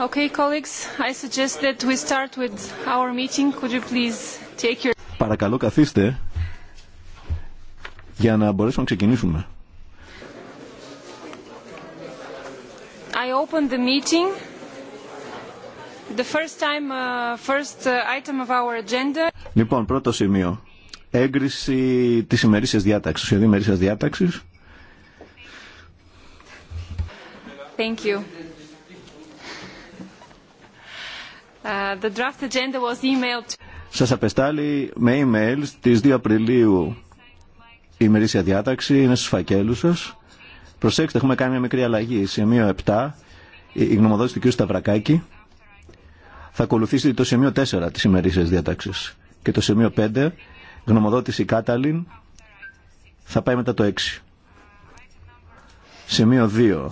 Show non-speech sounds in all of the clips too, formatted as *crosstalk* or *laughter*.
Okay, colleagues, I suggest that we start with our meeting. Could you please take your... Παρακαλώ καθίστε για να μπορέσουμε να ξεκινήσουμε. I open the meeting. The first time, uh, first item of our agenda. Λοιπόν, πρώτο σημείο. Έγκριση της ημερήσιας διάταξης, σχεδίου ημερήσιας διάταξης. Thank you. Uh, the draft agenda was emailed. Σας απεστάλλει με email στις 2 Απριλίου η ημερήσια διάταξη, είναι στους φακέλους σας. Προσέξτε, έχουμε κάνει μια μικρή αλλαγή. Σημείο 7, η γνωμοδότηση του κ. Σταυρακάκη. Θα ακολουθήσει το σημείο 4 της ημερήσιας διάταξης. Και το σημείο 5, γνωμοδότηση Κάταλιν, θα πάει μετά το 6. Σημείο 2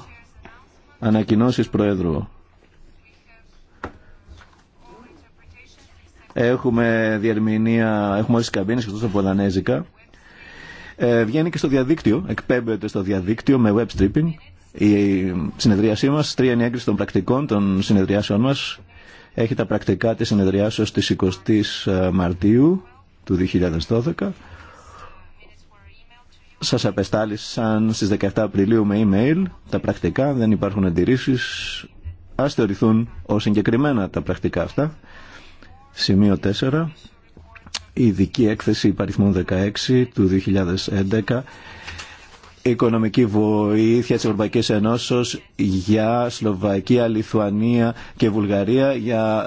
Ανακοινώσεις Προέδρου. Έχουμε διερμηνία, έχουμε όλες τις καμπίνες εκτός από Δανέζικα. Ε, βγαίνει και στο διαδίκτυο, εκπέμπεται στο διαδίκτυο με web stripping. Η συνεδρίασή μας, τρία είναι έγκριση των πρακτικών των συνεδριάσεων μας. Έχει τα πρακτικά της συνεδριάσεως της 20 ε, Μαρτίου του 2012. Σας απεστάλησαν στις 17 Απριλίου με email τα πρακτικά, δεν υπάρχουν αντιρρήσεις. Ας θεωρηθούν ως συγκεκριμένα τα πρακτικά αυτά. Σημείο 4. Η ειδική έκθεση υπαριθμών 16 του 2011 οικονομική βοήθεια της Ευρωπαϊκής Ενώσεως για Σλοβακία, Λιθουανία και Βουλγαρία για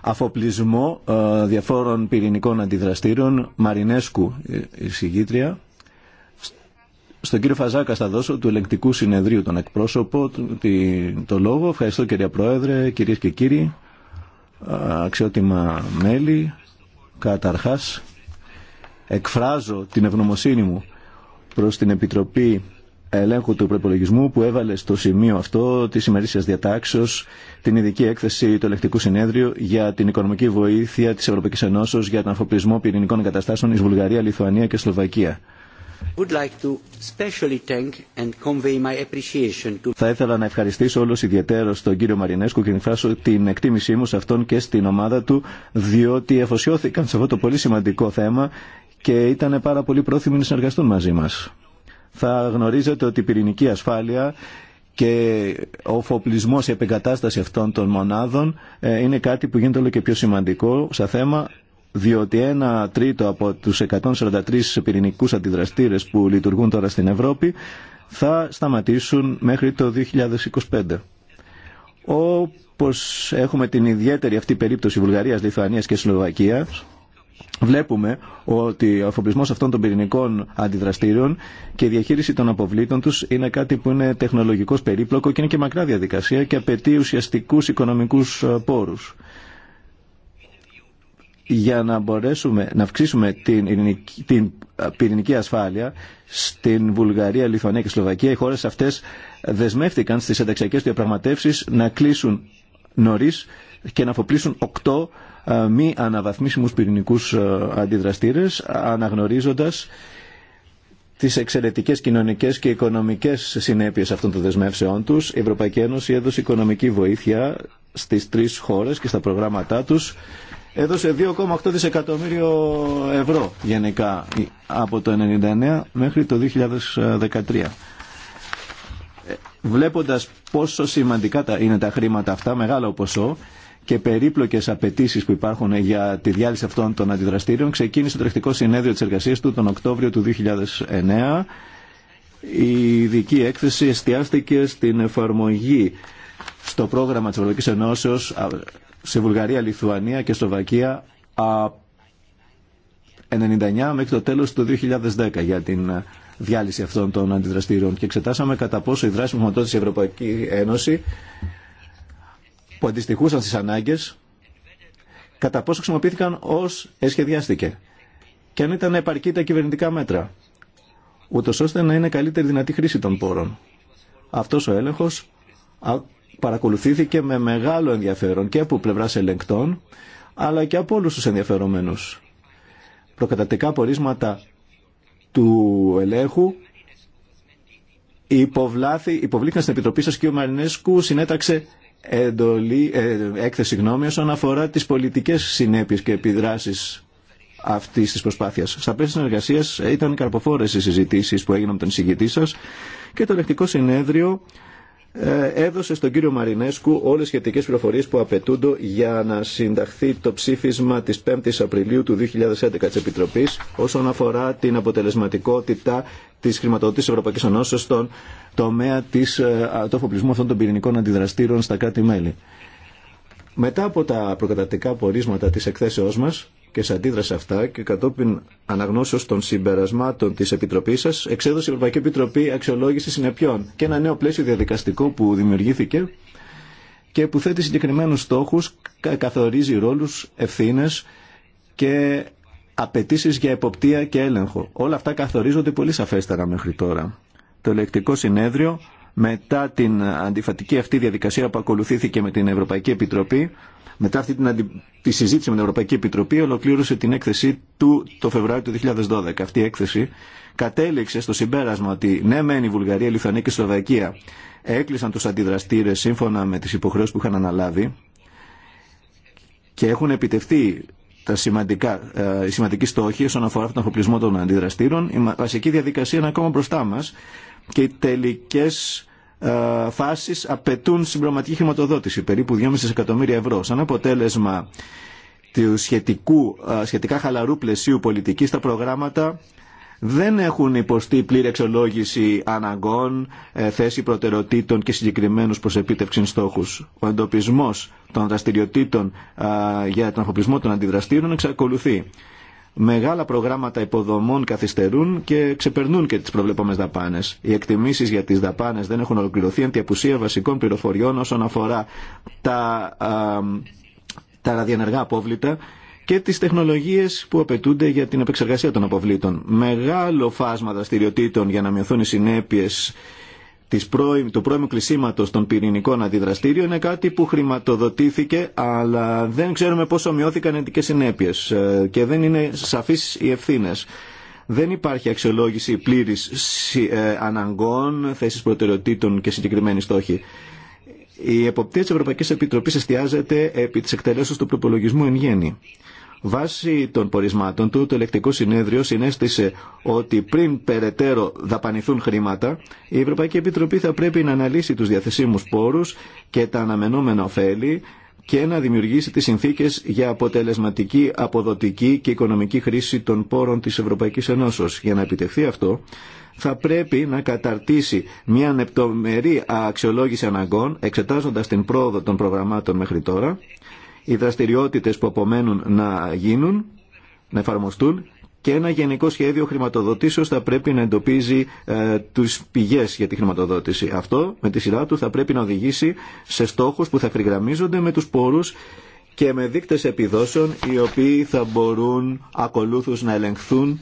αφοπλισμό ε, διαφόρων πυρηνικών αντιδραστήρων Μαρινέσκου ε, η στον κύριο Φαζάκα θα δώσω του ελεγκτικού συνεδρίου τον εκπρόσωπο το λόγο. Ευχαριστώ κυρία Πρόεδρε, κυρίες και κύριοι, αξιότιμα μέλη. Καταρχάς εκφράζω την ευγνωμοσύνη μου προς την Επιτροπή Ελέγχου του Προπολογισμού που έβαλε στο σημείο αυτό τη ημερήσια διατάξεω την ειδική έκθεση του Ελεκτικού Συνέδριου για την οικονομική βοήθεια τη Ευρωπαϊκή Ενώσεω για τον αφοπλισμό πυρηνικών εγκαταστάσεων ει Βουλγαρία, Λιθουανία και Σλοβακία. Θα ήθελα να ευχαριστήσω όλους ιδιαίτερος τον κύριο Μαρινέσκου και να εκφράσω την εκτίμησή μου σε αυτόν και στην ομάδα του διότι εφοσιώθηκαν σε αυτό το πολύ σημαντικό θέμα και ήταν πάρα πολύ πρόθυμοι να συνεργαστούν μαζί μας. Θα γνωρίζετε ότι η πυρηνική ασφάλεια και ο φοπλισμός, η επεγκατάσταση αυτών των μονάδων ε, είναι κάτι που γίνεται όλο και πιο σημαντικό σε θέμα διότι ένα τρίτο από τους 143 πυρηνικούς αντιδραστήρες που λειτουργούν τώρα στην Ευρώπη θα σταματήσουν μέχρι το 2025. Όπως έχουμε την ιδιαίτερη αυτή περίπτωση Βουλγαρίας, Λιθουανίας και Σλοβακίας, βλέπουμε ότι ο αφοπλισμός αυτών των πυρηνικών αντιδραστήριων και η διαχείριση των αποβλήτων τους είναι κάτι που είναι τεχνολογικός περίπλοκο και είναι και μακρά διαδικασία και απαιτεί ουσιαστικούς οικονομικούς ε, πόρους για να μπορέσουμε να αυξήσουμε την, την πυρηνική ασφάλεια στην Βουλγαρία, Λιθουανία και Σλοβακία, οι χώρες αυτές δεσμεύτηκαν στις ενταξιακές διαπραγματεύσεις να κλείσουν νωρί και να αφοπλίσουν οκτώ μη αναβαθμίσιμους πυρηνικού αντιδραστήρες, αναγνωρίζοντας τις εξαιρετικές κοινωνικές και οικονομικές συνέπειες αυτών των δεσμεύσεών τους. Η Ευρωπαϊκή Ένωση έδωσε οικονομική βοήθεια στις τρεις χώρες και στα προγράμματά τους έδωσε 2,8 δισεκατομμύριο ευρώ γενικά από το 1999 μέχρι το 2013. Βλέποντας πόσο σημαντικά είναι τα χρήματα αυτά, μεγάλο ποσό, και περίπλοκες απαιτήσει που υπάρχουν για τη διάλυση αυτών των αντιδραστήριων, ξεκίνησε το τρεχτικό συνέδριο τη εργασίας του τον Οκτώβριο του 2009. Η ειδική έκθεση εστιάστηκε στην εφαρμογή στο πρόγραμμα τη Ευρωπαϊκή Ενώσεω σε Βουλγαρία, Λιθουανία και Σλοβακία από 99 μέχρι το τέλος του 2010 για την ε, διάλυση αυτών των αντιδραστήριων και εξετάσαμε κατά πόσο η δράση που η Ευρωπαϊκή Ένωση που αντιστοιχούσαν στις ανάγκες κατά πόσο χρησιμοποιήθηκαν ως εσχεδιάστηκε και αν ήταν επαρκή τα κυβερνητικά μέτρα ούτως ώστε να είναι καλύτερη δυνατή χρήση των πόρων. Αυτός ο έλεγχος παρακολουθήθηκε με μεγάλο ενδιαφέρον και από πλευρά ελεγκτών, αλλά και από όλους τους ενδιαφερομένους. Προκατατικά πορίσματα του ελέγχου υποβλήθηκαν στην Επιτροπή σας και ο Μαρινέσκου συνέταξε ε, έκθεση γνώμη όσον αφορά τις πολιτικές συνέπειες και επιδράσεις αυτής της προσπάθειας. Στα πλαίσια συνεργασία ήταν καρποφόρες οι συζητήσεις που έγιναν με τον εισηγητή σα και το ελεκτικό συνέδριο ε, έδωσε στον κύριο Μαρινέσκου όλες σχετικές πληροφορίες που απαιτούνται για να συνταχθεί το ψήφισμα της 5ης Απριλίου του 2011 της Επιτροπής όσον αφορά την αποτελεσματικότητα της χρηματοδότησης Ευρωπαϊκής Ενώσεως στον τομέα της, ε, του αφοπλισμού αυτών των πυρηνικών αντιδραστήρων στα κράτη-μέλη. Μετά από τα προκατατικά πορίσματα της εκθέσεώς μας, και σε αντίδραση αυτά και κατόπιν αναγνώσεω των συμπερασμάτων τη Επιτροπή σα, εξέδωσε η Ευρωπαϊκή Επιτροπή αξιολόγηση συνεπιών και ένα νέο πλαίσιο διαδικαστικό που δημιουργήθηκε και που θέτει συγκεκριμένου στόχου, καθορίζει ρόλου, ευθύνε και απαιτήσει για εποπτεία και έλεγχο. Όλα αυτά καθορίζονται πολύ σαφέστερα μέχρι τώρα. Το ελεκτικό συνέδριο μετά την αντιφατική αυτή διαδικασία που ακολουθήθηκε με την Ευρωπαϊκή Επιτροπή, μετά αυτή την αντι... τη συζήτηση με την Ευρωπαϊκή Επιτροπή, ολοκλήρωσε την έκθεση του το Φεβρουάριο του 2012. Αυτή η έκθεση κατέληξε στο συμπέρασμα ότι ναι, μεν η Βουλγαρία, η Λιθουανία και η Σλοβακία έκλεισαν του αντιδραστήρε σύμφωνα με τι υποχρεώσει που είχαν αναλάβει και έχουν επιτευθεί τα σημαντικά, ε, οι σημαντικοί στόχοι όσον αφορά τον αφοπλισμό των αντιδραστήρων. Η βασική διαδικασία είναι ακόμα μπροστά μα και οι τελικές ε, φάσεις απαιτούν συμπροματική χρηματοδότηση, περίπου 2,5 εκατομμύρια ευρώ. Σαν αποτέλεσμα του σχετικού, ε, σχετικά χαλαρού πλαισίου πολιτικής τα προγράμματα δεν έχουν υποστεί πλήρη εξολόγηση αναγκών, ε, θέση προτεραιοτήτων και συγκεκριμένους προς επίτευξη στόχους. Ο εντοπισμός των δραστηριοτήτων για τον αφοπλισμό των αντιδραστήρων εξακολουθεί. Μεγάλα προγράμματα υποδομών καθυστερούν και ξεπερνούν και τι προβλεπόμενε δαπάνε. Οι εκτιμήσει για τι δαπάνε δεν έχουν ολοκληρωθεί εν απουσία βασικών πληροφοριών όσον αφορά τα, α, τα ραδιενεργά απόβλητα και τις τεχνολογίες που απαιτούνται για την επεξεργασία των αποβλήτων. Μεγάλο φάσμα δραστηριοτήτων για να μειωθούν οι συνέπειες της πρώην, του πρώιμου κλεισίματος των πυρηνικών αντιδραστήριων είναι κάτι που χρηματοδοτήθηκε αλλά δεν ξέρουμε πόσο μειώθηκαν εντικές συνέπειες ε, και δεν είναι σαφείς οι ευθύνε. Δεν υπάρχει αξιολόγηση πλήρης ε, αναγκών, θέσεις προτεραιοτήτων και συγκεκριμένοι στόχοι. Η εποπτεία της Ευρωπαϊκής Επιτροπής εστιάζεται επί της εκτελέσεως του προπολογισμού εν γέννη. Βάσει των πορισμάτων του, το ελεκτικό συνέδριο συνέστησε ότι πριν περαιτέρω δαπανηθούν χρήματα, η Ευρωπαϊκή Επιτροπή θα πρέπει να αναλύσει τους διαθεσίμους πόρους και τα αναμενόμενα ωφέλη και να δημιουργήσει τις συνθήκες για αποτελεσματική, αποδοτική και οικονομική χρήση των πόρων της Ευρωπαϊκής Ενώσεως. Για να επιτευχθεί αυτό, θα πρέπει να καταρτήσει μια νεπτομερή αξιολόγηση αναγκών, εξετάζοντας την πρόοδο των προγραμμάτων μέχρι τώρα οι δραστηριότητες που απομένουν να γίνουν, να εφαρμοστούν και ένα γενικό σχέδιο χρηματοδοτήσεως θα πρέπει να εντοπίζει ε, τους πηγές για τη χρηματοδότηση. Αυτό με τη σειρά του θα πρέπει να οδηγήσει σε στόχους που θα χρηγραμμίζονται με τους πόρους και με δείκτες επιδόσεων οι οποίοι θα μπορούν ακολούθως να ελεγχθούν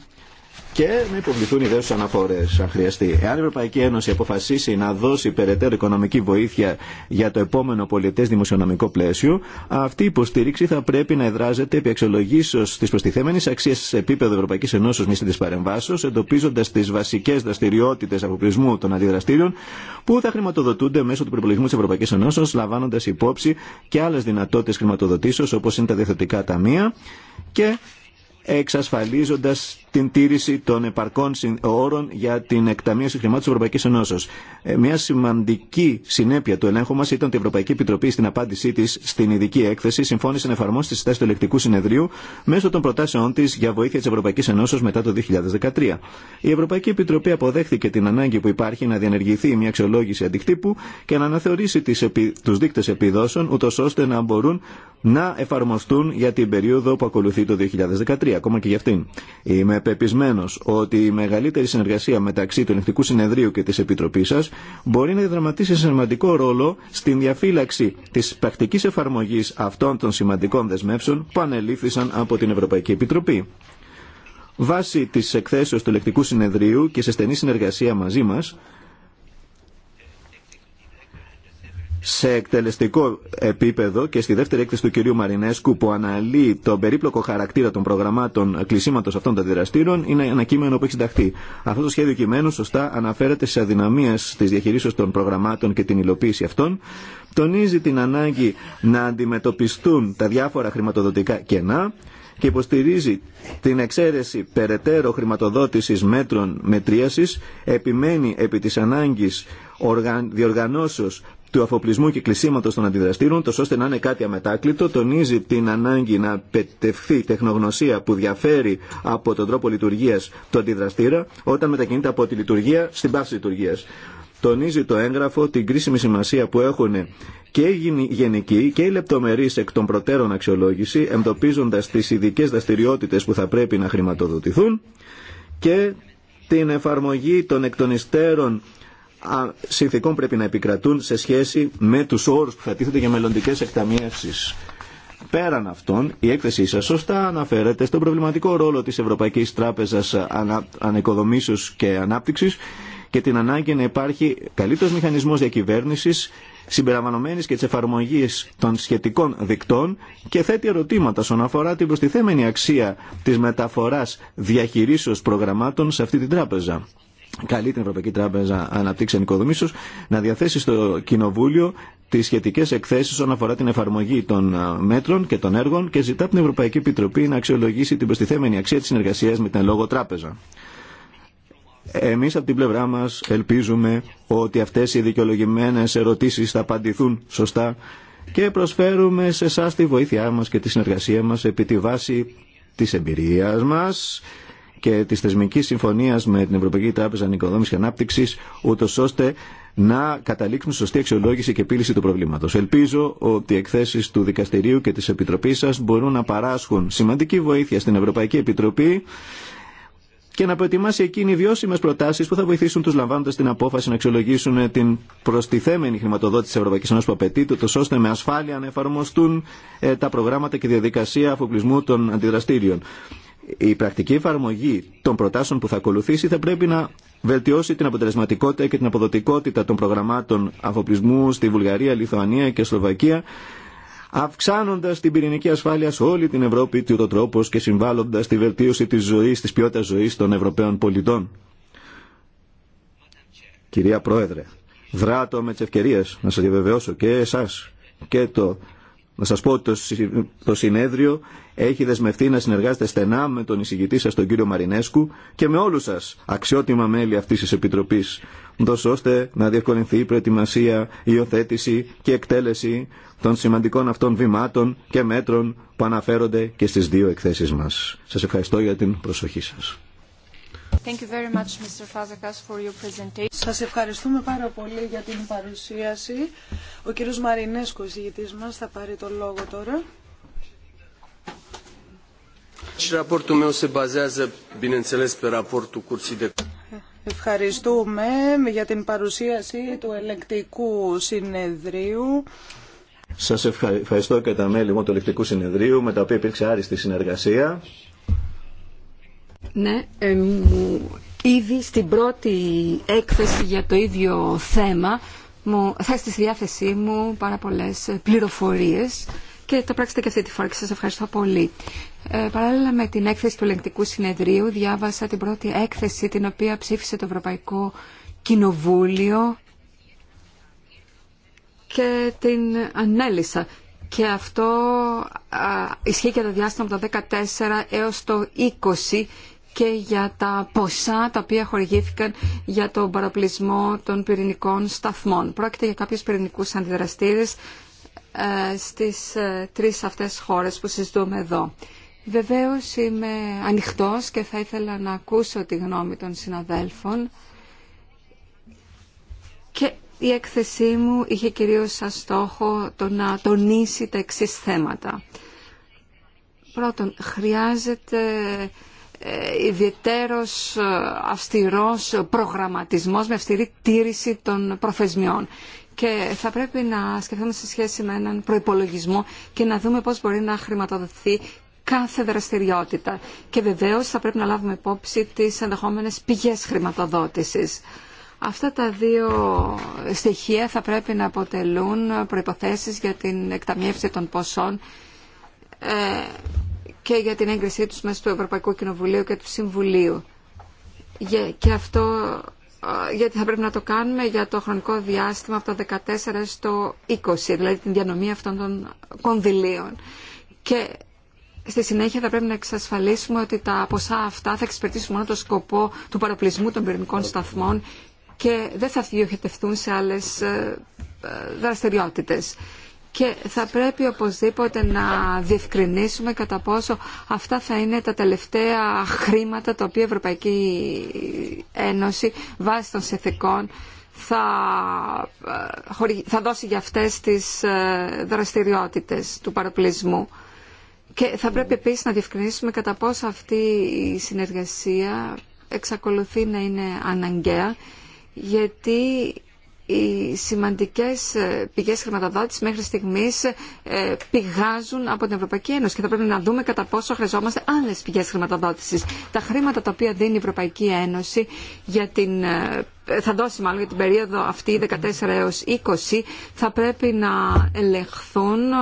και να υποβληθούν ιδέες αναφορέ αν χρειαστεί. Εάν η Ευρωπαϊκή Ένωση αποφασίσει να δώσει περαιτέρω οικονομική βοήθεια για το επόμενο πολιτέ δημοσιονομικό πλαίσιο, αυτή η υποστήριξη θα πρέπει να εδράζεται επί αξιολογήσεως τη προστιθέμενη αξία σε επίπεδο Ευρωπαϊκής Ενώσεως μη της παρεμβάσεω, εντοπίζοντας τις βασικές δραστηριότητες αποπλισμού των αντιδραστήριων που θα χρηματοδοτούνται μέσω του προπολογισμού τη Ευρωπαϊκή Ενώσεω, λαμβάνοντα υπόψη και άλλε δυνατότητε χρηματοδοτήσεω όπω είναι τα διαθετικά ταμεία και εξασφαλίζοντας την τήρηση των επαρκών όρων για την εκταμείωση χρημάτων τη Ευρωπαϊκή Ενώσεω. Ε, μια σημαντική συνέπεια του ελέγχου μα ήταν ότι η Ευρωπαϊκή Επιτροπή στην απάντησή τη στην ειδική έκθεση συμφώνησε να εφαρμόσει τι συστάσει του ελεκτικού συνεδρίου μέσω των προτάσεών τη για βοήθεια τη Ευρωπαϊκή Ενώσεω μετά το 2013. Η Ευρωπαϊκή Επιτροπή αποδέχθηκε την ανάγκη που υπάρχει να διενεργηθεί μια αξιολόγηση αντικτύπου και να αναθεωρήσει του δείκτε επιδόσεων, ούτω ώστε να μπορούν να εφαρμοστούν για την περίοδο που ακολουθεί το 2013, ακόμα και για αυτήν. Είμαι πεπισμένο ότι η μεγαλύτερη συνεργασία μεταξύ του Ελεκτικού Συνεδρίου και τη Επιτροπή σα μπορεί να δραματίσει σημαντικό ρόλο στην διαφύλαξη τη πρακτική εφαρμογή αυτών των σημαντικών δεσμεύσεων που ανελήφθησαν από την Ευρωπαϊκή Επιτροπή. Βάσει τη εκθέσεω του Ελεκτικού Συνεδρίου και σε στενή συνεργασία μαζί μα, σε εκτελεστικό επίπεδο και στη δεύτερη έκθεση του κυρίου Μαρινέσκου που αναλύει τον περίπλοκο χαρακτήρα των προγραμμάτων κλεισίματο αυτών των δραστήρων είναι ένα κείμενο που έχει συνταχθεί. Αυτό το σχέδιο κειμένου σωστά αναφέρεται σε αδυναμίε τη διαχειρίσεω των προγραμμάτων και την υλοποίηση αυτών. Τονίζει την ανάγκη να αντιμετωπιστούν τα διάφορα χρηματοδοτικά κενά και υποστηρίζει την εξαίρεση περαιτέρω χρηματοδότηση μέτρων μετρίαση, επιμένει επί της ανάγκης διοργανώσεως του αφοπλισμού και κλεισίματος των αντιδραστήρων, τόσο ώστε να είναι κάτι αμετάκλητο, τονίζει την ανάγκη να πετευχθεί τεχνογνωσία που διαφέρει από τον τρόπο λειτουργίας του αντιδραστήρα, όταν μετακινείται από τη λειτουργία στην πάση λειτουργία. Τονίζει το έγγραφο την κρίσιμη σημασία που έχουν και η γενική και η λεπτομερή εκ των προτέρων αξιολόγηση, εντοπίζοντα τι ειδικέ δραστηριότητε που θα πρέπει να χρηματοδοτηθούν και την εφαρμογή των εκ των υστέρων συνθηκών πρέπει να επικρατούν σε σχέση με τους όρους που θα τίθεται για μελλοντικές εκταμίευσεις. Πέραν αυτών, η έκθεσή σας σωστά αναφέρεται στον προβληματικό ρόλο της Ευρωπαϊκής Τράπεζας ανα, Ανεκοδομήσεως και Ανάπτυξης και την ανάγκη να υπάρχει καλύτερος μηχανισμός διακυβέρνησης συμπεριλαμβανομένης και της εφαρμογής των σχετικών δικτών και θέτει ερωτήματα στον αφορά την προστιθέμενη αξία της μεταφοράς διαχειρήσεως προγραμμάτων σε αυτή την τράπεζα καλεί την Ευρωπαϊκή Τράπεζα Αναπτύξεων Ενικοδομήσεω να διαθέσει στο Κοινοβούλιο τι σχετικέ εκθέσει όσον αφορά την εφαρμογή των ε, μέτρων και των έργων και ζητά την Ευρωπαϊκή Επιτροπή να αξιολογήσει την προστιθέμενη αξία τη συνεργασία με την Λόγο Τράπεζα. Εμείς από την πλευρά μας ελπίζουμε ότι αυτές οι δικαιολογημένε ερωτήσεις θα απαντηθούν σωστά και προσφέρουμε σε εσά τη βοήθειά μας και τη συνεργασία μας επί τη βάση της εμπειρίας μας και τη θεσμική συμφωνία με την Ευρωπαϊκή Τράπεζα Νοικοδόμησης και Ανάπτυξη, ούτω ώστε να καταλήξουν σωστή αξιολόγηση και επίλυση του προβλήματο. Ελπίζω ότι οι εκθέσεις του Δικαστηρίου και τη Επιτροπή σα μπορούν να παράσχουν σημαντική βοήθεια στην Ευρωπαϊκή Επιτροπή και να προετοιμάσει εκείνοι βιώσιμε προτάσει που θα βοηθήσουν του λαμβάνοντα την απόφαση να αξιολογήσουν την προστιθέμενη χρηματοδότηση τη Ευρωπαϊκή Ένωση που απαιτείται, τόσο ώστε με ασφάλεια να εφαρμοστούν ε, τα προγράμματα και διαδικασία αφοπλισμού των αντιδραστήριων η πρακτική εφαρμογή των προτάσεων που θα ακολουθήσει θα πρέπει να βελτιώσει την αποτελεσματικότητα και την αποδοτικότητα των προγραμμάτων αφοπλισμού στη Βουλγαρία, Λιθουανία και Σλοβακία, αυξάνοντα την πυρηνική ασφάλεια σε όλη την Ευρώπη του τρόπο και συμβάλλοντα στη βελτίωση της ζωή, τη ποιότητα ζωή των Ευρωπαίων πολιτών. Κυρία Πρόεδρε, δράτω με τι ευκαιρίε να σα διαβεβαιώσω και εσά και το να σας πω ότι το συνέδριο έχει δεσμευτεί να συνεργάζεται στενά με τον εισηγητή σας, τον κύριο Μαρινέσκου και με όλους σας, αξιότιμα μέλη αυτής της Επιτροπής, τόσο ώστε να διευκολυνθεί η προετοιμασία, η υιοθέτηση και εκτέλεση των σημαντικών αυτών βημάτων και μέτρων που αναφέρονται και στις δύο εκθέσεις μας. Σας ευχαριστώ για την προσοχή σας. Thank Σας ευχαριστούμε πάρα πολύ για την παρουσίαση. Ο κύριος Μαρινέσκο, ηγητής μας, θα πάρει το λόγο τώρα. Ευχαριστούμε για την παρουσίαση του ελεκτικού συνεδρίου. Σας ευχαριστώ και τα μέλη μου του ελεκτικού συνεδρίου, με τα οποία υπήρξε άριστη συνεργασία. Ναι, ήδη στην πρώτη έκθεση για το ίδιο θέμα θα θέσει στη διάθεσή μου πάρα πολλές πληροφορίες και το πράξετε και αυτή τη φορά και σας ευχαριστώ πολύ. Ε, παράλληλα με την έκθεση του ελεγκτικού συνεδρίου διάβασα την πρώτη έκθεση την οποία ψήφισε το Ευρωπαϊκό Κοινοβούλιο και την ανέλησα. Και αυτό ισχύει και το διάστημα από το 14 έως το και για τα ποσά τα οποία χορηγήθηκαν για τον παραπλησμό των πυρηνικών σταθμών. Πρόκειται για κάποιους πυρηνικούς αντιδραστήρες ε, στις ε, τρεις αυτές χώρες που συζητούμε εδώ. Βεβαίως είμαι ανοιχτός και θα ήθελα να ακούσω τη γνώμη των συναδέλφων και η έκθεσή μου είχε κυρίως σαν στόχο το να τονίσει τα εξής θέματα. Πρώτον, χρειάζεται ε, ιδιαιτέρως ε, αυστηρός προγραμματισμός με αυστηρή τήρηση των προθεσμιών. Και θα πρέπει να σκεφτούμε σε σχέση με έναν προϋπολογισμό και να δούμε πώς μπορεί να χρηματοδοτηθεί κάθε δραστηριότητα. Και βεβαίως θα πρέπει να λάβουμε υπόψη τις ενδεχόμενες πηγές χρηματοδότησης. Αυτά τα δύο στοιχεία θα πρέπει να αποτελούν προϋποθέσεις για την εκταμιεύση των ποσών ε, και για την έγκρισή τους μέσα του Ευρωπαϊκού Κοινοβουλίου και του Συμβουλίου. Και αυτό γιατί θα πρέπει να το κάνουμε για το χρονικό διάστημα από το 14 στο 20, δηλαδή την διανομή αυτών των κονδυλίων. Και στη συνέχεια θα πρέπει να εξασφαλίσουμε ότι τα ποσά αυτά θα εξυπηρετήσουν μόνο το σκοπό του παροπλισμού των πυρηνικών σταθμών και δεν θα διοχετευτούν σε άλλες ε, ε, δραστηριότητες και θα πρέπει οπωσδήποτε να διευκρινίσουμε κατά πόσο αυτά θα είναι τα τελευταία χρήματα τα οποία η Ευρωπαϊκή Ένωση βάσει των συνθηκών θα, ε, θα δώσει για αυτές τις ε, δραστηριότητες του παροπλισμού. Και θα πρέπει επίσης να διευκρινίσουμε κατά πόσο αυτή η συνεργασία εξακολουθεί να είναι αναγκαία γιατί οι σημαντικές ε, πηγές χρηματοδότησης μέχρι στιγμής ε, πηγάζουν από την Ευρωπαϊκή Ένωση και θα πρέπει να δούμε κατά πόσο χρειαζόμαστε άλλες πηγές χρηματοδότησης. Τα χρήματα τα οποία δίνει η Ευρωπαϊκή Ένωση για την ε, θα δώσει μάλλον για την περίοδο αυτή 14 έως 20 θα πρέπει να ελεγχθούν ε,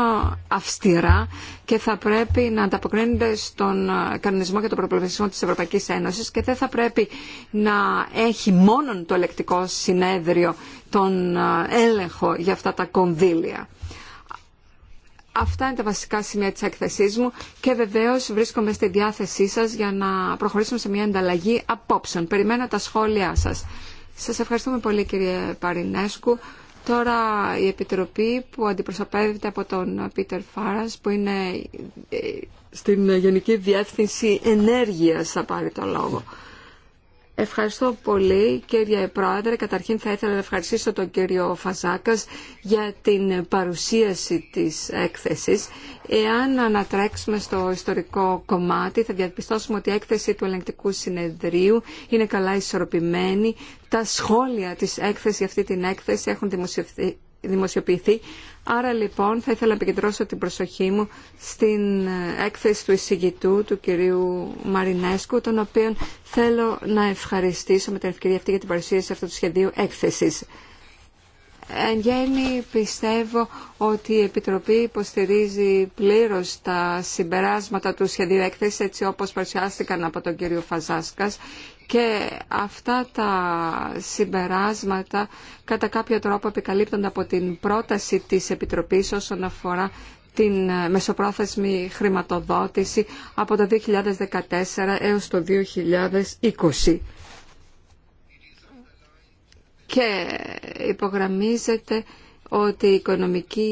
αυστηρά και θα πρέπει να ανταποκρίνονται στον ε, κανονισμό και τον προπολογισμό της Ευρωπαϊκής Ένωσης και δεν θα πρέπει να έχει μόνον το ελεκτικό συνέδριο τον ε, έλεγχο για αυτά τα κονδύλια. Αυτά είναι τα βασικά σημεία της έκθεσής μου και βεβαίως βρίσκομαι στη διάθεσή σας για να προχωρήσουμε σε μια ανταλλαγή απόψεων. Περιμένω τα σχόλιά σας. Σας ευχαριστούμε πολύ κύριε Παρινέσκου. Τώρα η Επιτροπή που αντιπροσωπεύεται από τον Πίτερ Φάρας που είναι ε, στην Γενική Διεύθυνση Ενέργειας θα πάρει το λόγο. Ευχαριστώ πολύ κύριε Πρόεδρε. Καταρχήν θα ήθελα να ευχαριστήσω τον κύριο Φαζάκας για την παρουσίαση της έκθεσης. Εάν ανατρέξουμε στο ιστορικό κομμάτι θα διαπιστώσουμε ότι η έκθεση του ελεγκτικού συνεδρίου είναι καλά ισορροπημένη. Τα σχόλια της έκθεσης για αυτή την έκθεση έχουν δημοσιοποιηθεί Άρα λοιπόν θα ήθελα να επικεντρώσω την προσοχή μου στην ε, έκθεση του εισηγητού του κυρίου Μαρινέσκου, τον οποίον θέλω να ευχαριστήσω με την ευκαιρία αυτή για την παρουσίαση αυτού του σχεδίου έκθεσης. Εν γέννη πιστεύω ότι η Επιτροπή υποστηρίζει πλήρως τα συμπεράσματα του σχεδίου έκθεσης έτσι όπως παρουσιάστηκαν από τον κύριο Φαζάσκας και αυτά τα συμπεράσματα κατά κάποιο τρόπο επικαλύπτονται από την πρόταση της Επιτροπής όσον αφορά την μεσοπρόθεσμη χρηματοδότηση από το 2014 έως το 2020. Και υπογραμμίζεται ότι η οικονομική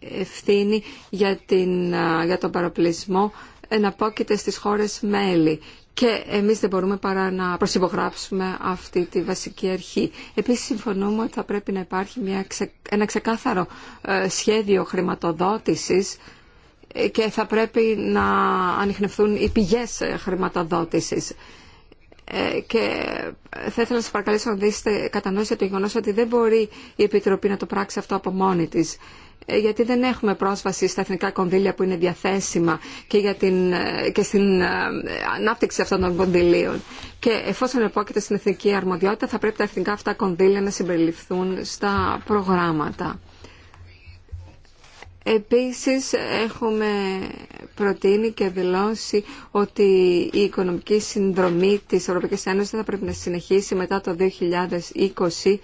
ευθύνη για, την, για τον παροπλισμό εναπόκειται στις χώρες μέλη και εμείς δεν μπορούμε παρά να προσυπογράψουμε αυτή τη βασική αρχή. Επίσης συμφωνούμε ότι θα πρέπει να υπάρχει μια ένα ξεκάθαρο ε, σχέδιο χρηματοδότησης ε, και θα πρέπει να ανοιχνευτούν οι πηγές ε, χρηματοδότησης. Και θα ήθελα να σας παρακαλέσω να δείστε κατανόηση του το γεγονός ότι δεν μπορεί η Επιτροπή να το πράξει αυτό από μόνη της. Ε, γιατί δεν έχουμε πρόσβαση στα εθνικά κονδύλια που είναι διαθέσιμα και, για την, ε, και στην ε, ανάπτυξη αυτών των κονδυλίων. Και εφόσον επόκειται στην εθνική αρμοδιότητα θα πρέπει τα εθνικά αυτά κονδύλια να συμπεριληφθούν στα προγράμματα. Επίσης έχουμε προτείνει και δηλώσει ότι η οικονομική συνδρομή της Ευρωπαϊκής θα πρέπει να συνεχίσει μετά το 2020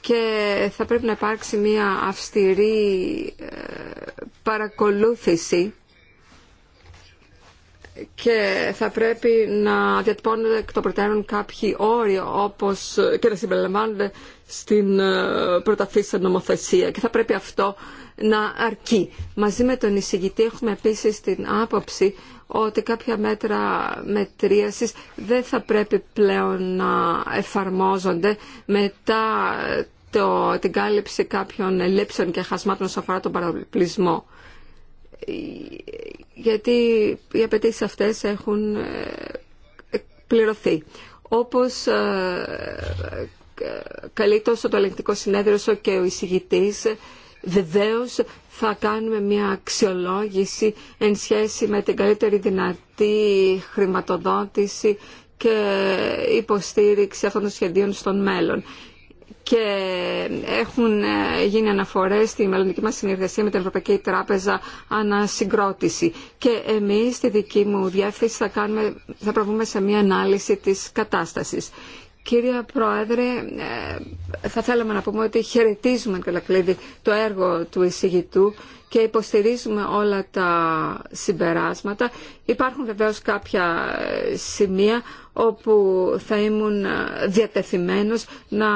και θα πρέπει να υπάρξει μια αυστηρή ε, παρακολούθηση και θα πρέπει να διατυπώνονται εκ των προτέρων κάποιοι όροι όπως και να συμπεριλαμβάνονται στην ε, πρωταθήσα νομοθεσία και θα πρέπει αυτό να αρκεί. Μαζί με τον εισηγητή έχουμε επίσης την άποψη ότι κάποια μέτρα μετρίασης δεν θα πρέπει πλέον να εφαρμόζονται μετά ε, το, την κάλυψη κάποιων ελλείψεων και χασμάτων όσον αφορά τον παραπλησμό γιατί οι απαιτήσει αυτές έχουν ε, πληρωθεί. Όπως ε, ε, καλεί τόσο το ελεγκτικό συνέδριο όσο και ο εισηγητής, Βεβαίω θα κάνουμε μια αξιολόγηση εν σχέση με την καλύτερη δυνατή χρηματοδότηση και υποστήριξη αυτών των σχεδίων στον μέλλον και έχουν ε, γίνει αναφορές στη μελλοντική μας συνεργασία με την Ευρωπαϊκή Τράπεζα Ανασυγκρότηση. Και εμείς στη δική μου διεύθυνση θα, κάνουμε, θα προβούμε σε μια ανάλυση της κατάστασης. Κύριε Πρόεδρε, ε, θα θέλαμε να πούμε ότι χαιρετίζουμε κατακλείδη το έργο του εισηγητού και υποστηρίζουμε όλα τα συμπεράσματα. Υπάρχουν βεβαίως κάποια ε, σημεία όπου θα ήμουν διατεθειμένος να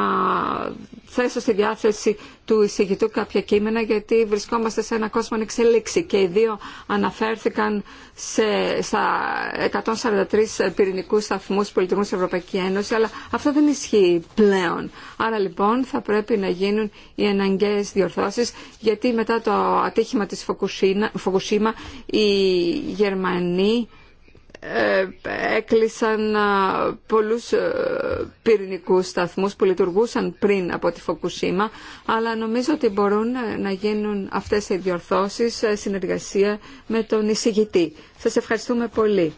θέσω στη διάθεση του εισηγητού κάποια κείμενα γιατί βρισκόμαστε σε ένα κόσμο εξελίξη και οι δύο αναφέρθηκαν σε, στα 143 πυρηνικούς σταθμούς που λειτουργούν στην Ευρωπαϊκή Ένωση αλλά αυτό δεν ισχύει πλέον. Άρα λοιπόν θα πρέπει να γίνουν οι αναγκαίες διορθώσεις γιατί μετά το ατύχημα της Φοκουσίμα οι Γερμανοί έκλεισαν πολλούς πυρηνικούς σταθμούς που λειτουργούσαν πριν από τη Φοκουσίμα, αλλά νομίζω ότι μπορούν ε, να γίνουν αυτές οι διορθώσεις ε, συνεργασία με τον εισηγητή. Σας ευχαριστούμε πολύ.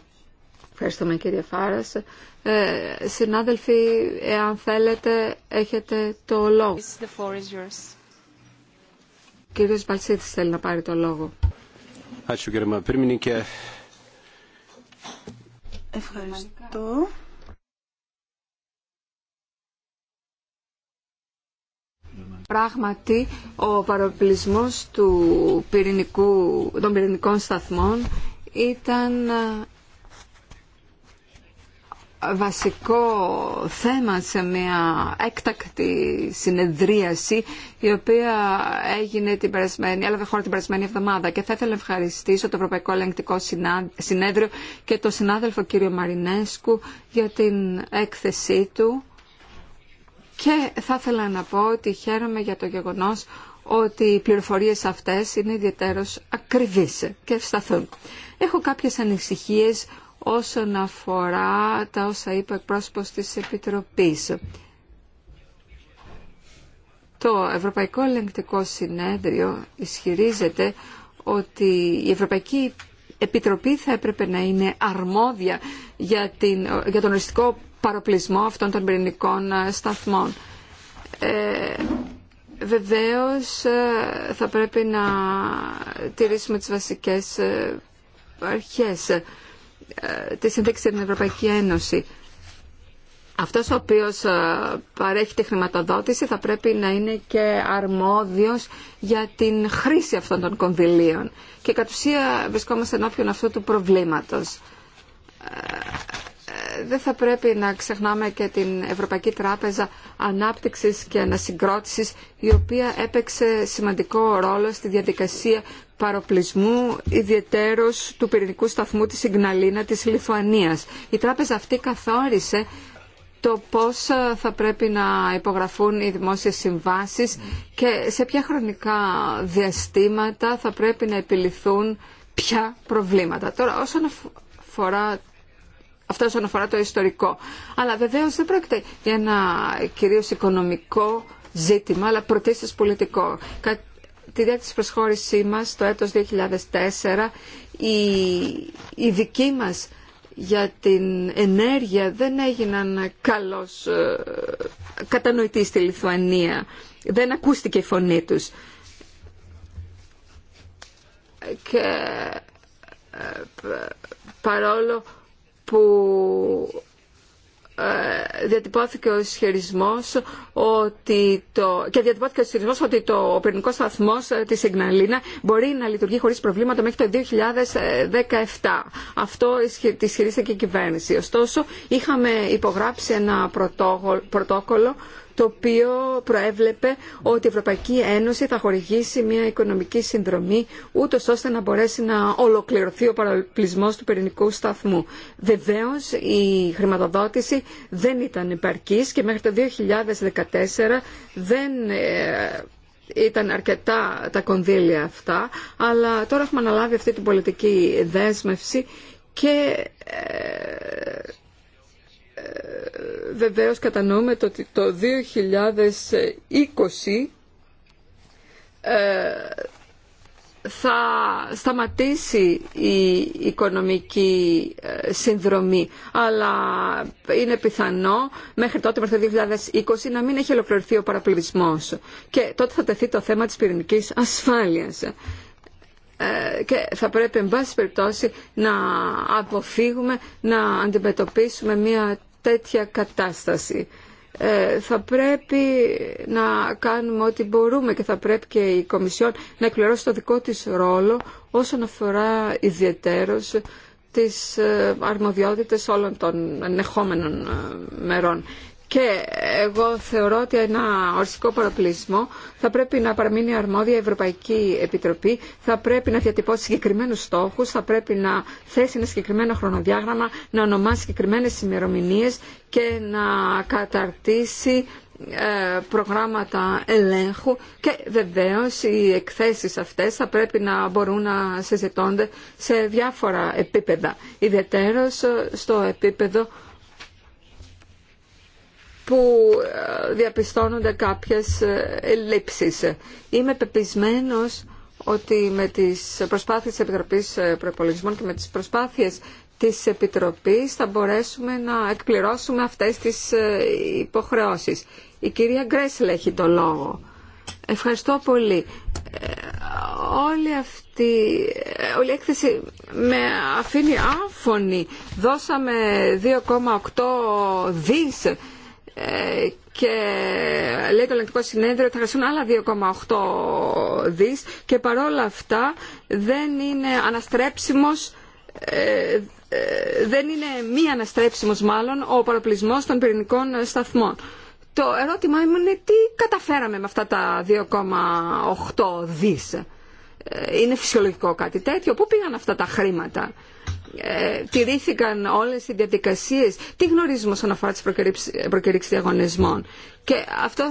Ευχαριστούμε κύριε Φάρας. Ε, συνάδελφοι, εάν θέλετε, έχετε το λόγο. κύριος Μπαλσίτης θέλει να πάρει το λόγο. Ευχαριστώ κύριε Ευχαριστώ. Πράγματι, ο παροπλισμός του πυρηνικού, των πυρηνικών σταθμών ήταν βασικό θέμα σε μια έκτακτη συνεδρίαση η οποία έγινε την περασμένη, έλαβε χώρα την περασμένη εβδομάδα και θα ήθελα να ευχαριστήσω το Ευρωπαϊκό Ελεγκτικό Συνέδριο και τον συνάδελφο κύριο Μαρινέσκου για την έκθεσή του και θα ήθελα να πω ότι χαίρομαι για το γεγονός ότι οι πληροφορίες αυτές είναι ιδιαίτερως ακριβείς και ευσταθούν. Έχω κάποιες ανησυχίες όσον αφορά τα όσα είπε εκπρόσωπος της Επιτροπής. Το Ευρωπαϊκό Ελεγκτικό Συνέδριο ισχυρίζεται ότι η Ευρωπαϊκή Επιτροπή θα έπρεπε να είναι αρμόδια για, την, για τον οριστικό παροπλισμό αυτών των πυρηνικών ε, σταθμών. Ε, βεβαίως ε, θα πρέπει να τηρήσουμε τις βασικές ε, αρχές. Ε, τη συνθήκη στην Ευρωπαϊκή Ένωση. Αυτός ο οποίος ε, παρέχει τη χρηματοδότηση θα πρέπει να είναι και αρμόδιος για την χρήση αυτών των κονδυλίων. Και κατ' ουσία βρισκόμαστε ενώπιον αυτού του προβλήματος. Ε, δεν θα πρέπει να ξεχνάμε και την Ευρωπαϊκή Τράπεζα Ανάπτυξης και Ανασυγκρότησης, η οποία έπαιξε σημαντικό ρόλο στη διαδικασία παροπλισμού ιδιαιτέρως του πυρηνικού σταθμού της Ιγναλίνα της Λιθουανίας. Η τράπεζα αυτή καθόρισε το πώς ε, θα πρέπει να υπογραφούν οι δημόσιες συμβάσεις και σε ποια χρονικά διαστήματα θα πρέπει να επιληθούν ποια προβλήματα. Τώρα όσον αφορά αυτό όσον αφορά το ιστορικό. Αλλά βεβαίω δεν πρόκειται για ένα κυρίω οικονομικό ζήτημα, αλλά πρωτίστω πολιτικό. Κάτι τη διάρκεια της προσχώρησή μας το έτος 2004 η, η δική μας για την ενέργεια δεν έγιναν καλώς ε, κατανοητοί στη Λιθουανία. Δεν ακούστηκε η φωνή τους. Και ε, παρόλο που ε, διατυπώθηκε ο ισχυρισμό ότι το, και διατυπώθηκε ο ισχυρισμός ότι το πυρηνικό σταθμό ε, τη Σιγναλίνα μπορεί να λειτουργεί χωρί προβλήματα μέχρι το 2017. Αυτό τη ισχυρίστηκε η κυβέρνηση. Ωστόσο, είχαμε υπογράψει ένα πρωτόκολλο το οποίο προέβλεπε ότι η Ευρωπαϊκή Ένωση θα χορηγήσει μια οικονομική συνδρομή, ούτω ώστε να μπορέσει να ολοκληρωθεί ο παραπλησμό του πυρηνικού σταθμού. Βεβαίω, η χρηματοδότηση δεν ήταν υπαρκή και μέχρι το 2014 δεν ε, ήταν αρκετά τα κονδύλια αυτά, αλλά τώρα έχουμε αναλάβει αυτή την πολιτική δέσμευση και ε, βεβαίως κατανοούμε το ότι το 2020 ε, θα σταματήσει η οικονομική ε, συνδρομή αλλά είναι πιθανό μέχρι τότε μέχρι το 2020 να μην έχει ολοκληρωθεί ο παραπληκτισμός και τότε θα τεθεί το θέμα της πυρηνικής ασφάλειας ε, και θα πρέπει εν πάση περιπτώσει να αποφύγουμε να αντιμετωπίσουμε μια τέτοια κατάσταση. Ε, θα πρέπει να κάνουμε ό,τι μπορούμε και θα πρέπει και η Κομισιόν να εκπληρώσει το δικό της ρόλο όσον αφορά ιδιαιτέρως τις ε, αρμοδιότητες όλων των ενεχόμενων ε, μερών. Και εγώ θεωρώ ότι ένα οριστικό παροπλισμό θα πρέπει να παραμείνει αρμόδια η Ευρωπαϊκή Επιτροπή, θα πρέπει να διατυπώσει συγκεκριμένου στόχου, θα πρέπει να θέσει ένα συγκεκριμένο χρονοδιάγραμμα, να ονομάσει συγκεκριμένε ημερομηνίε και να καταρτήσει ε, προγράμματα ελέγχου και βεβαίως οι εκθέσεις αυτές θα πρέπει να μπορούν να συζητώνται σε διάφορα επίπεδα, ιδιαίτερως στο επίπεδο που ε, διαπιστώνονται κάποιες ε, ελλείψεις. Είμαι πεπισμένος ότι με τις προσπάθειες της Επιτροπής ε, Προπολογισμών και με τις προσπάθειες της Επιτροπής θα μπορέσουμε να εκπληρώσουμε αυτές τις υποχρεώσεις. Η κυρία Γκρέσλε έχει το λόγο. Ευχαριστώ πολύ. Όλη αυτή όλη η έκθεση με αφήνει άφωνη. Δώσαμε 2,8 δις ε, και λέει το ελεγκτικό συνέδριο ότι θα χρειαστούν άλλα 2,8 δις και παρόλα αυτά δεν είναι αναστρέψιμος ε, ε, δεν είναι μη αναστρέψιμος μάλλον ο παραπλησμός των πυρηνικών σταθμών. Το ερώτημά μου είναι τι καταφέραμε με αυτά τα 2,8 δις. Είναι φυσιολογικό κάτι τέτοιο. Πού πήγαν αυτά τα χρήματα. Ε, τηρήθηκαν όλες οι διαδικασίες. Τι γνωρίζουμε όσον αφορά τις προκηρύξεις διαγωνισμών. Και αυτό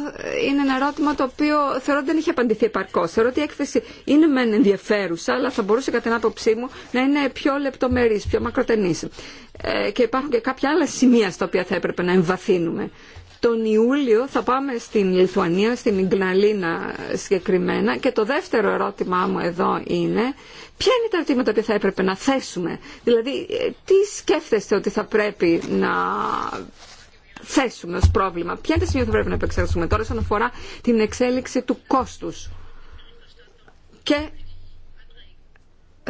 είναι ένα ερώτημα το οποίο θεωρώ ότι δεν έχει απαντηθεί επαρκώ. Θεωρώ ότι η έκθεση είναι μεν ενδιαφέρουσα, αλλά θα μπορούσε κατά την άποψή μου να είναι πιο λεπτομερής, πιο μακροτενή. Ε, και υπάρχουν και κάποια άλλα σημεία στα οποία θα έπρεπε να εμβαθύνουμε. Τον Ιούλιο θα πάμε στην Λιθουανία, στην Ιγκναλίνα συγκεκριμένα και το δεύτερο ερώτημά μου εδώ είναι ποια είναι τα ερωτήματα που θα έπρεπε να θέσουμε. Δηλαδή τι σκέφτεστε ότι θα πρέπει να θέσουμε ως πρόβλημα. Ποια είναι τα σημεία που θα πρέπει να επεξεργαστούμε τώρα σαν αφορά την εξέλιξη του κόστους. Και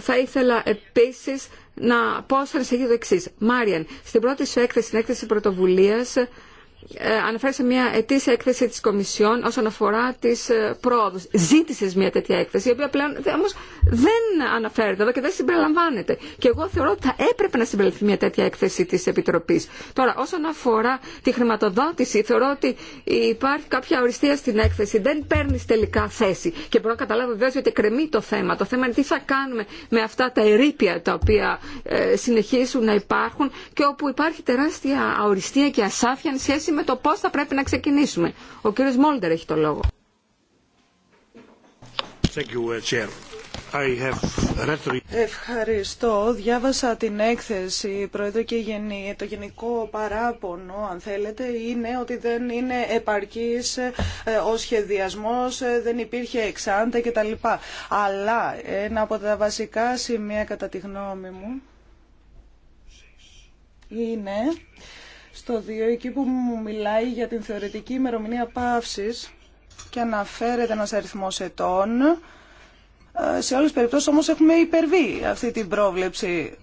θα ήθελα επίσης να πω σαν εισηγή το Μάριαν, στην πρώτη σου έκθεση, στην έκθεση πρωτοβουλίας, ε, αναφέρει σε μια ετήσια έκθεση της Κομισιόν όσον αφορά τις ε, πρόοδους. Ζήτησε μια τέτοια έκθεση, η οποία πλέον όμω δεν αναφέρεται εδώ και δεν συμπεριλαμβάνεται. Και εγώ θεωρώ ότι θα έπρεπε να συμπεριληφθεί μια τέτοια έκθεση της Επιτροπής. Τώρα, όσον αφορά τη χρηματοδότηση, θεωρώ ότι υπάρχει κάποια οριστία στην έκθεση. Δεν παίρνει τελικά θέση. Και μπορώ να καταλάβω βεβαίω ότι κρεμεί το θέμα. Το θέμα είναι τι θα κάνουμε με αυτά τα ερήπια τα οποία ε, συνεχίζουν να υπάρχουν και όπου υπάρχει τεράστια αοριστία και ασάφεια με το πώς θα πρέπει να ξεκινήσουμε. Ο κύριος Μόλτερ έχει το λόγο. Uh, Ευχαριστώ. Διάβασα την έκθεση, Πρόεδρε, και το γενικό παράπονο, αν θέλετε, είναι ότι δεν είναι επαρκής ε, ο σχεδιασμός, ε, δεν υπήρχε εξάντα κτλ. Αλλά ένα από τα βασικά σημεία, κατά τη γνώμη μου, είναι στο 2, εκεί που μου μιλάει για την θεωρητική ημερομηνία παύση και αναφέρεται ένα αριθμό ετών, ε, σε τις περιπτώσεις όμως έχουμε υπερβεί αυτή την πρόβλεψη.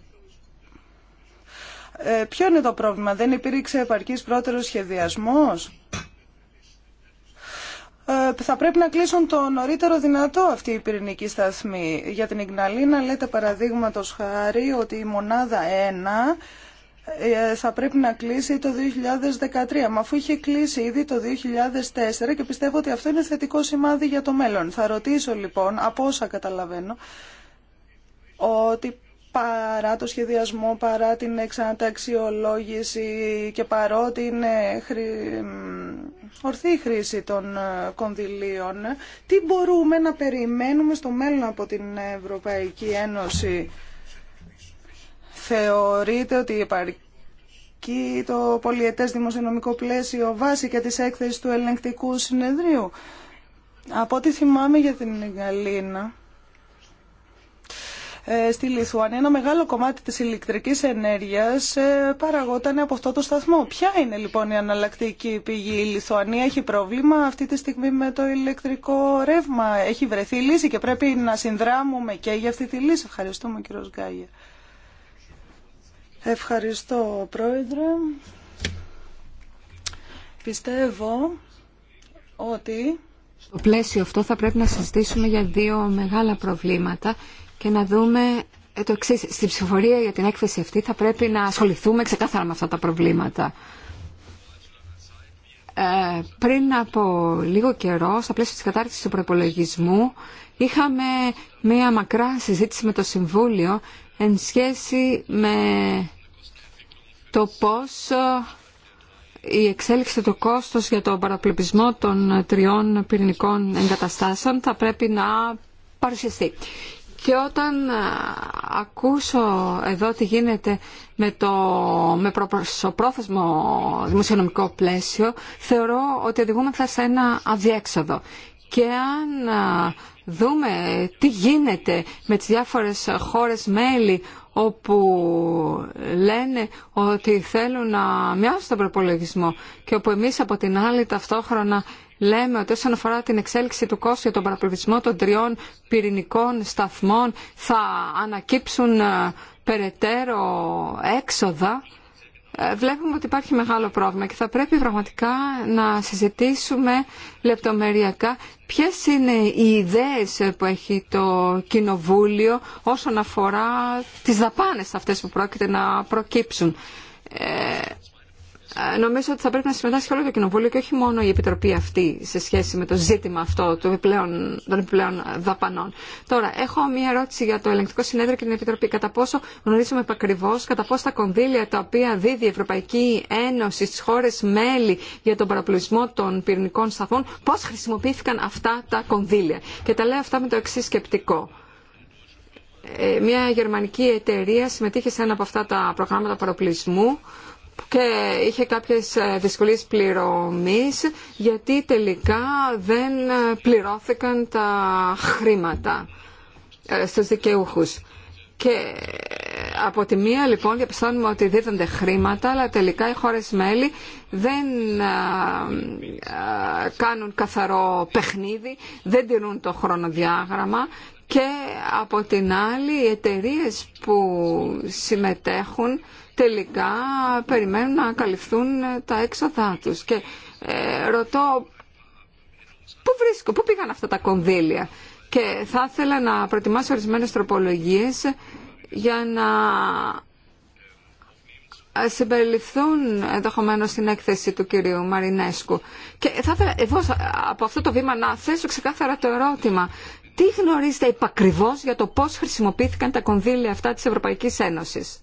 Ε, ποιο είναι το πρόβλημα, δεν υπήρξε επαρκής πρώτερος σχεδιασμός. Ε, θα πρέπει να κλείσουν το νωρίτερο δυνατό αυτή η πυρηνική σταθμή. Για την Ιγναλίνα λέτε παραδείγματος χάρη ότι η μονάδα 1 ε, θα πρέπει να κλείσει το 2013. Μα αφού είχε κλείσει ήδη το 2004 και πιστεύω ότι αυτό είναι θετικό σημάδι για το μέλλον. Θα ρωτήσω λοιπόν, από όσα καταλαβαίνω, ότι παρά το σχεδιασμό, παρά την εξαναταξιολόγηση και παρότι είναι ορθή χρήση των ε, κονδυλίων, τι μπορούμε να περιμένουμε στο μέλλον από την Ευρωπαϊκή Ένωση θεωρείτε ότι υπάρχει το πολιετές δημοσιονομικό πλαίσιο βάση και της έκθεσης του ελεγκτικού συνεδρίου. Από ό,τι θυμάμαι για την ε, στη Λιθουανία ένα μεγάλο κομμάτι της ηλεκτρικής ενέργειας ε, παραγόταν από αυτό το σταθμό. Ποια είναι λοιπόν η αναλλακτική πηγή. Η Λιθουανία έχει πρόβλημα αυτή τη στιγμή με το ηλεκτρικό ρεύμα. Έχει βρεθεί λύση και πρέπει να συνδράμουμε και για αυτή τη λύση. Ευχαριστούμε κύριο Γκάγια. Ευχαριστώ, Πρόεδρε. Πιστεύω ότι... Στο πλαίσιο αυτό θα πρέπει να συζητήσουμε για δύο μεγάλα προβλήματα και να δούμε ε, το εξή. Στην ψηφορία για την έκθεση αυτή θα πρέπει να ασχοληθούμε ξεκάθαρα με αυτά τα προβλήματα. Ε, πριν από λίγο καιρό, στα πλαίσια της κατάρτισης του προπολογισμού, είχαμε μία μακρά συζήτηση με το Συμβούλιο εν σχέση με το πώς η εξέλιξη του κόστος για τον παραπληπισμό των τριών πυρηνικών εγκαταστάσεων θα πρέπει να παρουσιαστεί. Και όταν ακούσω εδώ τι γίνεται με το με δημοσιονομικό πλαίσιο, θεωρώ ότι οδηγούμεθα σε ένα αδιέξοδο. Και αν δούμε τι γίνεται με τις διάφορες χώρες μέλη όπου λένε ότι θέλουν να μειώσουν τον προπολογισμό και όπου εμείς από την άλλη ταυτόχρονα λέμε ότι όσον αφορά την εξέλιξη του κόσμου για τον παραπληκτισμό των τριών πυρηνικών σταθμών θα ανακύψουν ε, περαιτέρω έξοδα ε, βλέπουμε ότι υπάρχει μεγάλο πρόβλημα και θα πρέπει πραγματικά να συζητήσουμε λεπτομεριακά ποιες είναι οι ιδέες που έχει το Κοινοβούλιο όσον αφορά τις δαπάνες αυτές που πρόκειται να προκύψουν. Ε, ε, νομίζω ότι θα πρέπει να συμμετάσχει όλο το Κοινοβούλιο και όχι μόνο η Επιτροπή αυτή σε σχέση με το ζήτημα αυτό επιπλέον, των επιπλέον δαπανών. Τώρα, έχω μία ερώτηση για το Ελεγκτικό Συνέδριο και την Επιτροπή. Κατά πόσο γνωρίζουμε ακριβώ, κατά πόσο τα κονδύλια τα οποία δίδει η Ευρωπαϊκή Ένωση στι χώρε μέλη για τον παραπλουσμό των πυρηνικών σταθμών, πώ χρησιμοποιήθηκαν αυτά τα κονδύλια. Και τα λέω αυτά με το εξή σκεπτικό ε, μια γερμανική εταιρεία συμμετείχε σε ένα από αυτά τα προγράμματα παροπλισμού και είχε κάποιες ε, δυσκολίες πληρωμής γιατί τελικά δεν ε, πληρώθηκαν τα χρήματα ε, στους δικαιούχους. Και από τη μία λοιπόν διαπιστώνουμε ότι δίδονται χρήματα αλλά τελικά οι χώρες μέλη δεν κάνουν καθαρό παιχνίδι, δεν τηρούν το χρονοδιάγραμμα και από την άλλη οι εταιρείε που συμμετέχουν τελικά περιμένουν να καλυφθούν τα έξοδά τους. Και ε, ρωτώ πού βρίσκω, πού πήγαν αυτά τα κονδύλια. Και θα ήθελα να προτιμάσω ορισμένες τροπολογίες για να συμπεριληφθούν ενδεχομένω στην έκθεση του κυρίου Μαρινέσκου. Και θα ήθελα εγώ από αυτό το βήμα να θέσω ξεκάθαρα το ερώτημα. Τι γνωρίζετε επακριβώς για το πώς χρησιμοποιήθηκαν τα κονδύλια αυτά της Ευρωπαϊκής Ένωσης.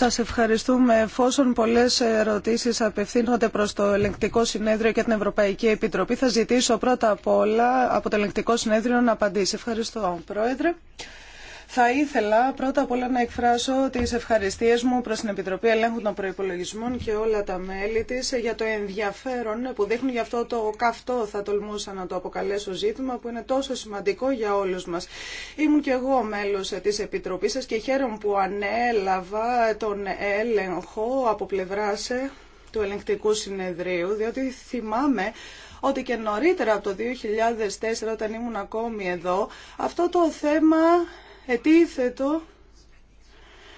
Σας ευχαριστούμε. Εφόσον πολλές ερωτήσεις απευθύνονται προς το Ελεγκτικό Συνέδριο και την Ευρωπαϊκή Επιτροπή, θα ζητήσω πρώτα απ' όλα από το Ελεγκτικό Συνέδριο να απαντήσει. Ευχαριστώ, Πρόεδρε. Θα ήθελα πρώτα απ' όλα να εκφράσω τι ευχαριστίες μου προ την Επιτροπή Ελέγχου των Προπολογισμών και όλα τα μέλη τη για το ενδιαφέρον που δείχνουν για αυτό το καυτό, θα τολμούσα να το αποκαλέσω ζήτημα, που είναι τόσο σημαντικό για όλου μα. Ήμουν και εγώ μέλος της Επιτροπής σας και χαίρομαι που ανέλαβα τον έλεγχο από πλευρά του ελεγκτικού συνεδρίου, διότι θυμάμαι ότι και νωρίτερα από το 2004 όταν ήμουν ακόμη εδώ, αυτό το θέμα ετίθετο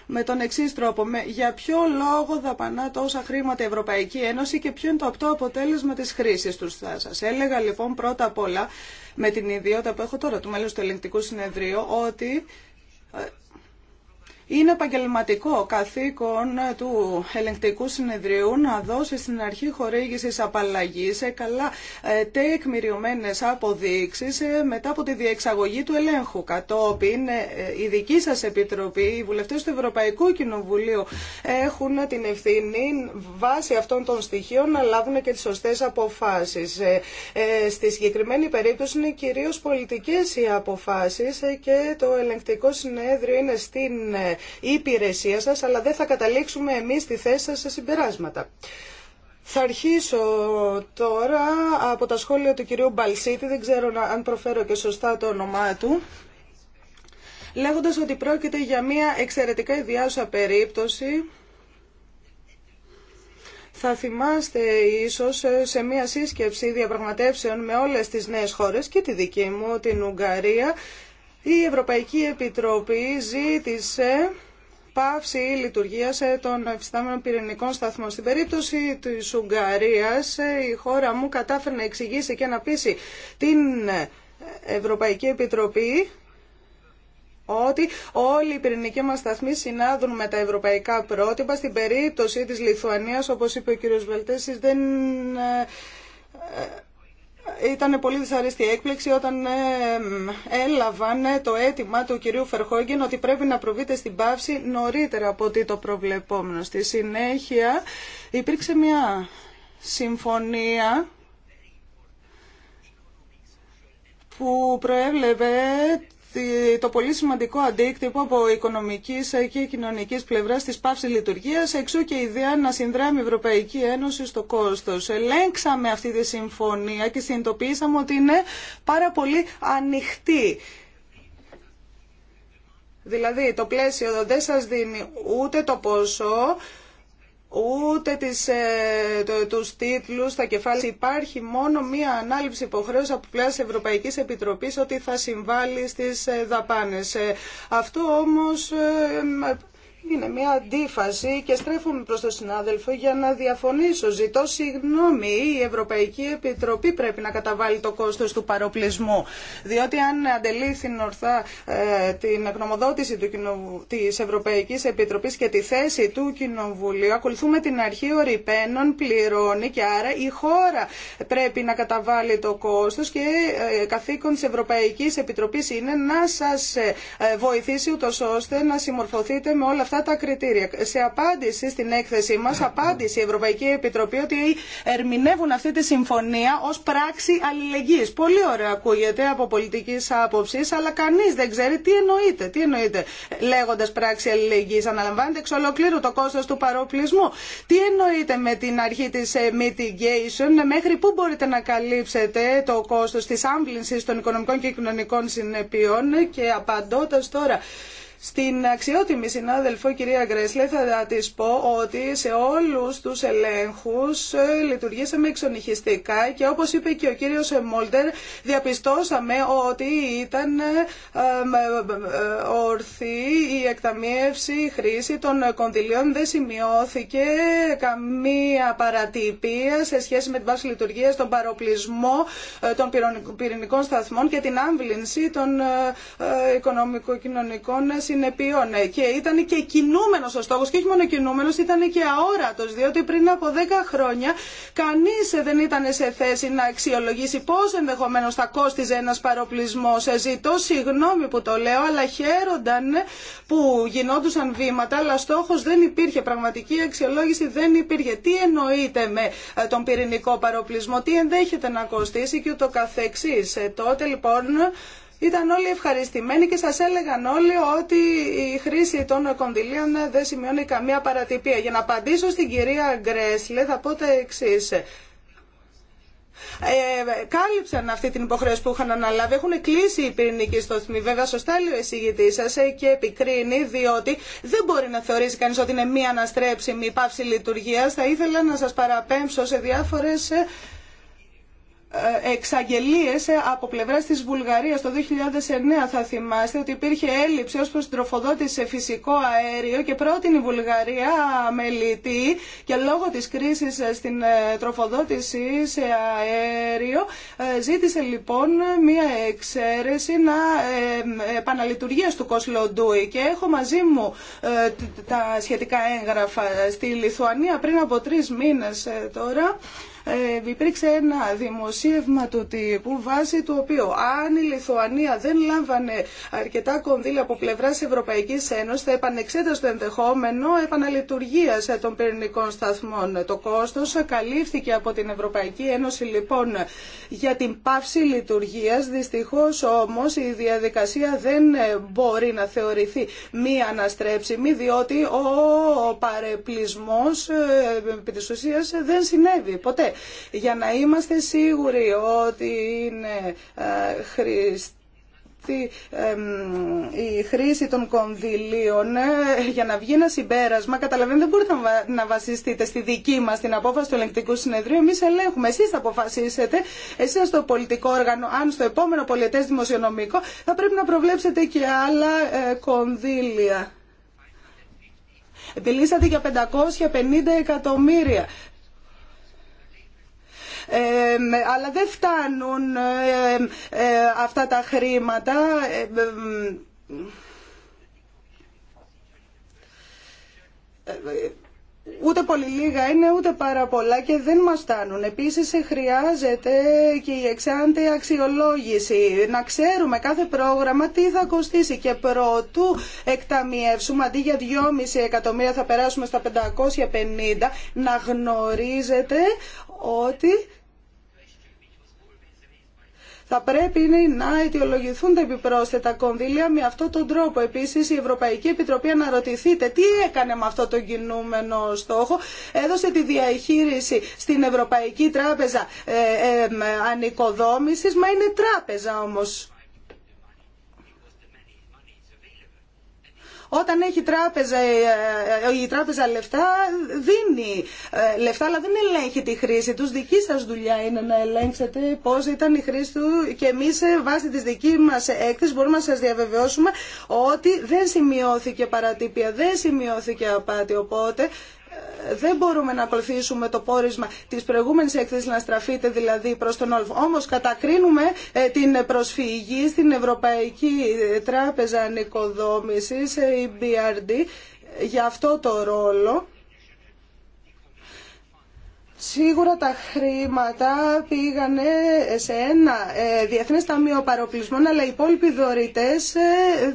με τον εξή τρόπο. Με, για ποιο λόγο δαπανά τόσα χρήματα η Ευρωπαϊκή Ένωση και ποιο είναι το απτό αποτέλεσμα τη χρήση του. Θα έλεγα λοιπόν πρώτα απ' όλα, με την ιδιότητα που έχω τώρα του μέλου του Ελεγκτικού Συνεδρίου, ότι ε, είναι επαγγελματικό καθήκον του ελεγκτικού συνεδρίου να δώσει στην αρχή χορήγηση απαλλαγή σε καλά ε, τεκμηριωμένες αποδείξεις ε, μετά από τη διεξαγωγή του ελέγχου. Κατόπιν ε, η δική σας επιτροπή, οι βουλευτέ του Ευρωπαϊκού Κοινοβουλίου έχουν την ευθύνη βάσει αυτών των στοιχείων να λάβουν και τις σωστέ αποφάσεις. Στη συγκεκριμένη περίπτωση είναι κυρίω πολιτικέ οι αποφάσεις και το ελεγκτικό συνέδριο είναι στην η υπηρεσία σας, αλλά δεν θα καταλήξουμε εμείς στη θέση σε συμπεράσματα. Θα αρχίσω τώρα από τα σχόλια του κυρίου Μπαλσίτη, δεν ξέρω αν προφέρω και σωστά το όνομά του λέγοντας ότι πρόκειται για μια εξαιρετικά ιδιάζουσα περίπτωση. Θα θυμάστε ίσως σε μια σύσκεψη διαπραγματεύσεων με όλες τις νέες χώρες και τη δική μου, την Ουγγαρία, η Ευρωπαϊκή Επιτροπή ζήτησε πάυση ή λειτουργία ε, των υφιστάμενων πυρηνικών σταθμών. Στην περίπτωση τη Ουγγαρία, ε, η λειτουργια των εφισταμενων πυρηνικων σταθμων στην περιπτωση τη ουγγαρια η χωρα μου κατάφερε να εξηγήσει και να πείσει την Ευρωπαϊκή Επιτροπή ότι όλοι οι πυρηνικοί μας σταθμοί συνάδουν με τα ευρωπαϊκά πρότυπα. Στην περίπτωση της Λιθουανίας, όπως είπε ο κ. Βελτέσης, δεν ε, ήταν πολύ δυσαρέστη έκπληξη όταν ε, έλαβαν ε, το αίτημα του κυρίου Φερχόγγεν ότι πρέπει να προβείτε στην πάυση νωρίτερα από ό,τι το προβλεπόμενο. Στη συνέχεια υπήρξε μια συμφωνία που προέβλεπε το πολύ σημαντικό αντίκτυπο από οικονομικής και κοινωνικής πλευράς της πάυσης λειτουργίας, εξού και η ιδέα να συνδράμει η Ευρωπαϊκή Ένωση στο κόστος. Ελέγξαμε αυτή τη συμφωνία και συνειδητοποιήσαμε ότι είναι πάρα πολύ ανοιχτή. Δηλαδή το πλαίσιο δεν σα δίνει ούτε το ποσό, ούτε τις, ε, το, τους τίτλους τα κεφάλαια. Υπάρχει μόνο μία ανάληψη υποχρέωση από της Ευρωπαϊκής Επιτροπής ότι θα συμβάλλει στις ε, δαπάνες. Ε, αυτό όμως είναι μια αντίφαση και στρέφομαι προς τον συνάδελφο για να διαφωνήσω. Ζητώ συγγνώμη, η Ευρωπαϊκή Επιτροπή πρέπει να καταβάλει το κόστος του παροπλισμού. Διότι αν αντελήθην ορθά ε, την γνωμοδότηση του της Ευρωπαϊκής Επιτροπής και τη θέση του Κοινοβουλίου, ακολουθούμε την αρχή ο πληρώνει και άρα η χώρα πρέπει να καταβάλει το κόστος και ε, καθήκον της Ευρωπαϊκής Επιτροπής είναι να σας ε, βοηθήσει ούτως ώστε να συμμορφωθείτε με όλα αυτά τα κριτήρια. Σε απάντηση στην έκθεσή μα, απάντησε η Ευρωπαϊκή Επιτροπή ότι ερμηνεύουν αυτή τη συμφωνία ω πράξη αλληλεγγύη. Πολύ ωραία ακούγεται από πολιτική άποψη, αλλά κανεί δεν ξέρει τι εννοείται. Τι εννοείται λέγοντα πράξη αλληλεγγύη, Αναλαμβάνεται εξ ολοκλήρου το κόστο του παροπλισμού. Τι εννοείται με την αρχή τη ε, mitigation, μέχρι πού μπορείτε να καλύψετε το κόστο τη άμβληση των οικονομικών και κοινωνικών συνεπειών και απαντώντα τώρα στην αξιότιμη συνάδελφο κυρία Γκρέσλε θα της πω ότι σε όλους τους ελέγχους ε, λειτουργήσαμε εξονυχιστικά και όπως είπε και ο κύριος Μόλτερ διαπιστώσαμε ότι ήταν ε, ε, ορθή η εκταμίευση, η χρήση των κονδυλίων δεν σημειώθηκε καμία παρατυπία σε σχέση με την βάση λειτουργία, τον παροπλισμό των πυρηνικών σταθμών και την άμβλυνση των οικονομικοκοινωνικών συνεπειών. Ε, και ήταν και κινούμενο ο στόχο, και όχι μόνο κινούμενο, ήταν και αόρατο, διότι πριν από 10 χρόνια κανεί δεν ήταν σε θέση να αξιολογήσει πώ ενδεχομένω θα κόστιζε ένα παροπλισμό. Ε, ζητώ συγγνώμη που το λέω, αλλά χαίρονταν που γινόντουσαν βήματα, αλλά στόχο δεν υπήρχε. Πραγματική αξιολόγηση δεν υπήρχε. Τι εννοείται με ε, τον πυρηνικό παροπλισμό, τι ενδέχεται να κοστίσει και ούτω καθεξής. Τότε λοιπόν ήταν όλοι ευχαριστημένοι και σας έλεγαν όλοι ότι η χρήση των κονδυλίων δεν σημειώνει καμία παρατυπία. Για να απαντήσω στην κυρία Γκρέσλε θα πω τα εξής. Ε, κάλυψαν αυτή την υποχρέωση που είχαν αναλάβει. Έχουν κλείσει οι πυρηνικοί στοθμοί. Βέβαια, σωστά λέει ο εισηγητή σα ε, και επικρίνει, διότι δεν μπορεί να θεωρήσει κανεί ότι είναι μια αναστρέψιμη μια πάυση λειτουργία. Θα ήθελα να σα παραπέμψω σε διάφορε ε, ε, εξαγγελίες ε, από πλευράς της Βουλγαρίας το 2009 θα θυμάστε ότι υπήρχε έλλειψη ως προς τροφοδότηση σε φυσικό αέριο και πρότεινε η Βουλγαρία μελητή και λόγω της κρίσης ε, στην τροφοδότηση σε αέριο ζήτησε λοιπόν μία εξαίρεση να επαναλειτουργίας του Κοσλοντούι και έχω μαζί μου τα σχετικά έγγραφα στη Λιθουανία πριν από τρεις μήνες τώρα ε, υπήρξε ένα δημοσίευμα του τύπου βάσει του οποίου αν η Λιθουανία δεν λάμβανε αρκετά κονδύλια από πλευράς Ευρωπαϊκής Ένωσης θα επανεξέτασε το ενδεχόμενο επαναλειτουργίας των πυρηνικών σταθμών. Το κόστος καλύφθηκε από την Ευρωπαϊκή Ένωση λοιπόν για την πάυση λειτουργίας. Δυστυχώς όμως η διαδικασία δεν μπορεί να θεωρηθεί μη αναστρέψιμη διότι ο παρεπλισμός ε, επί της δεν συνέβη ποτέ για να είμαστε σίγουροι ότι είναι ε, η χρήση των κονδυλίων ε, για να βγει ένα συμπέρασμα. Καταλαβαίνετε, δεν μπορείτε να βασιστείτε στη δική μας την απόφαση του ελεγκτικού συνεδρίου. Εμεί ελέγχουμε. Εσείς θα αποφασίσετε, εσείς στο πολιτικό όργανο, αν στο επόμενο πολιτές δημοσιονομικό θα πρέπει να προβλέψετε και άλλα ε, κονδύλια. Επιλύσατε για 550 εκατομμύρια αλλά δεν φτάνουν αυτά τα χρήματα. Ούτε πολύ λίγα είναι, ούτε πάρα πολλά και δεν μας φτάνουν. Επίσης χρειάζεται και η εξάντη αξιολόγηση. Να ξέρουμε κάθε πρόγραμμα τι θα κοστίσει και πρώτου εκταμιεύσουμε, αντί για 2,5 εκατομμύρια θα περάσουμε στα 550, να γνωρίζετε ότι θα πρέπει να αιτιολογηθούν τα επιπρόσθετα κονδύλια με αυτόν τον τρόπο. Επίσης η Ευρωπαϊκή Επιτροπή αναρωτηθείτε τι έκανε με αυτό το κινούμενο στόχο. Έδωσε τη διαχείριση στην Ευρωπαϊκή Τράπεζα ε, ε μα είναι τράπεζα όμως. Όταν έχει τράπεζα, ε, ε, η τράπεζα λεφτά, δίνει ε, λεφτά, αλλά δεν ελέγχει τη χρήση τους. Δική σας δουλειά είναι να ελέγξετε πώς ήταν η χρήση του και εμείς βάσει της δική μας έκθεση μπορούμε να σας διαβεβαιώσουμε ότι δεν σημειώθηκε παρατύπια, δεν σημειώθηκε απάτη. Οπότε δεν μπορούμε να ακολουθήσουμε το πόρισμα τη προηγούμενη έκθεση να στραφείτε δηλαδή προ τον Όλφ. Όμω κατακρίνουμε ε, την προσφυγή στην Ευρωπαϊκή Τράπεζα Νοικοδόμηση, ε, η BRD, για αυτό το ρόλο. Σίγουρα τα χρήματα πήγανε σε ένα ε, διεθνές ταμείο παροπλισμών, αλλά οι υπόλοιποι δωρητές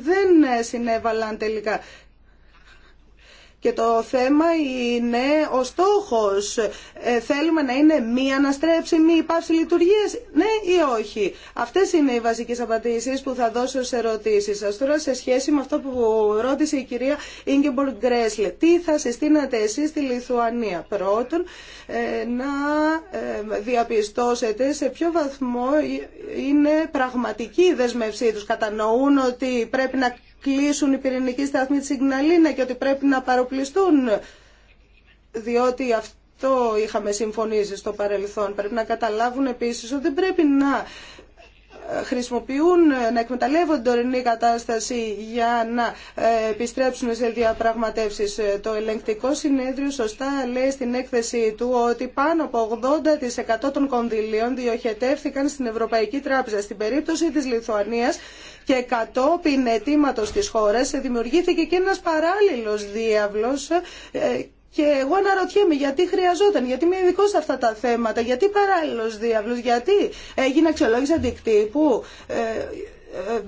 δεν συνέβαλαν τελικά. Και το θέμα είναι ο στόχος. Ε, θέλουμε να είναι μη αναστρέψιμη η υπάρξη λειτουργίας, ναι ή όχι. Αυτές είναι οι βασικές απαντήσεις που θα δώσω σε ερωτήσεις σας. Τώρα σε σχέση με αυτό που ρώτησε η κυρία Ίγκεμπορ Γκρέσλε. Τι θα συστήνατε εσείς στη Λιθουανία. Πρώτον, ε, να ε, διαπιστώσετε σε ποιο βαθμό είναι πραγματική η δεσμευσή τους. Κατανοούν ότι πρέπει να κλείσουν οι πυρηνικοί σταθμοί της Ιγναλίνα και ότι πρέπει να παροπλιστούν, διότι αυτό είχαμε συμφωνήσει στο παρελθόν. Πρέπει να καταλάβουν επίσης ότι δεν πρέπει να ε, χρησιμοποιούν, να εκμεταλλεύονται την τωρινή κατάσταση για να ε, επιστρέψουν σε διαπραγματεύσεις. Ε, το ελεγκτικό συνέδριο σωστά λέει στην έκθεση του ότι πάνω από 80% των κονδυλίων διοχετεύθηκαν στην Ευρωπαϊκή Τράπεζα. Στην περίπτωση της Λιθουανίας και κατόπιν αιτήματο της χώρας δημιουργήθηκε και ένας παράλληλος διάβλος ε, και εγώ αναρωτιέμαι γιατί χρειαζόταν, γιατί είμαι ειδικό σε αυτά τα θέματα, γιατί παράλληλος διάβλος, γιατί έγινε αξιολόγηση αντικτύπου. Ε, ε,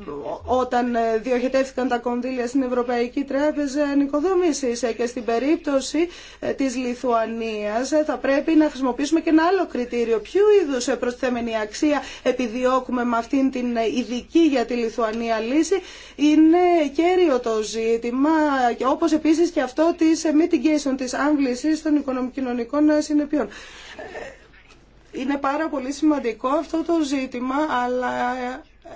όταν ε, διοχετεύτηκαν τα κονδύλια στην Ευρωπαϊκή Τράπεζα Νοικοδόμησης ε, και στην περίπτωση της Λιθουανίας θα πρέπει να χρησιμοποιήσουμε και ένα άλλο κριτήριο. Ποιο είδους προσθέμενη αξία επιδιώκουμε με αυτήν την ειδική για τη Λιθουανία λύση είναι κέριο το ζήτημα όπως επίσης και αυτό της mitigation, της άμβλησης των οικονομικοινωνικών συνεπειών. Είναι πάρα πολύ σημαντικό αυτό το ζήτημα, αλλά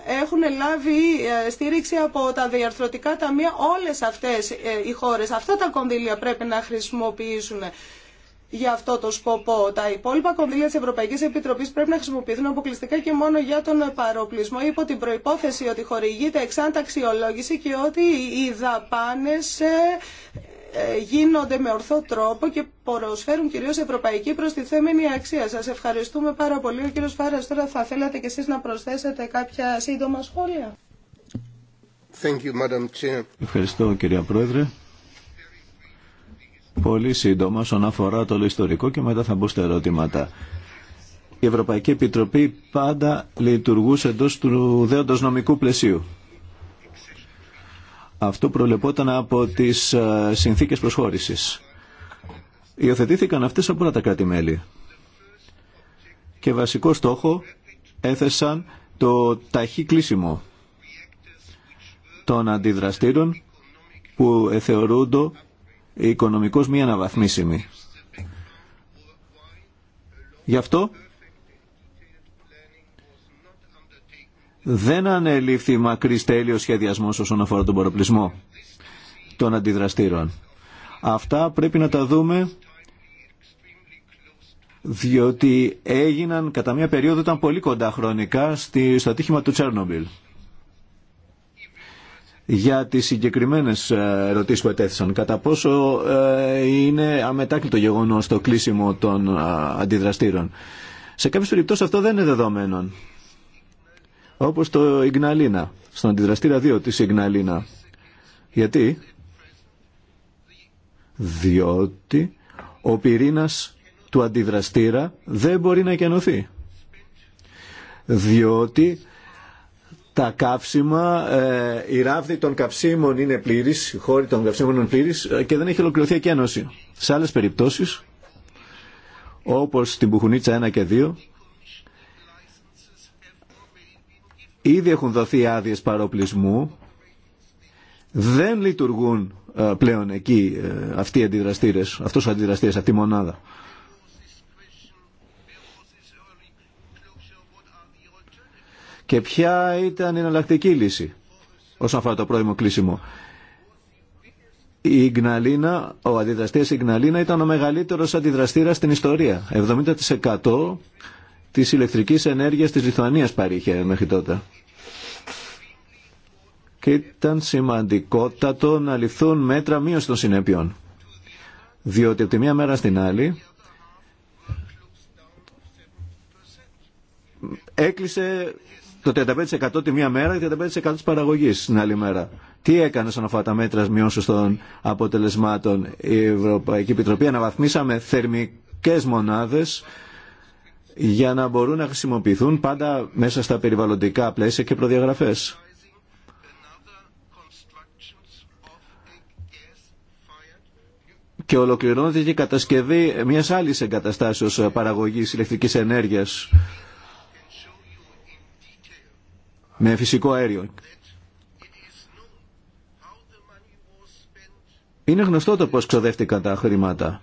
έχουν λάβει ε, στήριξη από τα διαρθρωτικά ταμεία όλες αυτές ε, οι χώρες. Αυτά τα κονδύλια πρέπει να χρησιμοποιήσουν για αυτό το σκοπό. Τα υπόλοιπα κονδύλια της Ευρωπαϊκής Επιτροπής πρέπει να χρησιμοποιηθούν αποκλειστικά και μόνο για τον παροπλισμό υπό την προϋπόθεση ότι χορηγείται εξάνταξιολόγηση και ότι οι δαπάνες ε, ε, γίνονται με ορθό τρόπο και προσφέρουν κυρίως ευρωπαϊκή προστιθέμενη αξία. Σας ευχαριστούμε πάρα πολύ. Ο κύριος Φάρας, τώρα θα θέλατε κι εσείς να προσθέσετε κάποια σύντομα σχόλια. Thank you, Madam Chair. Ευχαριστώ κυρία Πρόεδρε. Πολύ σύντομα όσον αφορά το ιστορικό και μετά θα μπω στα ερωτήματα. Η Ευρωπαϊκή Επιτροπή πάντα λειτουργούσε εντός του δέοντος νομικού πλαισίου. Αυτό προλεπόταν από τις ε, συνθήκες προσχώρησης. Υιοθετήθηκαν αυτές από όλα τα κράτη-μέλη. Και βασικό στόχο έθεσαν το ταχύ κλείσιμο των αντιδραστήρων που θεωρούνται οικονομικώς μη αναβαθμίσιμοι. Γι' αυτό δεν ανελήφθη μακρύ τέλειο σχεδιασμό όσον αφορά τον παροπλισμό των αντιδραστήρων. Αυτά πρέπει να τα δούμε διότι έγιναν κατά μία περίοδο ήταν πολύ κοντά χρονικά στη, στο ατύχημα του Τσέρνομπιλ. Για τις συγκεκριμένες ε, ερωτήσεις που ετέθησαν, κατά πόσο ε, είναι αμετάκλητο γεγονός το κλείσιμο των ε, αντιδραστήρων. Σε κάποιες περιπτώσεις αυτό δεν είναι δεδομένο όπως το Ιγναλίνα, στον αντιδραστήρα 2 της Ιγναλίνα. Γιατί? Διότι ο πυρήνας του αντιδραστήρα δεν μπορεί να εκενωθεί Διότι τα καύσιμα, ε, η ράβδη των καυσίμων είναι πλήρης, η χώρη των καυσίμων είναι πλήρης ε, και δεν έχει ολοκληρωθεί εκένωση. Σε άλλες περιπτώσεις, όπως στην Πουχουνίτσα 1 και 2, Ήδη έχουν δοθεί άδειε παροπλισμού. Δεν λειτουργούν ε, πλέον εκεί ε, αυτοί οι αντιδραστήρες, αυτού ο αντιδραστήρες, αυτή η μονάδα. Και ποια ήταν η εναλλακτική λύση όσον αφορά το πρώιμο κλείσιμο. Η Ιγναλίνα, ο αντιδραστής Ιγναλίνα ήταν ο μεγαλύτερος αντιδραστήρας στην ιστορία. 70% της ηλεκτρικής ενέργειας της Λιθουανίας παρήχε μέχρι τότε. Και ήταν σημαντικότατο να ληφθούν μέτρα μείωση των συνέπειων. Διότι από τη μία μέρα στην άλλη έκλεισε το 35% τη μία μέρα και το 35% της παραγωγής την άλλη μέρα. Τι έκανε σαν αυτά τα μέτρα μειώσεως των αποτελεσμάτων η Ευρωπαϊκή Επιτροπή. Αναβαθμίσαμε θερμικές μονάδες για να μπορούν να χρησιμοποιηθούν πάντα μέσα στα περιβαλλοντικά πλαίσια και προδιαγραφές. Και ολοκληρώνεται και η κατασκευή μιας άλλης εγκαταστάσεως παραγωγής ηλεκτρικής ενέργειας με φυσικό αέριο. Είναι γνωστό το πώς ξοδεύτηκαν τα χρήματα,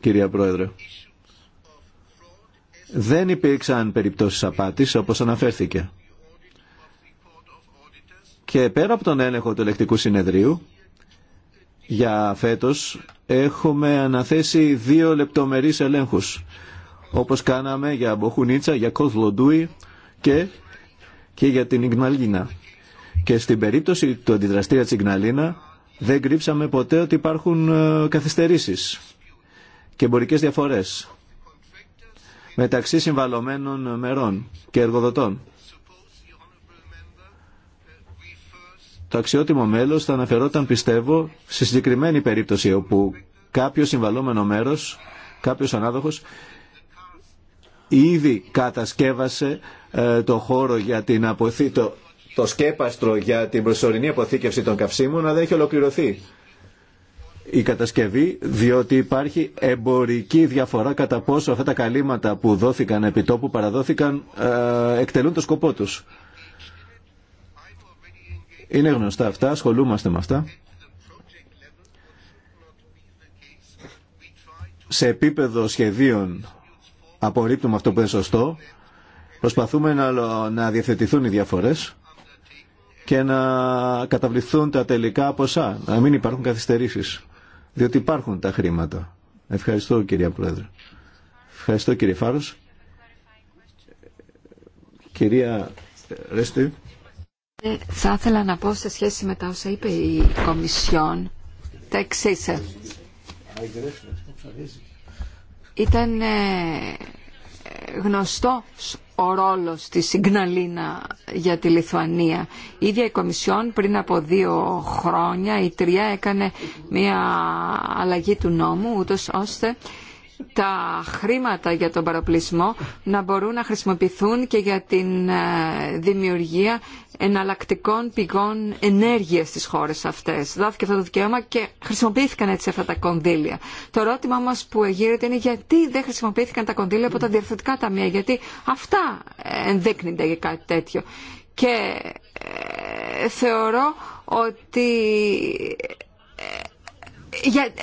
κυρία Πρόεδρε δεν υπήρξαν περιπτώσεις απάτης όπως αναφέρθηκε. Και πέρα από τον έλεγχο του ελεκτικού συνεδρίου, για φέτος έχουμε αναθέσει δύο λεπτομερείς ελέγχους, όπως κάναμε για Μποχουνίτσα, για Κοσλοντούι και, και για την Ιγναλίνα. Και στην περίπτωση του αντιδραστήρα της Ιγναλίνα δεν κρύψαμε ποτέ ότι υπάρχουν ε, καθυστερήσεις και εμπορικές διαφορές μεταξύ συμβαλωμένων μερών και εργοδοτών. Το αξιότιμο μέλος θα αναφερόταν, πιστεύω, σε συγκεκριμένη περίπτωση όπου κάποιο συμβαλόμενο μέρος, κάποιος ανάδοχος, ήδη κατασκεύασε ε, το χώρο για την το, το σκέπαστρο για την προσωρινή αποθήκευση των καυσίμων, αλλά δεν έχει ολοκληρωθεί η κατασκευή, διότι υπάρχει εμπορική διαφορά κατά πόσο αυτά τα καλύματα που δόθηκαν επί τόπου παραδόθηκαν ε, εκτελούν το σκοπό τους. Είναι γνωστά αυτά, ασχολούμαστε με αυτά. Σε επίπεδο σχεδίων απορρίπτουμε αυτό που είναι σωστό. Προσπαθούμε να, να οι διαφορές και να καταβληθούν τα τελικά ποσά, να μην υπάρχουν καθυστερήσεις διότι υπάρχουν τα χρήματα. Ευχαριστώ κυρία Πρόεδρε. Ευχαριστώ κύριε Φάρος. Κυρία Ρέστη. Ε, θα ήθελα να πω σε σχέση με τα όσα είπε η Κομισιόν τα Ήταν ε, γνωστός ο ρόλος της Συγκναλίνα για τη Λιθουανία. Η ίδια η Κομισιόν πριν από δύο χρόνια ή τρία έκανε μια αλλαγή του νόμου ούτως ώστε τα χρήματα για τον παροπλισμό να μπορούν να χρησιμοποιηθούν και για την ε, δημιουργία εναλλακτικών πηγών ενέργειας στις χώρες αυτές. Δόθηκε αυτό το δικαίωμα και χρησιμοποιήθηκαν έτσι αυτά τα κονδύλια. Το ερώτημα μας που εγείρεται είναι γιατί δεν χρησιμοποιήθηκαν τα κονδύλια από τα διευθυντικά ταμεία, γιατί αυτά ενδείκνυνται για κάτι τέτοιο. Και ε, θεωρώ ότι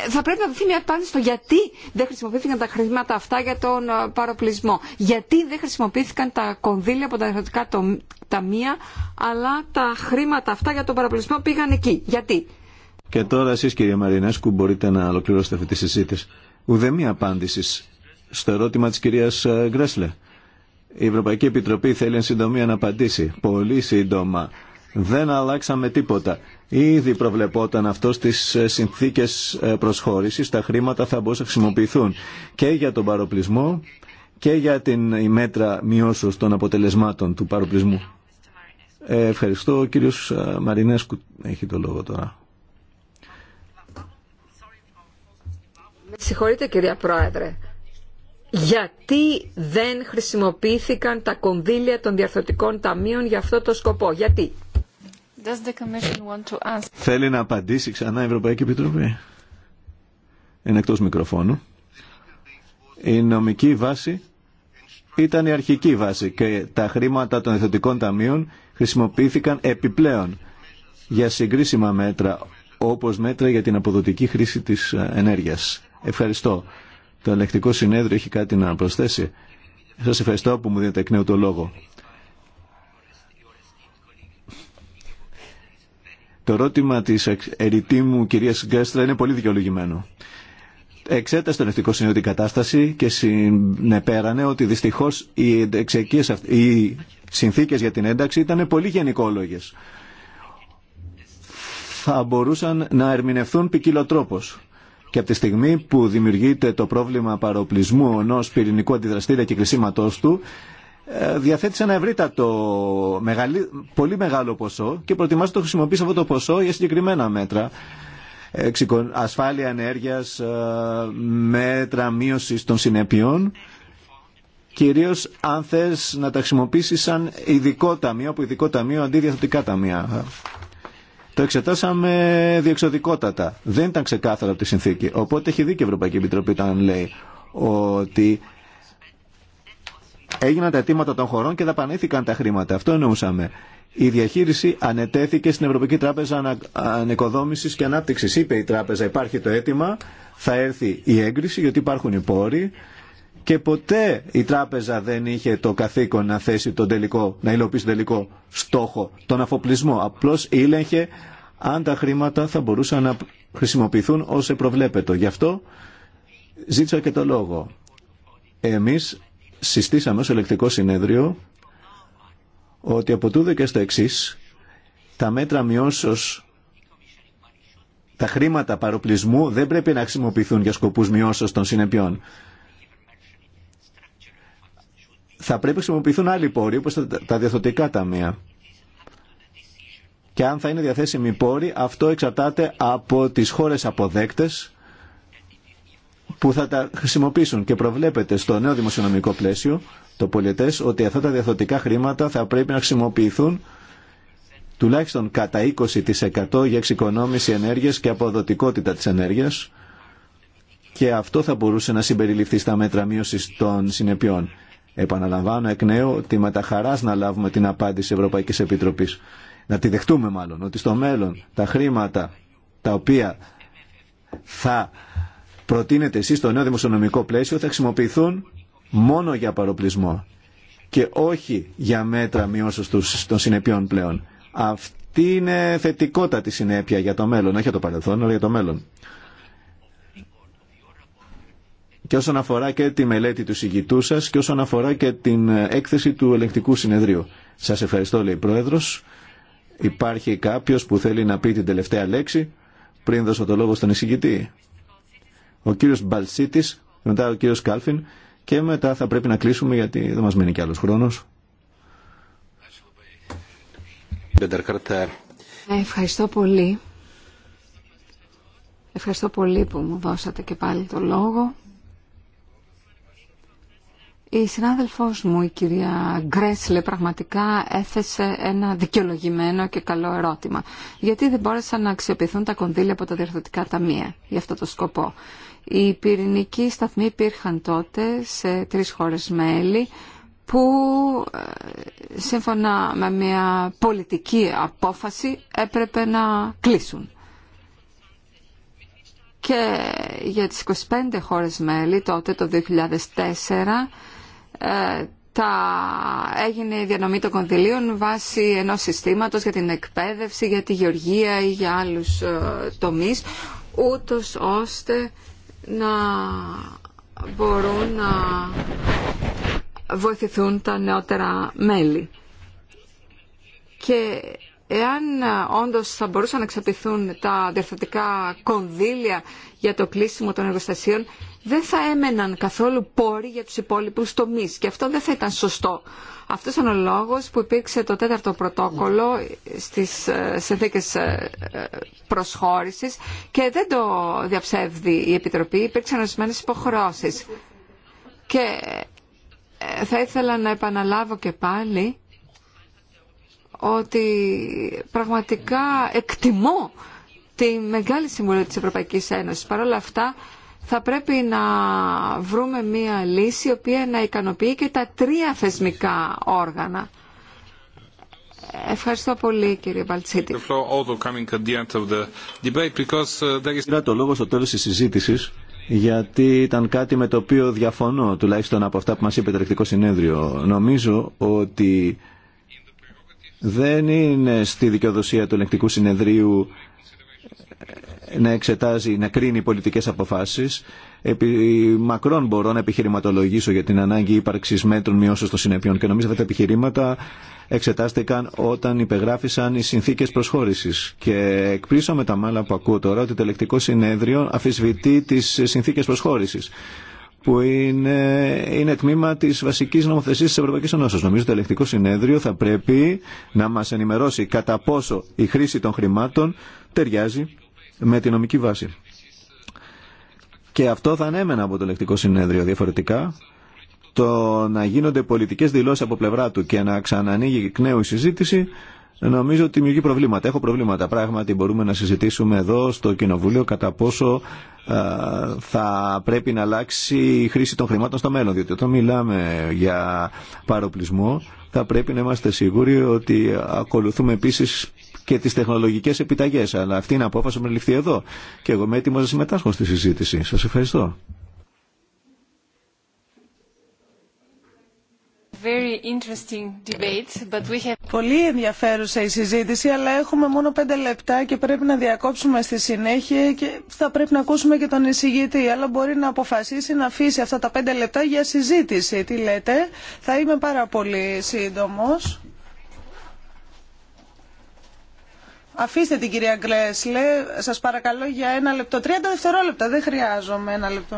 θα πρέπει να δοθεί μια απάντηση στο γιατί δεν χρησιμοποιήθηκαν τα χρήματα αυτά για τον ε, παροπλισμό. Γιατί δεν χρησιμοποιήθηκαν τα κονδύλια από τα τα ταμεία, αλλά τα χρήματα αυτά για τον παροπλισμό πήγαν εκεί. Γιατί. Και τώρα εσείς κύριε Μαρινέσκου μπορείτε να ολοκληρώσετε αυτή τη συζήτηση. Ουδέμια απάντηση στο ερώτημα της κυρίας ε, Γκρέσλε. Η Ευρωπαϊκή Επιτροπή θέλει εν συντομία να απαντήσει. Πολύ σύντομα. Δεν αλλάξαμε τίποτα. Ήδη προβλεπόταν αυτό στις ε, συνθήκες ε, προσχώρησης. Τα χρήματα θα μπορούσαν να χρησιμοποιηθούν και για τον παροπλισμό και για την μέτρα μειώσεως των αποτελεσμάτων του παροπλισμού. Ε, ευχαριστώ. Ο κύριος Μαρινέσκου έχει το λόγο τώρα. Με συγχωρείτε κυρία Πρόεδρε. Γιατί δεν χρησιμοποιήθηκαν τα κονδύλια των διαρθρωτικών ταμείων για αυτό το σκοπό. Γιατί Θέλει να απαντήσει ξανά η Ευρωπαϊκή Επιτροπή. Είναι εκτός μικροφώνου. Η νομική βάση ήταν η αρχική βάση και τα χρήματα των εθνικών ταμείων χρησιμοποιήθηκαν επιπλέον για συγκρίσιμα μέτρα όπως μέτρα για την αποδοτική χρήση της ε, ενέργειας. Ευχαριστώ. Το ελεκτικό συνέδριο έχει κάτι να προσθέσει. Σας ευχαριστώ που μου δίνετε εκ νέου το λόγο. Το ερώτημα της ερητή μου κυρία Γκέστρα είναι πολύ δικαιολογημένο. Εξέτασε τον ευτικό συνέδριο την κατάσταση και συνεπέρανε ότι δυστυχώς οι, οι συνθήκες για την ένταξη ήταν πολύ γενικόλογες. Θα μπορούσαν να ερμηνευθούν ποικιλοτρόπω. Και από τη στιγμή που δημιουργείται το πρόβλημα παροπλισμού ενό πυρηνικού αντιδραστήρια και κλεισίματό του, ε, διαθέτει ένα ευρύτατο, μεγαλύ, πολύ μεγάλο ποσό και προτιμάς να το χρησιμοποιήσει αυτό το ποσό για συγκεκριμένα μέτρα. Ε, ασφάλεια ενέργειας, ε, μέτρα μείωσης των συνεπειών κυρίως αν θες να τα χρησιμοποιήσει σαν ειδικό ταμείο, από ειδικό ταμείο αντί διαθετικά ταμεία. Το εξετάσαμε διεξοδικότατα. Δεν ήταν ξεκάθαρο από τη συνθήκη. Οπότε έχει δίκιο η Ευρωπαϊκή Επιτροπή όταν λέει ότι έγιναν τα αιτήματα των χωρών και δαπανήθηκαν τα χρήματα. Αυτό εννοούσαμε. Η διαχείριση ανετέθηκε στην Ευρωπαϊκή Τράπεζα Ανεκοδόμηση και Ανάπτυξη. Είπε η Τράπεζα: Υπάρχει το αίτημα, θα έρθει η έγκριση γιατί υπάρχουν οι πόροι. Και ποτέ η Τράπεζα δεν είχε το καθήκον να θέσει τον τελικό, να υλοποιήσει τον τελικό στόχο, τον αφοπλισμό. Απλώ ήλεγχε αν τα χρήματα θα μπορούσαν να χρησιμοποιηθούν όσο προβλέπετο. Γι' αυτό ζήτησα και το λόγο. Εμείς συστήσαμε ως ελεκτικό συνέδριο ότι από τούδε και στο εξή τα μέτρα μειώσεως τα χρήματα παροπλισμού δεν πρέπει να χρησιμοποιηθούν για σκοπούς μειώσεως των συνεπειών. Θα πρέπει να χρησιμοποιηθούν άλλοι πόροι όπως τα διαθωτικά ταμεία. Και αν θα είναι διαθέσιμοι πόροι, αυτό εξαρτάται από τις χώρες αποδέκτες που θα τα χρησιμοποιήσουν και προβλέπεται στο νέο δημοσιονομικό πλαίσιο το πολιτέ, ότι αυτά τα διαθωτικά χρήματα θα πρέπει να χρησιμοποιηθούν τουλάχιστον κατά 20% για εξοικονόμηση ενέργειας και αποδοτικότητα της ενέργειας και αυτό θα μπορούσε να συμπεριληφθεί στα μέτρα μείωση των συνεπειών. Επαναλαμβάνω εκ νέου ότι με τα χαράς να λάβουμε την απάντηση Ευρωπαϊκής Επιτροπής. Να τη δεχτούμε μάλλον ότι στο μέλλον τα χρήματα τα οποία θα προτείνετε εσείς στο νέο δημοσιονομικό πλαίσιο θα χρησιμοποιηθούν μόνο για παροπλισμό και όχι για μέτρα μειώσεως των συνεπειών πλέον. Αυτή είναι θετικότατη συνέπεια για το μέλλον, όχι για το παρελθόν, αλλά για το μέλλον. Και όσον αφορά και τη μελέτη του συγκητού σα και όσον αφορά και την έκθεση του ελεκτικού συνεδρίου. Σας ευχαριστώ, λέει η Πρόεδρος. Υπάρχει κάποιος που θέλει να πει την τελευταία λέξη πριν δώσω το λόγο στον εισηγητή ο κύριος Μπαλσίτη, μετά ο κύριος Κάλφιν και μετά θα πρέπει να κλείσουμε γιατί δεν μα μένει κι άλλος χρόνος. Ε, ευχαριστώ πολύ. Ευχαριστώ πολύ που μου δώσατε και πάλι το λόγο. Η συνάδελφός μου, η κυρία Γκρέσλε, πραγματικά έθεσε ένα δικαιολογημένο και καλό ερώτημα. Γιατί δεν μπόρεσαν να αξιοποιηθούν τα κονδύλια από τα διορθωτικά ταμεία για αυτό το σκοπό. Οι πυρηνικοί σταθμοί υπήρχαν τότε σε τρεις χώρες μέλη που ε, σύμφωνα με μια πολιτική απόφαση έπρεπε να κλείσουν. Και για τις 25 χώρες μέλη τότε το 2004 ε, τα... έγινε η διανομή των κονδυλίων βάσει ενός συστήματος για την εκπαίδευση, για τη γεωργία ή για άλλους ε, τομείς ούτως ώστε να μπορούν να βοηθηθούν τα νεότερα μέλη. Και εάν ε, όντως θα μπορούσαν να εξαπηθούν τα διορθωτικά κονδύλια για το κλείσιμο των εργοστασίων, δεν θα έμεναν καθόλου πόροι για τους υπόλοιπους τομείς και αυτό δεν θα ήταν σωστό. Αυτός ήταν ο λόγος που υπήρξε το τέταρτο πρωτόκολλο στις ε, συνθήκε ε, προσχώρησης και δεν το διαψεύδει η Επιτροπή, υπήρξαν ορισμένε υποχρώσεις Και ε, θα ήθελα να επαναλάβω και πάλι ότι πραγματικά εκτιμώ τη μεγάλη συμβουλή της Ευρωπαϊκής Ένωσης. Παρ' όλα αυτά θα πρέπει να βρούμε μία λύση η οποία να ικανοποιεί και τα τρία θεσμικά όργανα. Ευχαριστώ πολύ κύριε Μπαλτσίτη. Πήρα uh, το λόγο στο τέλος της συζήτησης γιατί ήταν κάτι με το οποίο διαφωνώ τουλάχιστον από αυτά που μας είπε το Ελεκτικό Συνέδριο. Νομίζω ότι δεν είναι στη δικαιοδοσία του Ελεκτικού Συνεδρίου να εξετάζει, να κρίνει πολιτικές αποφάσεις. Επί μακρόν μπορώ να επιχειρηματολογήσω για την ανάγκη ύπαρξης μέτρων μειώσεως των συνεπειών και νομίζω αυτά τα επιχειρήματα εξετάστηκαν όταν υπεγράφησαν οι συνθήκες προσχώρησης. Και εκπλήσω με τα μάλα που ακούω τώρα ότι το ελεκτικό συνέδριο αφισβητεί τις συνθήκες προσχώρησης που είναι, είναι τμήμα τη βασική νομοθεσία τη Ευρωπαϊκή Ένωση. Νομίζω το ελεκτικό συνέδριο θα πρέπει να μα ενημερώσει κατά πόσο η χρήση των χρημάτων ταιριάζει με τη νομική βάση. Και αυτό θα ανέμενα από το ελεκτικό συνέδριο. Διαφορετικά, το να γίνονται πολιτικέ δηλώσει από πλευρά του και να ξανανοίγει εκ νέου η συζήτηση, νομίζω ότι δημιουργεί προβλήματα. Έχω προβλήματα. Πράγματι, μπορούμε να συζητήσουμε εδώ στο Κοινοβούλιο κατά πόσο θα πρέπει να αλλάξει η χρήση των χρημάτων στο μέλλον. Διότι όταν μιλάμε για παροπλισμό, θα πρέπει να είμαστε σίγουροι ότι ακολουθούμε επίση και τι τεχνολογικέ επιταγέ, Αλλά αυτή είναι απόφαση που με ληφθεί εδώ. Και εγώ είμαι έτοιμο να συμμετάσχω στη συζήτηση. Σα ευχαριστώ. Πολύ ενδιαφέρουσα η συζήτηση, αλλά έχουμε μόνο πέντε λεπτά και πρέπει να διακόψουμε στη συνέχεια και θα πρέπει να ακούσουμε και τον εισηγητή. Αλλά μπορεί να αποφασίσει να αφήσει αυτά τα πέντε λεπτά για συζήτηση. Τι λέτε, θα είμαι πάρα πολύ σύντομος. Αφήστε την κυρία Γκλέσλε, σας παρακαλώ για ένα λεπτό. 30 δευτερόλεπτα, δεν χρειάζομαι ένα λεπτό.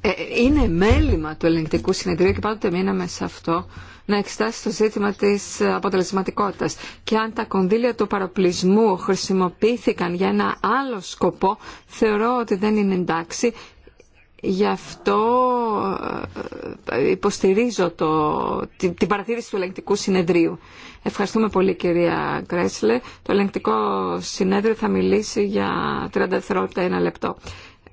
Ε, είναι μέλημα του ελεγκτικού συνεδρίου και πάντοτε μείναμε σε αυτό να εξετάσει το ζήτημα της αποτελεσματικότητας. Και αν τα κονδύλια του παροπλισμού χρησιμοποιήθηκαν για ένα άλλο σκοπό, θεωρώ ότι δεν είναι εντάξει Γι' αυτό ε, υποστηρίζω το, την, την παρατήρηση του ελεγκτικού συνεδρίου. Ευχαριστούμε πολύ κυρία Κρέσλε. Το ελεγκτικό συνέδριο θα μιλήσει για 30 δευτερόλεπτα ένα λεπτό.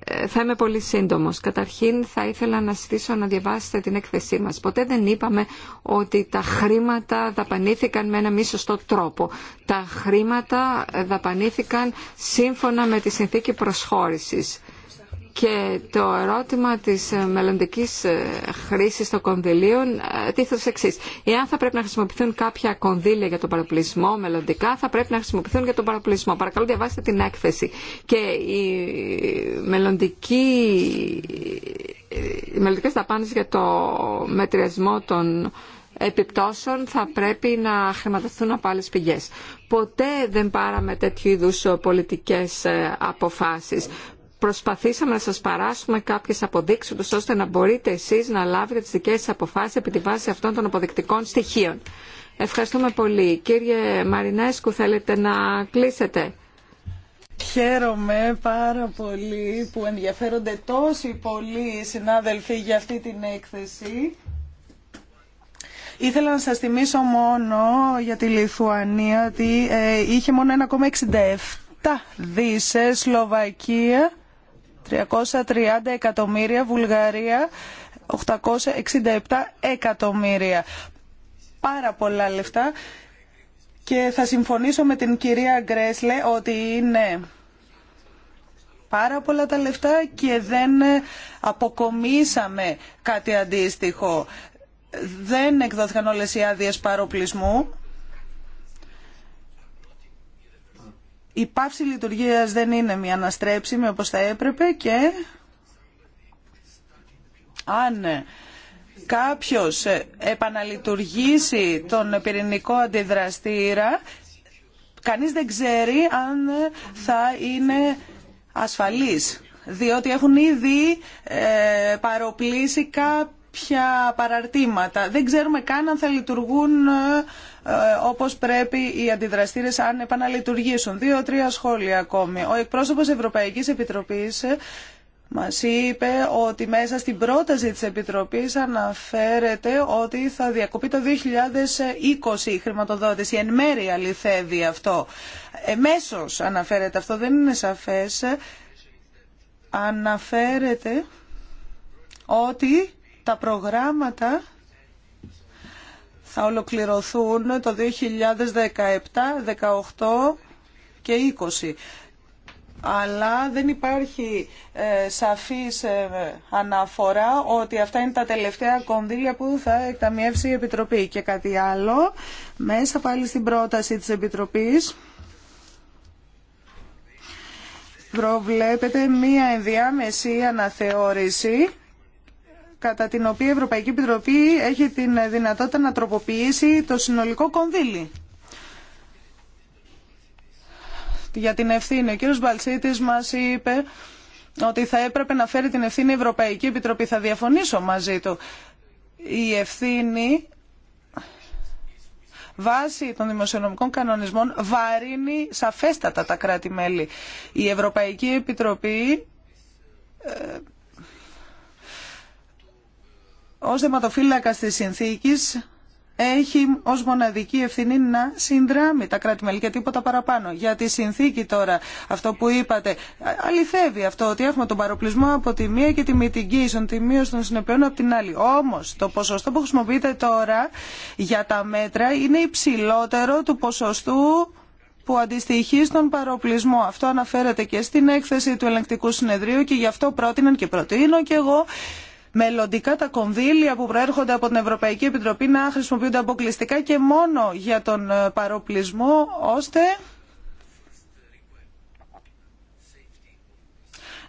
Ε, θα είμαι πολύ σύντομος. Καταρχήν θα ήθελα να στήσω να διαβάσετε την έκθεσή μας. Ποτέ δεν είπαμε ότι τα χρήματα δαπανήθηκαν με ένα μη σωστό τρόπο. Τα χρήματα δαπανήθηκαν σύμφωνα με τη συνθήκη προσχώρησης και το ερώτημα της ε, μελλοντικής ε, χρήσης των κονδυλίων ε, τίθεται εξή. Εάν θα πρέπει να χρησιμοποιηθούν κάποια κονδύλια για τον παραπλησμό μελλοντικά, θα πρέπει να χρησιμοποιηθούν για τον παραπλησμό. Παρακαλώ διαβάστε την έκθεση. Και η οι μελλοντικές δαπάνες για το μετριασμό των επιπτώσεων θα πρέπει να χρηματοδοτηθούν από άλλες πηγές. Ποτέ δεν πάραμε τέτοιου είδου πολιτικές αποφάσεις προσπαθήσαμε να σας παράσουμε κάποιες αποδείξεις ώστε να μπορείτε εσείς να λάβετε τις δικές σας αποφάσεις επί τη βάση αυτών των αποδεικτικών στοιχείων. Ευχαριστούμε πολύ. Κύριε Μαρινέσκου, θέλετε να κλείσετε. Χαίρομαι πάρα πολύ που ενδιαφέρονται τόσοι πολλοί συνάδελφοι για αυτή την έκθεση. Ήθελα να σας θυμίσω μόνο για τη Λιθουανία ότι ε, είχε μόνο 1,67 δις ε, Σλοβακία 330 εκατομμύρια, Βουλγαρία 867 εκατομμύρια. Πάρα πολλά λεφτά και θα συμφωνήσω με την κυρία Γκρέσλε ότι είναι πάρα πολλά τα λεφτά και δεν αποκομίσαμε κάτι αντίστοιχο. Δεν εκδόθηκαν όλες οι άδειες παροπλισμού Η πάυση λειτουργίας δεν είναι μια αναστρέψιμη όπως θα έπρεπε και αν κάποιος επαναλειτουργήσει τον πυρηνικό αντιδραστήρα, κανείς δεν ξέρει αν θα είναι ασφαλής, διότι έχουν ήδη ε, παροπλήσει κάποια παραρτήματα. Δεν ξέρουμε καν αν θα λειτουργούν ε, ε, όπως πρέπει οι αντιδραστήρε αν επαναλειτουργήσουν. Δύο-τρία σχόλια ακόμη. Ο εκπρόσωπος Ευρωπαϊκής Επιτροπής ε, μα είπε ότι μέσα στην πρόταση της Επιτροπής αναφέρεται ότι θα διακοπεί το 2020 η χρηματοδότηση. Εν μέρη αληθεύει αυτό. Εμέσως αναφέρεται αυτό, δεν είναι σαφές. Αναφέρεται ότι τα προγράμματα θα ολοκληρωθούν το 2017, 2018 και 20 αλλά δεν υπάρχει ε, σαφής ε, αναφορά ότι αυτά είναι τα τελευταία κονδύλια που θα εκταμιεύσει η Επιτροπή. Και κάτι άλλο, μέσα πάλι στην πρόταση της Επιτροπής, προβλέπεται μία ενδιάμεση αναθεώρηση κατά την οποία η Ευρωπαϊκή Επιτροπή έχει την δυνατότητα να τροποποιήσει το συνολικό κονδύλι για την ευθύνη. Ο κύριος Μπαλσίτης μας είπε ότι θα έπρεπε να φέρει την ευθύνη η Ευρωπαϊκή Επιτροπή. Θα διαφωνήσω μαζί του. Η ευθύνη βάσει των δημοσιονομικών κανονισμών βαρύνει σαφέστατα τα κράτη-μέλη. Η Ευρωπαϊκή Επιτροπή ε, ως θεματοφύλακα της συνθήκης έχει ως μοναδική ευθυνή να συνδράμει τα κράτη-μέλη και τίποτα παραπάνω. Για τη συνθήκη τώρα, αυτό που είπατε, αληθεύει αυτό ότι έχουμε τον παροπλισμό από τη μία και τη μητυγγύησον, τη μείωση των συνεπειών από την άλλη. Όμως, το ποσοστό που χρησιμοποιείτε τώρα για τα μέτρα είναι υψηλότερο του ποσοστού που αντιστοιχεί στον παροπλισμό. Αυτό αναφέρεται και στην έκθεση του ελεγκτικού συνεδρίου και γι' αυτό πρότειναν και προτείνω και εγώ μελλοντικά τα κονδύλια που προέρχονται από την Ευρωπαϊκή Επιτροπή να χρησιμοποιούνται αποκλειστικά και μόνο για τον ε, παροπλισμό, ώστε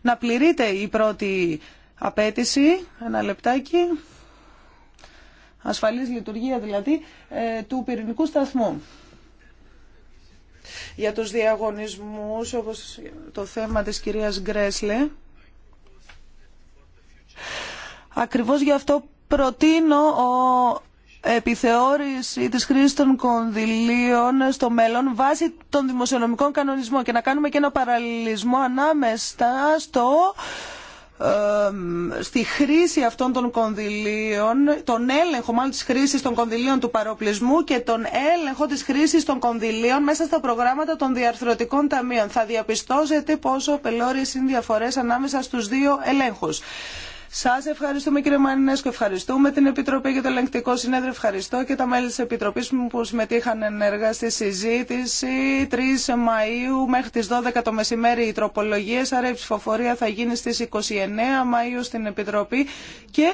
να πληρείται η πρώτη απέτηση, ένα λεπτάκι, ασφαλής λειτουργία δηλαδή, ε, του πυρηνικού σταθμού. Για τους διαγωνισμούς, όπως το θέμα της κυρίας Γκρέσλε, Ακριβώς γι' αυτό προτείνω ο επιθεώρηση της χρήσης των κονδυλίων στο μέλλον βάσει των δημοσιονομικών κανονισμών και να κάνουμε και ένα παραλληλισμό ανάμεσα στο στη χρήση αυτών των κονδυλίων, τον έλεγχο μάλλον της χρήσης των κονδυλίων του παροπλισμού και τον έλεγχο της χρήσης των κονδυλίων μέσα στα προγράμματα των διαρθρωτικών ταμείων. Θα διαπιστώσετε πόσο πελώριες είναι διαφορές ανάμεσα στους δύο ελέγχους. Σα ευχαριστούμε κύριε Μαρινέσκο, ευχαριστούμε την Επιτροπή για το Ελεγκτικό Συνέδριο, ευχαριστώ και τα μέλη τη Επιτροπή που συμμετείχαν ενεργά στη συζήτηση. 3 Μαου μέχρι τι 12 το μεσημέρι οι τροπολογίε, άρα η ψηφοφορία θα γίνει στι 29 Μαου στην Επιτροπή και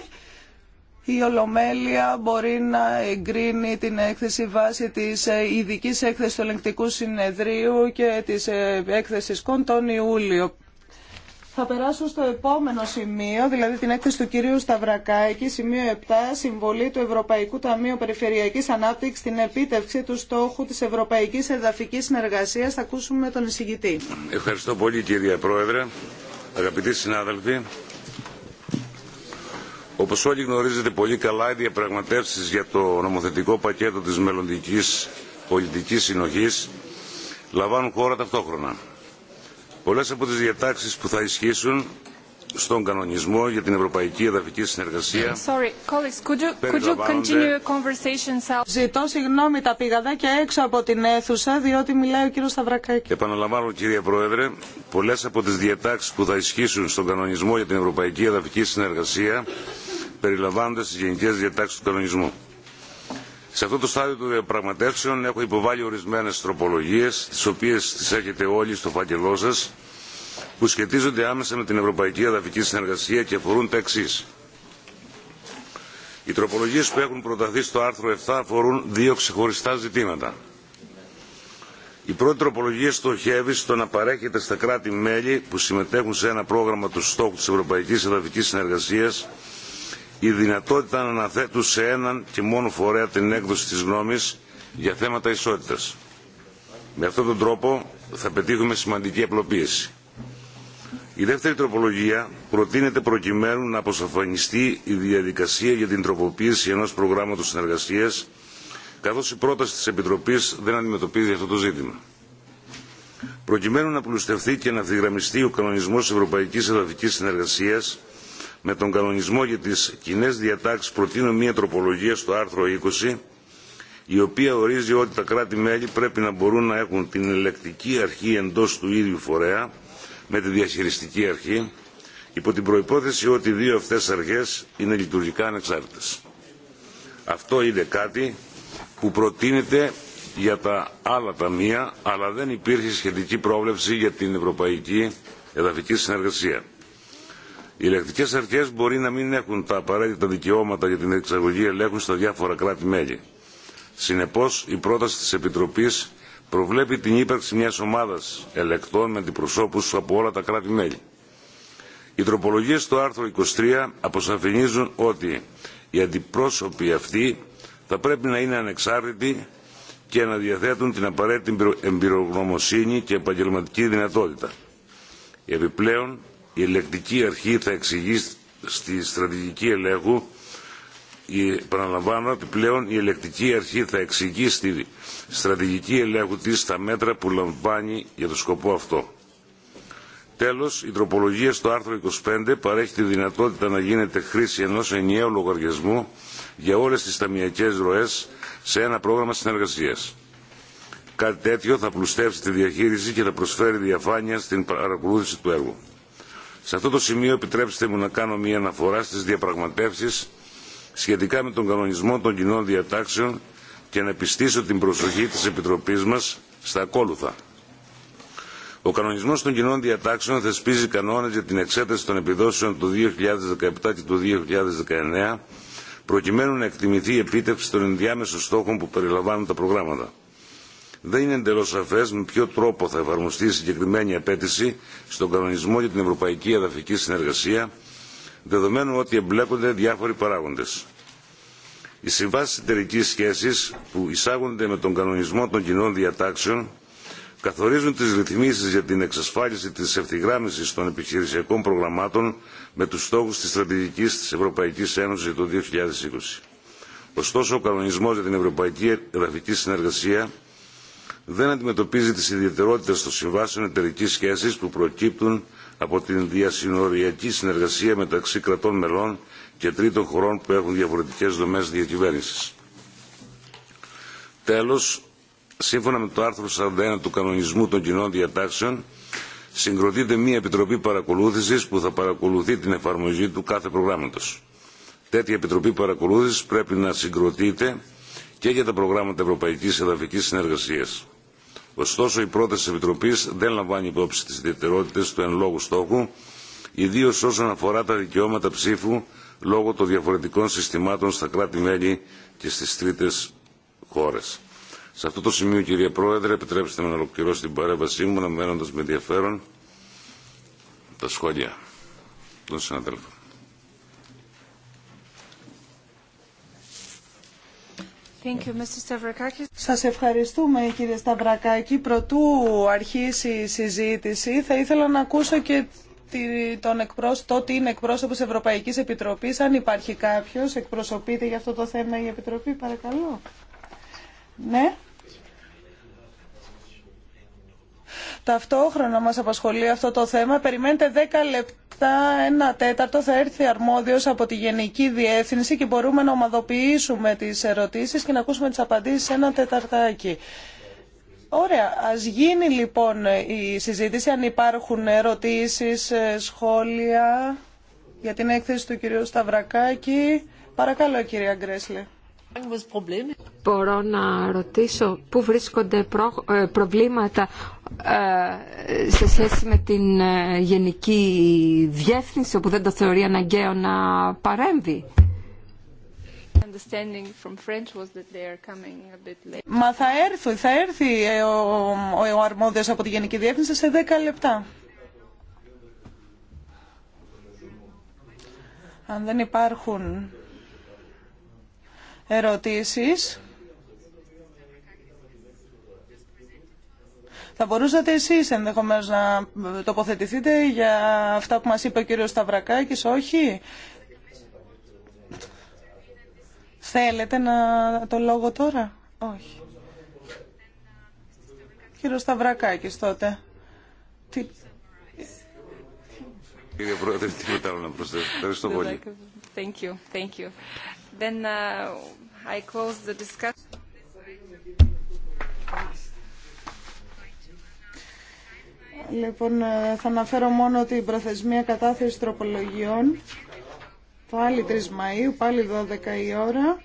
η Ολομέλεια μπορεί να εγκρίνει την έκθεση βάσει της ειδική έκθεσης του ελεγκτικού συνεδρίου και της ε, έκθεσης κοντών Ιούλιο. Θα περάσω στο επόμενο σημείο, δηλαδή την έκθεση του κυρίου Σταυρακάκη, σημείο 7, συμβολή του Ευρωπαϊκού Ταμείου Περιφερειακής Ανάπτυξης στην επίτευξη του στόχου της Ευρωπαϊκής Εδαφικής Συνεργασίας. Θα ακούσουμε τον εισηγητή. Ευχαριστώ πολύ κύριε Πρόεδρε, αγαπητοί συνάδελφοι. Όπως όλοι γνωρίζετε πολύ καλά, οι διαπραγματεύσεις για το νομοθετικό πακέτο της μελλοντικής πολιτικής συνοχής λαμβάνουν χώρα ταυτόχρονα. Πολλές από τις διατάξεις που θα ισχύσουν στον κανονισμό για την ευρωπαϊκή εδαφική συνεργασία. Ζητώ συγγνώμη τα πήγανα και έξω από την αίθουσα διότι μιλάει ο κύριος Σταυρακάκη. Επαναλαμβάνω κύριε Πρόεδρε, πολλές από τις διατάξεις που θα ισχύσουν στον κανονισμό για την ευρωπαϊκή εδαφική συνεργασία περιλαμβάνονται στις γενικές διατάξεις του κανονισμού. Σε αυτό το στάδιο των διαπραγματεύσεων έχω υποβάλει ορισμένε τροπολογίε, τι οποίε τι έχετε όλοι στο φάκελό σα, που σχετίζονται άμεσα με την Ευρωπαϊκή Εδαφική Συνεργασία και αφορούν τα εξή. Οι τροπολογίε που έχουν προταθεί στο άρθρο 7 αφορούν δύο ξεχωριστά ζητήματα. Η πρώτη τροπολογία στοχεύει στο να παρέχεται στα κράτη-μέλη που συμμετέχουν σε ένα πρόγραμμα του στόχου τη Ευρωπαϊκή Εδαφική Συνεργασία η δυνατότητα να αναθέτουν σε έναν και μόνο φορέα την έκδοση της γνώμης για θέματα ισότητας. Με αυτόν τον τρόπο θα πετύχουμε σημαντική απλοποίηση. Η δεύτερη τροπολογία προτείνεται προκειμένου να αποσαφανιστεί η διαδικασία για την τροποποίηση ενός προγράμματος συνεργασίας, καθώς η πρόταση της Επιτροπής δεν αντιμετωπίζει αυτό το ζήτημα. Προκειμένου να πλουστευτεί και να αυθυγραμμιστεί ο κανονισμός Ευρωπαϊκής Εδαφικής Συνεργασίας, με τον κανονισμό για τις κοινέ διατάξεις προτείνω μια τροπολογία στο άρθρο 20 η οποία ορίζει ότι τα κράτη-μέλη πρέπει να μπορούν να έχουν την ελεκτική αρχή εντός του ίδιου φορέα με τη διαχειριστική αρχή υπό την προϋπόθεση ότι οι δύο αυτές αρχές είναι λειτουργικά ανεξάρτητες. Αυτό είναι κάτι που προτείνεται για τα άλλα ταμεία αλλά δεν υπήρχε σχετική πρόβλεψη για την Ευρωπαϊκή Εδαφική Συνεργασία οι ελεκτικές αρχές μπορεί να μην έχουν τα απαραίτητα δικαιώματα για την εξαγωγή ελέγχου στα διάφορα κράτη-μέλη. Συνεπώς, η πρόταση της Επιτροπής προβλέπει την ύπαρξη μιας ομάδας ελεκτών με αντιπροσώπους από όλα τα κράτη-μέλη. Οι τροπολογίες στο άρθρο 23 αποσαφηνίζουν ότι οι αντιπρόσωποι αυτοί θα πρέπει να είναι ανεξάρτητοι και να διαθέτουν την απαραίτητη εμπειρογνωμοσύνη και επαγγελματική δυνατότητα. Επιπλέον, η ελεκτική αρχή θα εξηγεί στη στρατηγική ελέγχου η, παραλαμβάνω ότι πλέον η ελεκτική αρχή θα εξηγεί στη στρατηγική ελέγχου της τα μέτρα που λαμβάνει για το σκοπό αυτό. Τέλος, η τροπολογία στο άρθρο 25 παρέχει τη δυνατότητα να γίνεται χρήση ενός ενιαίου λογαριασμού για όλες τις ταμιακές ροές σε ένα πρόγραμμα συνεργασίας. Κάτι τέτοιο θα πλουστεύσει τη διαχείριση και θα προσφέρει διαφάνεια στην παρακολούθηση του έργου. Σε αυτό το σημείο επιτρέψτε μου να κάνω μια αναφορά στις διαπραγματεύσεις σχετικά με τον κανονισμό των κοινών διατάξεων και να επιστήσω την προσοχή της Επιτροπής μας στα ακόλουθα. Ο κανονισμός των κοινών διατάξεων θεσπίζει κανόνες για την εξέταση των επιδόσεων του 2017 και του 2019 προκειμένου να εκτιμηθεί η επίτευξη των ενδιάμεσων στόχων που περιλαμβάνουν τα προγράμματα δεν είναι εντελώ σαφέ με ποιο τρόπο θα εφαρμοστεί η συγκεκριμένη απέτηση στον κανονισμό για την Ευρωπαϊκή Εδαφική Συνεργασία, δεδομένου ότι εμπλέκονται διάφοροι παράγοντε. Οι συμβάσει εταιρική σχέση που εισάγονται με τον κανονισμό των κοινών διατάξεων καθορίζουν τι ρυθμίσει για την εξασφάλιση τη ευθυγράμμιση των επιχειρησιακών προγραμμάτων με του στόχου τη στρατηγική τη Ευρωπαϊκή Ένωση για το 2020. Ωστόσο, ο κανονισμό για την Ευρωπαϊκή Εδαφική Συνεργασία δεν αντιμετωπίζει τις ιδιαιτερότητες των συμβάσεων εταιρικής σχέσης που προκύπτουν από την διασυνοριακή συνεργασία μεταξύ κρατών μελών και τρίτων χωρών που έχουν διαφορετικές δομές διακυβέρνησης. Τέλος, σύμφωνα με το άρθρο 41 του Κανονισμού των Κοινών Διατάξεων, συγκροτείται μια επιτροπή παρακολούθησης που θα παρακολουθεί την εφαρμογή του κάθε προγράμματος. Τέτοια επιτροπή παρακολούθησης πρέπει να συγκροτείται και για τα προγράμματα Ευρωπαϊκής Εδαφικής Συνεργασίας. Ωστόσο, η πρόταση τη Επιτροπή δεν λαμβάνει υπόψη τι ιδιαιτερότητε του εν λόγω στόχου, ιδίω όσον αφορά τα δικαιώματα ψήφου λόγω των διαφορετικών συστημάτων στα κράτη-μέλη και στι τρίτε χώρε. Σε αυτό το σημείο, κύριε Πρόεδρε, επιτρέψτε με να ολοκληρώσω την παρέμβασή μου, αναμένοντα με ενδιαφέρον τα σχόλια των συναδέλφων. Σας ευχαριστούμε κύριε Σταυρακάκη. Προτού αρχίσει η συζήτηση θα ήθελα να ακούσω και τον εκπρόσωπο, ότι είναι εκπρόσωπος Ευρωπαϊκής Επιτροπής. Αν υπάρχει κάποιος, εκπροσωπείται για αυτό το θέμα η Επιτροπή, παρακαλώ. Ναι. Ταυτόχρονα μας απασχολεί αυτό το θέμα. Περιμένετε 10 λεπτά ένα τέταρτο θα έρθει αρμόδιος από τη Γενική Διεύθυνση και μπορούμε να ομαδοποιήσουμε τις ερωτήσεις και να ακούσουμε τις απαντήσεις σε ένα τεταρτάκι. Ωραία. Ας γίνει λοιπόν η συζήτηση, αν υπάρχουν ερωτήσεις, ε, σχόλια για την έκθεση του κυρίου Σταυρακάκη. Παρακαλώ κυρία Γκρέσλε. Μπορώ να ρωτήσω πού βρίσκονται ε, προβλήματα ε, σε σχέση με την ε, Γενική Διεύθυνση όπου δεν το θεωρεί αναγκαίο να παρέμβει. Μα θα έρθει, θα έρθει ο, ο, αρμόδιος από τη Γενική Διεύθυνση σε 10 λεπτά. Αν δεν υπάρχουν ερωτήσεις. Θα μπορούσατε εσείς ενδεχομένως να τοποθετηθείτε για αυτά που μας είπε ο κύριος Σταυρακάκης, όχι. Θέλετε να το λόγο τώρα, όχι. Κύριος Σταυρακάκης τότε. Τι... Κύριε Πρόεδρε, τι άλλο να προσθέσω. Ευχαριστώ πολύ. Thank you, thank you. Uh, λοιπόν, ε, θα αναφέρω μόνο ότι η προθεσμία κατάθεση τροπολογιών. Πάλι 3 Μαΐου, πάλι 12 η ώρα.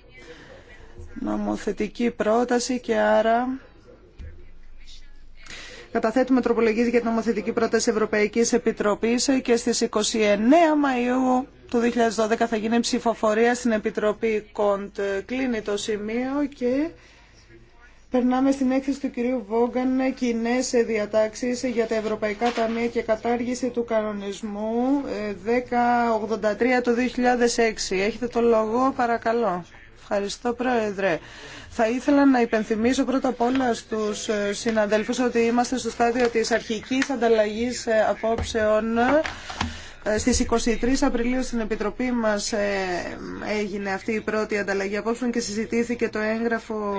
Νομοθετική πρόταση και άρα καταθέτουμε τροπολογίες για την νομοθετική πρόταση Ευρωπαϊκής Επιτροπής και στις 29 Μαΐου του 2012 θα γίνει ψηφοφορία στην Επιτροπή Κοντ. Κλείνει το σημείο και... Περνάμε στην έκθεση του κυρίου Βόγκαν κοινέ διατάξεις για τα Ευρωπαϊκά Ταμεία και κατάργηση του κανονισμού 1083 ε, του 2006. Έχετε το λόγο, παρακαλώ. Ευχαριστώ, Πρόεδρε. Θα ήθελα να υπενθυμίσω πρώτα απ' όλα στους ε, συναδέλφους ότι είμαστε στο στάδιο της αρχικής ανταλλαγής ε, απόψεων ε, στις 23 Απριλίου στην Επιτροπή μας έγινε αυτή η πρώτη ανταλλαγή απόψεων και συζητήθηκε το έγγραφο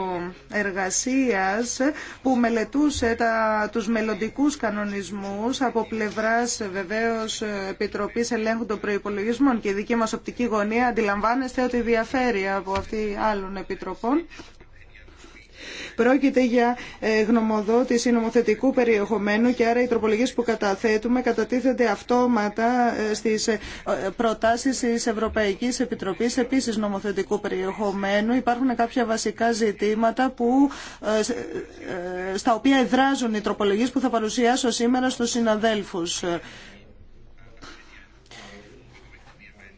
εργασίας που μελετούσε τα, τους μελλοντικούς κανονισμούς από πλευράς βεβαίως Επιτροπής Ελέγχου των Προϋπολογισμών και η δική μας οπτική γωνία αντιλαμβάνεστε ότι διαφέρει από αυτή άλλων επιτροπών Πρόκειται για ε, γνωμοδότηση νομοθετικού περιεχομένου και άρα οι τροπολογίε που καταθέτουμε κατατίθενται αυτόματα ε, στι ε, προτάσει τη Ευρωπαϊκή Επιτροπή επίση νομοθετικού περιεχομένου. Υπάρχουν κάποια βασικά ζητήματα που, στα οποία εδράζουν οι τροπολογίε που θα παρουσιάσω σήμερα στου συναδέλφου.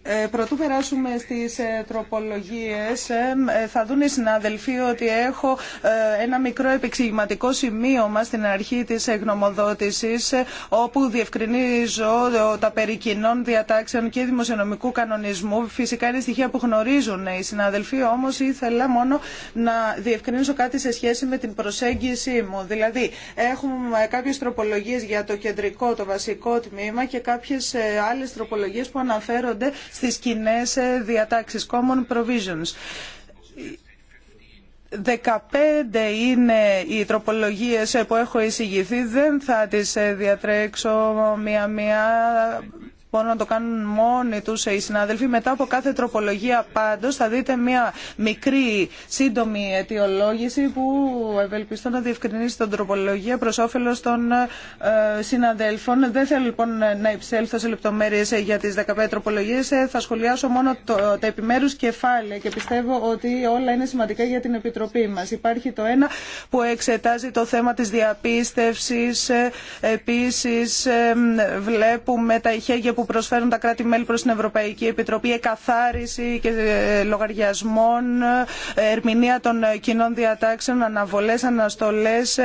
Ε, Πρωτού περάσουμε στις ε, τροπολογίες, ε, θα δουν οι συναδελφοί ότι έχω ένα μικρό επεξηγηματικό σημείο μας στην αρχή της γνωμοδότησης, όπου διευκρινίζω τα περί κοινών διατάξεων και δημοσιονομικού κανονισμού. Φυσικά είναι στοιχεία που γνωρίζουν οι συναδελφοί, όμως ήθελα μόνο να διευκρινίσω κάτι σε σχέση με την προσέγγιση μου. Δηλαδή, έχουμε κάποιες τροπολογίες για το κεντρικό, το βασικό τμήμα και κάποιες άλλες τροπολογίες που αναφέρονται στις κοινέ ε, διατάξεις Common Provisions. Δεκαπέντε είναι οι τροπολογίες ε, που έχω εισηγηθεί. Δεν θα τις ε, διατρέξω μία-μία μπορούν να το κάνουν μόνοι του οι συνάδελφοι. Μετά από κάθε τροπολογία πάντω. θα δείτε μια μικρή σύντομη αιτιολόγηση που ευελπιστώ να διευκρινίσει την τροπολογία προ όφελο των ε, συναδέλφων. Δεν θέλω λοιπόν να υψέλθω σε λεπτομέρειε για τι 15 τροπολογίες. Ε, θα σχολιάσω μόνο το, τα επιμέρου κεφάλαια και πιστεύω ότι όλα είναι σημαντικά για την Επιτροπή μα. Υπάρχει το ένα που εξετάζει το θέμα της διαπίστευση ε, Επίσης βλέπουμε τα που που προσφέρουν τα κράτη-μέλη προς την Ευρωπαϊκή Επιτροπή, εκαθάριση και ε, λογαριασμών, ε, ερμηνεία των ε, κοινών διατάξεων, αναβολές, αναστολές,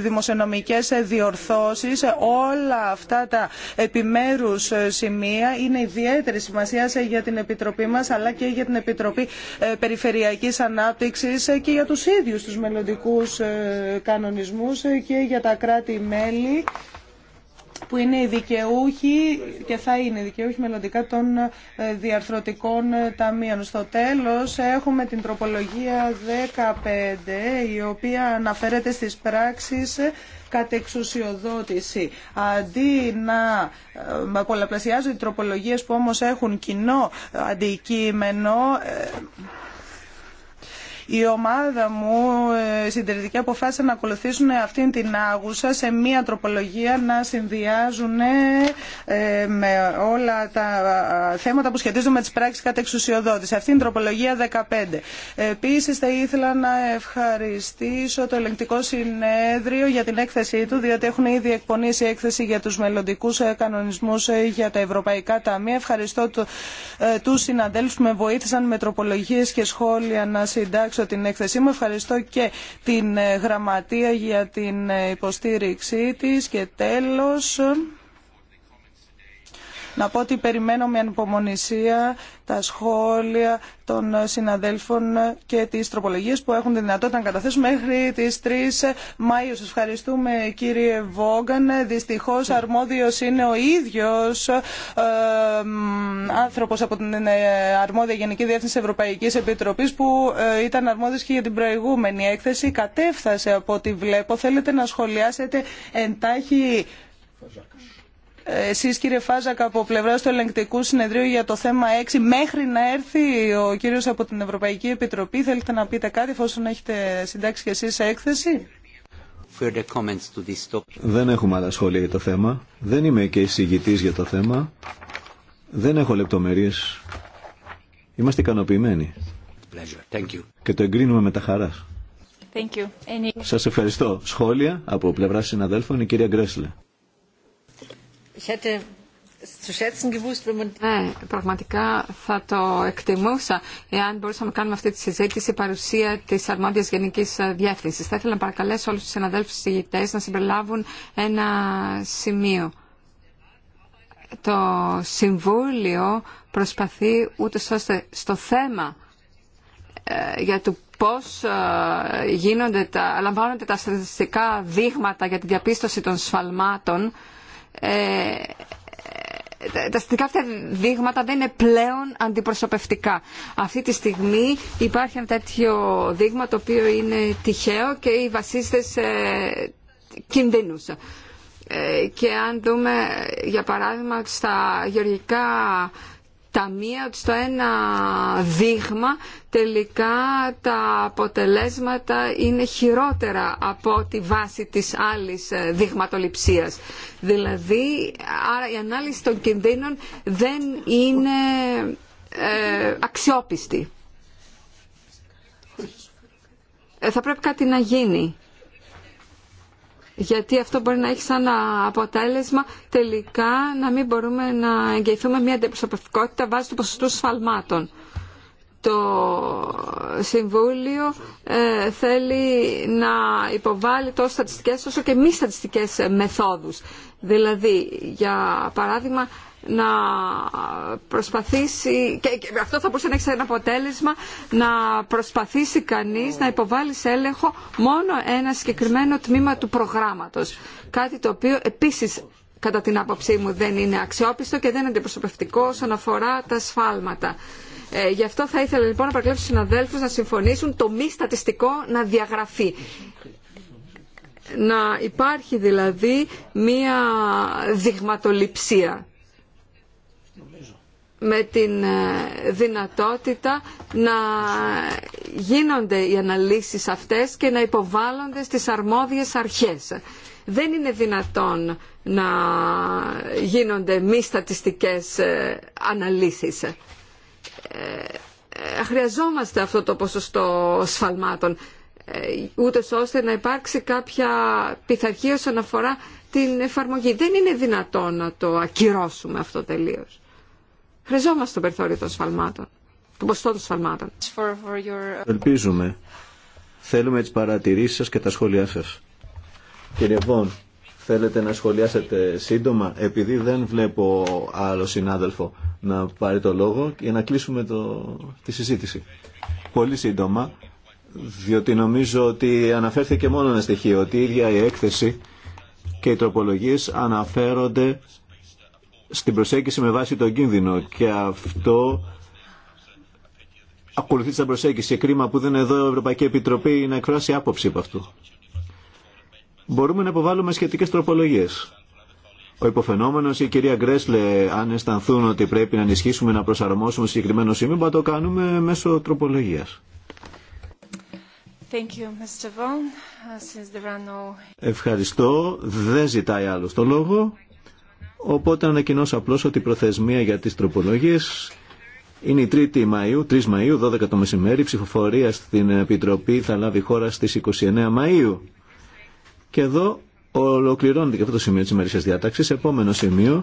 δημοσιονομικές διορθώσεις. Όλα αυτά τα επιμέρους σημεία είναι ιδιαίτερη σημασία για την Επιτροπή μας αλλά και για την Επιτροπή Περιφερειακής Ανάπτυξης και για τους ίδιους τους μελλοντικού κανονισμούς και για τα κράτη-μέλη που είναι οι δικαιούχοι και θα είναι οι δικαιούχοι μελλοντικά των ε, διαρθρωτικών ε, ταμείων. Στο τέλος έχουμε την τροπολογία 15 η οποία αναφέρεται στις πράξεις ε, κατεξουσιοδότηση. Αντί να πολλαπλασιάζονται οι τροπολογίες που όμως έχουν κοινό αντικείμενο, η ομάδα μου ε, συντηρητική αποφάσισε να ακολουθήσουν αυτήν την άγουσα σε μία τροπολογία να συνδυάζουν ε, με όλα τα θέματα που σχετίζονται με τις πράξεις κατά εξουσιοδότηση. Αυτή είναι η τροπολογία 15. Επίσης θα ήθελα να ευχαριστήσω το ελεγκτικό συνέδριο για την έκθεσή του διότι έχουν ήδη εκπονήσει έκθεση για τους μελλοντικούς ε, κανονισμούς για τα ευρωπαϊκά ταμεία. Ευχαριστώ τους συναντέλους που με βοήθησαν με τροπολογίες και σχόλια να συντάξω την έκθεσή μου. Ευχαριστώ και την ε, Γραμματεία για την ε, υποστήριξή της και τέλος... Να πω ότι περιμένω με ανυπομονησία τα σχόλια των συναδέλφων και τις τροπολογίες που έχουν τη δυνατότητα να καταθέσουν μέχρι τις 3 Μαΐου. Σας ευχαριστούμε κύριε Βόγκαν. Δυστυχώς αρμόδιος είναι ο ίδιος ε, άνθρωπος από την ε, αρμόδια Γενική Διεύθυνση Ευρωπαϊκής Επιτροπής που ε, ήταν αρμόδιος και για την προηγούμενη έκθεση. Κατέφθασε από ό,τι βλέπω. Θέλετε να σχολιάσετε εντάχει εσείς κύριε Φάζακα από πλευρά του ελεγκτικού συνεδρίου για το θέμα 6 μέχρι να έρθει ο κύριος από την Ευρωπαϊκή Επιτροπή θέλετε να πείτε κάτι εφόσον έχετε συντάξει και εσείς έκθεση. Δεν έχουμε άλλα σχόλια για το θέμα. Δεν είμαι και εισηγητής για το θέμα. Δεν έχω λεπτομέρειες. Είμαστε ικανοποιημένοι. Thank you. Και το εγκρίνουμε με τα χαράς. Thank Σας ευχαριστώ. Σχόλια από πλευρά συναδέλφων η κυρία Γκρέσλε. Ναι, πραγματικά θα το εκτιμούσα εάν μπορούσαμε να κάνουμε αυτή τη συζήτηση παρουσία τη αρμόδια Γενική Διεύθυνση. Θα ήθελα να παρακαλέσω όλου του συναδέλφου συζητητέ να συμπεριλάβουν ένα σημείο. Το Συμβούλιο προσπαθεί ούτε ώστε στο θέμα ε, για το πώς ε, γίνονται τα, λαμβάνονται τα στατιστικά δείγματα για τη διαπίστωση των σφαλμάτων ε, τα αστικά αυτά δείγματα δεν είναι πλέον αντιπροσωπευτικά. Αυτή τη στιγμή υπάρχει ένα τέτοιο δείγμα το οποίο είναι τυχαίο και βασίζεται σε κινδύνους. Ε, και αν δούμε, για παράδειγμα, στα γεωργικά ταμεία, ότι στο ένα δείγμα τελικά τα αποτελέσματα είναι χειρότερα από τη βάση της άλλης ε, δειγματοληψίας. Δηλαδή, άρα η ανάλυση των κινδύνων δεν είναι ε, αξιόπιστη. Ε, θα πρέπει κάτι να γίνει γιατί αυτό μπορεί να έχει σαν αποτέλεσμα τελικά να μην μπορούμε να εγγυηθούμε μια αντιπροσωπευτικότητα βάσει του ποσοστού σφαλμάτων. Το Συμβούλιο ε, θέλει να υποβάλει τόσο στατιστικές όσο και μη στατιστικές μεθόδους. Δηλαδή, για παράδειγμα, να προσπαθήσει και αυτό θα μπορούσε να έχει ένα αποτέλεσμα να προσπαθήσει κανείς να υποβάλει σε έλεγχο μόνο ένα συγκεκριμένο τμήμα του προγράμματος. Κάτι το οποίο επίσης κατά την άποψή μου δεν είναι αξιόπιστο και δεν είναι αντιπροσωπευτικό όσον αφορά τα σφάλματα. Ε, γι' αυτό θα ήθελα λοιπόν να παρακλέψω στους συναδέλφους να συμφωνήσουν το μη στατιστικό να διαγραφεί να υπάρχει δηλαδή μία δειγματοληψία με την ε, δυνατότητα να γίνονται οι αναλύσεις αυτές και να υποβάλλονται στις αρμόδιες αρχές. Δεν είναι δυνατόν να γίνονται μη στατιστικές ε, αναλύσεις. Ε, χρειαζόμαστε αυτό το ποσοστό σφαλμάτων, ούτε ώστε να υπάρξει κάποια πειθαρχία όσον αφορά την εφαρμογή. Δεν είναι δυνατόν να το ακυρώσουμε αυτό τελείως. Χρειαζόμαστε το περιθώριο των σφαλμάτων, του ποστό των σφαλμάτων. Uh, Ελπίζουμε. Θέλουμε τις παρατηρήσεις σας και τα σχόλιά σας. Κύριε Βόν, θέλετε να σχολιάσετε σύντομα, επειδή δεν βλέπω άλλο συνάδελφο να πάρει το λόγο και να κλείσουμε το, τη συζήτηση. Πολύ σύντομα, διότι νομίζω ότι αναφέρθηκε μόνο ένα στοιχείο, ότι η ίδια η έκθεση και οι τροπολογίες αναφέρονται στην προσέγγιση με βάση τον κίνδυνο και αυτό ακολουθεί την προσέγγιση. Κρίμα που δεν είναι εδώ η Ευρωπαϊκή Επιτροπή να εκφράσει άποψη από αυτού. Μπορούμε να υποβάλουμε σχετικέ τροπολογίε. Ο υποφαινόμενο ή η κυρία Γκρέσλε, αν αισθανθούν ότι πρέπει να ενισχύσουμε, να προσαρμόσουμε συγκεκριμένο σημείο, να το κάνουμε μέσω τροπολογία. Uh, Ευχαριστώ. Δεν ζητάει άλλο το λόγο. Οπότε ανακοινώσω απλώ ότι η προθεσμία για τι τροπολογίε είναι η 3η Μαΐου, 3 Μαΐου, 12 το μεσημέρι. ψηφοφορία στην Επιτροπή θα λάβει χώρα στι 29 Μαΐου. Και εδώ ολοκληρώνεται και αυτό το σημείο τη ημερήσια διάταξη. Επόμενο σημείο,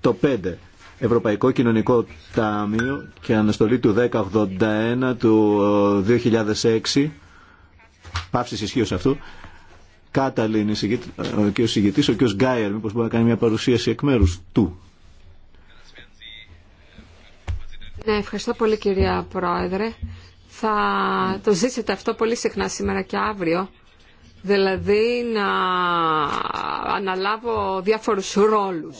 το 5. Ευρωπαϊκό Κοινωνικό Τάμιο και αναστολή του 1081 του 2006, ε, πάυσης ισχύω αυτού, Κάταλη και ο συγγετής, ο κ. Γκάιερ, μήπως μπορεί να κάνει μια παρουσίαση εκ μέρου του. Ναι, ευχαριστώ πολύ κυρία Πρόεδρε. Θα το ζήσετε αυτό πολύ συχνά σήμερα και αύριο. Δηλαδή να αναλάβω διάφορους ρόλους,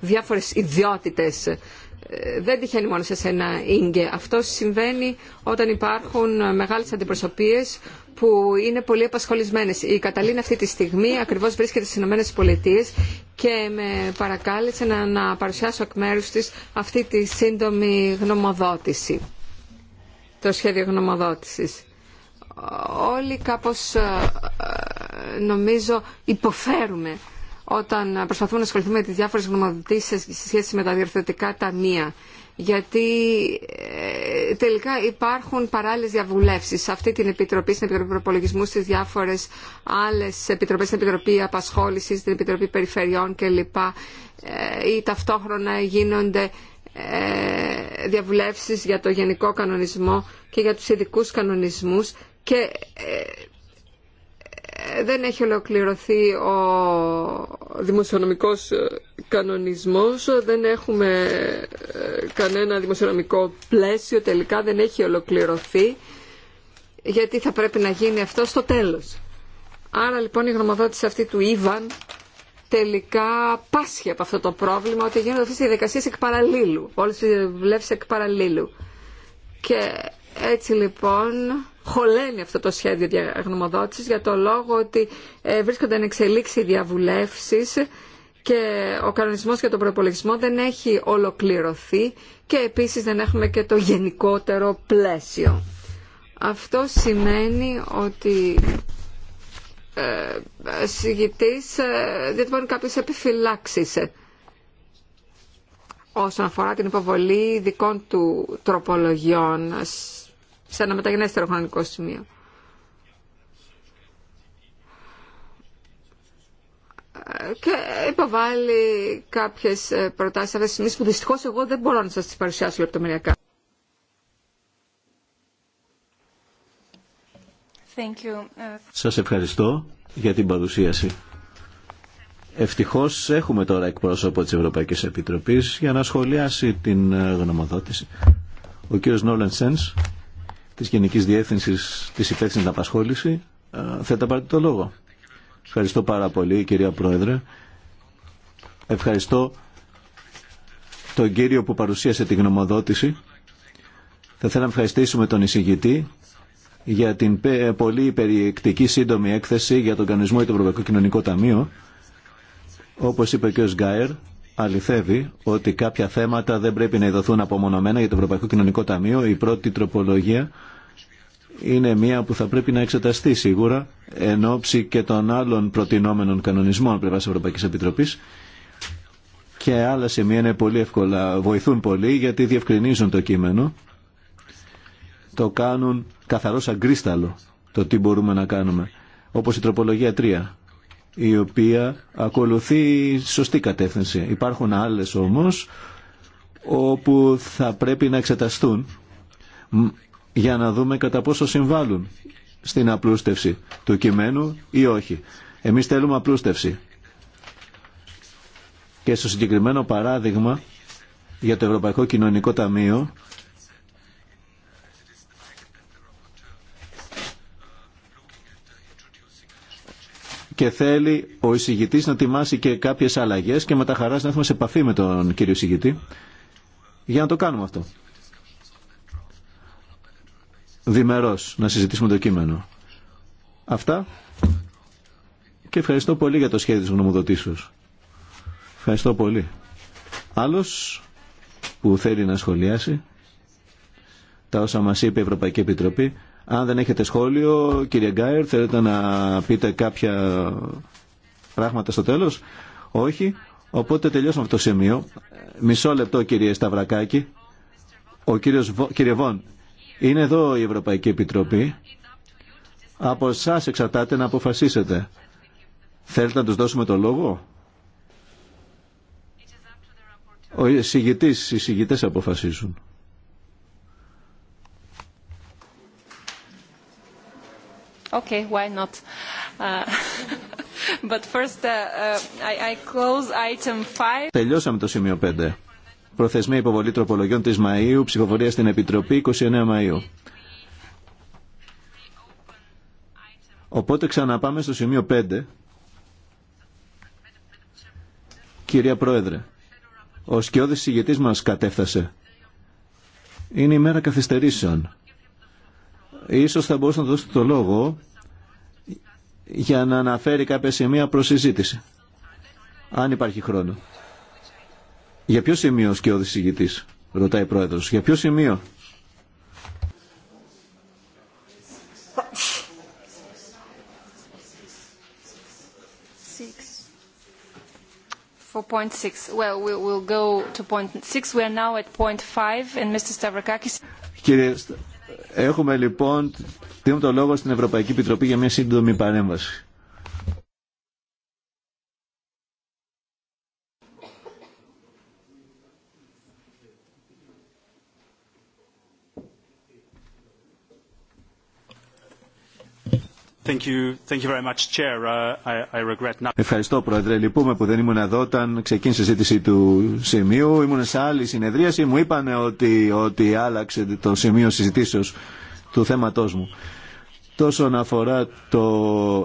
διάφορες ιδιότητες. Ε, δεν τυχαίνει μόνο σε σένα, Ίγκε. Αυτό συμβαίνει όταν υπάρχουν μεγάλες αντιπροσωπείες που είναι πολύ απασχολισμένες. Η Καταλίνα αυτή τη στιγμή ακριβώς βρίσκεται στις Ηνωμένες Πολιτείες και με παρακάλεσε να, να παρουσιάσω εκ μέρους της αυτή τη σύντομη γνωμοδότηση, το σχέδιο γνωμοδότησης. Όλοι κάπως ε, νομίζω υποφέρουμε όταν προσπαθούμε να ασχοληθούμε με τις διάφορες γνωμοδοτήσεις σε σχέση με τα διορθωτικά ταμεία γιατί ε, τελικά υπάρχουν παράλληλε διαβουλεύσει σε αυτή την Επιτροπή, στην Επιτροπή Προπολογισμού, στι διάφορε άλλε επιτροπέ, στην Επιτροπή Απασχόληση, στην Επιτροπή Περιφερειών κλπ. Ε, ή ταυτόχρονα γίνονται ε, διαβουλεύσεις για το γενικό κανονισμό και για τους ειδικούς κανονισμούς και δεν έχει ολοκληρωθεί ο δημοσιονομικός ε, κανονισμός, δεν έχουμε ε, κανένα δημοσιονομικό πλαίσιο, τελικά δεν έχει ολοκληρωθεί, γιατί θα πρέπει να γίνει αυτό στο τέλος. Άρα λοιπόν η γνωμοδότηση αυτή του Ιβαν τελικά πάσχει από αυτό το πρόβλημα ότι γίνονται αυτές οι διαδικασίες εκ παραλίλου, όλες οι βλέψεις εκ παραλίλου. Και έτσι λοιπόν χωλαίνει αυτό το σχέδιο διαγνωμοδότησης για το λόγο ότι ε, βρίσκονται εν εξελίξει διαβουλεύσεις και ο κανονισμός για τον προπολογισμό δεν έχει ολοκληρωθεί και επίσης δεν έχουμε και το γενικότερο πλαίσιο. Αυτό σημαίνει ότι ε, συγητής ε, δεν μπορεί κάποιες επιφυλάξεις ε, όσον αφορά την υποβολή δικών του τροπολογιών σε ένα μεταγενέστερο χρονικό σημείο. και υποβάλλει κάποιες προτάσεις αυτές που δυστυχώς εγώ δεν μπορώ να σας τις παρουσιάσω λεπτομεριακά. Thank Σας ευχαριστώ για την παρουσίαση. Ευτυχώς έχουμε τώρα εκπρόσωπο της Ευρωπαϊκής Επιτροπής για να σχολιάσει την γνωμοδότηση. Ο κύριος Νόλεν Σένς της Γενικής Διεύθυνσης της Υπεύθυνης Απασχόληση ε, θα πάρετε το λόγο. Ευχαριστώ πάρα πολύ κυρία Πρόεδρε. Ευχαριστώ τον κύριο που παρουσίασε τη γνωμοδότηση. Θα ήθελα να ευχαριστήσουμε τον εισηγητή για την πολύ περιεκτική σύντομη έκθεση για τον κανονισμό το Ευρωπαϊκό Κοινωνικό Ταμείο. Όπως είπε και ο Σγκάερ, αληθεύει ότι κάποια θέματα δεν πρέπει να ειδωθούν απομονωμένα για το Ευρωπαϊκό Κοινωνικό Ταμείο. Η πρώτη τροπολογία είναι μία που θα πρέπει να εξεταστεί σίγουρα εν ώψη και των άλλων προτινόμενων κανονισμών πλευρά Ευρωπαϊκή Επιτροπή. Και άλλα σημεία είναι πολύ εύκολα, βοηθούν πολύ γιατί διευκρινίζουν το κείμενο. Το κάνουν καθαρό σαν κρίσταλο το τι μπορούμε να κάνουμε. Όπως η τροπολογία 3 η οποία ακολουθεί σωστή κατεύθυνση. Υπάρχουν άλλες όμως όπου θα πρέπει να εξεταστούν για να δούμε κατά πόσο συμβάλλουν στην απλούστευση του κειμένου ή όχι. Εμείς θέλουμε απλούστευση. Και στο συγκεκριμένο παράδειγμα για το Ευρωπαϊκό Κοινωνικό Ταμείο και θέλει ο εισηγητής να ετοιμάσει και κάποιες αλλαγές και με τα χαρά να έρθουμε σε επαφή με τον κύριο εισηγητή για να το κάνουμε αυτό. διμερός να συζητήσουμε το κείμενο. Αυτά και ευχαριστώ πολύ για το σχέδιο της γνωμοδοτήσεως. Ευχαριστώ πολύ. Άλλος που θέλει να σχολιάσει τα όσα μας είπε η Ευρωπαϊκή Επιτροπή αν δεν έχετε σχόλιο, κύριε Γκάιρ, θέλετε να πείτε κάποια πράγματα στο τέλος. Όχι. Οπότε τελειώσαμε αυτό το σημείο. Μισό λεπτό, κύριε Σταυρακάκη. Ο κύριος, κύριε Βον, είναι εδώ η Ευρωπαϊκή Επιτροπή. Από εσά εξαρτάται να αποφασίσετε. Θέλετε να τους δώσουμε το λόγο. Ο οι συγητές αποφασίζουν. Okay, why not? Uh, *laughs* but first, uh, uh, I close item 5. Τελειώσαμε το σημείο 5. Προθεσμία υποβολή τροπολογιών της Μαΐου, ψηφοφορία στην Επιτροπή 29 Μαΐου. Οπότε ξαναπάμε στο σημείο 5. Κυρία Πρόεδρε, ο σκιώδης συγγετής μας κατέφτασε. Είναι η μέρα καθυστερήσεων. Ίσως θα μπορούσα να δώσω το λόγο για να αναφέρει κάποια σημεία προς συζήτηση. Αν υπάρχει χρόνο. Για ποιο σημείο ο συγητής, ρωτάει ο Πρόεδρος. Για ποιο σημείο. Έχουμε λοιπόν, δίνουμε το λόγο στην Ευρωπαϊκή Επιτροπή για μια σύντομη παρέμβαση. Ευχαριστώ Πρόεδρε. Λυπούμε που δεν ήμουν εδώ όταν ξεκίνησε η συζήτηση του σημείου. Ήμουν σε άλλη συνεδρίαση. Μου είπαν ότι, ότι άλλαξε το σημείο συζητήσεως του θέματός μου. Τόσο αφορά το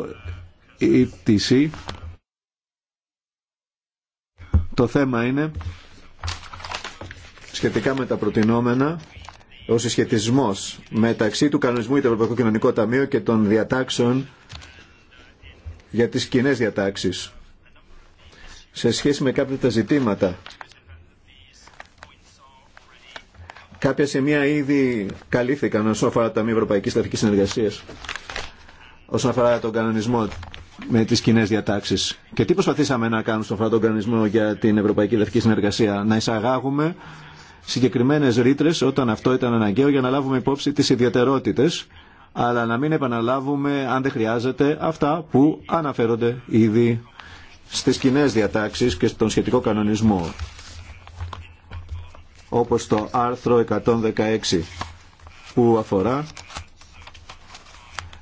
ETC, το θέμα είναι σχετικά με τα προτινόμενα ο συσχετισμό μεταξύ του κανονισμού για το Ευρωπαϊκό Κοινωνικό Ταμείο και των διατάξεων για τις κοινέ διατάξεις σε σχέση με κάποια τα ζητήματα. Κάποια σημεία ήδη καλύφθηκαν όσον αφορά το Ταμείο Ευρωπαϊκή Στατική Συνεργασία, όσον αφορά τον κανονισμό με τι κοινέ διατάξει. Και τι προσπαθήσαμε να κάνουμε στον αφορά τον κανονισμό για την Ευρωπαϊκή Λευκή Συνεργασία, να εισαγάγουμε συγκεκριμένες ρήτρε όταν αυτό ήταν αναγκαίο για να λάβουμε υπόψη τις ιδιαιτερότητες αλλά να μην επαναλάβουμε αν δεν χρειάζεται αυτά που αναφέρονται ήδη στις κοινέ διατάξεις και στον σχετικό κανονισμό όπως το άρθρο 116 που αφορά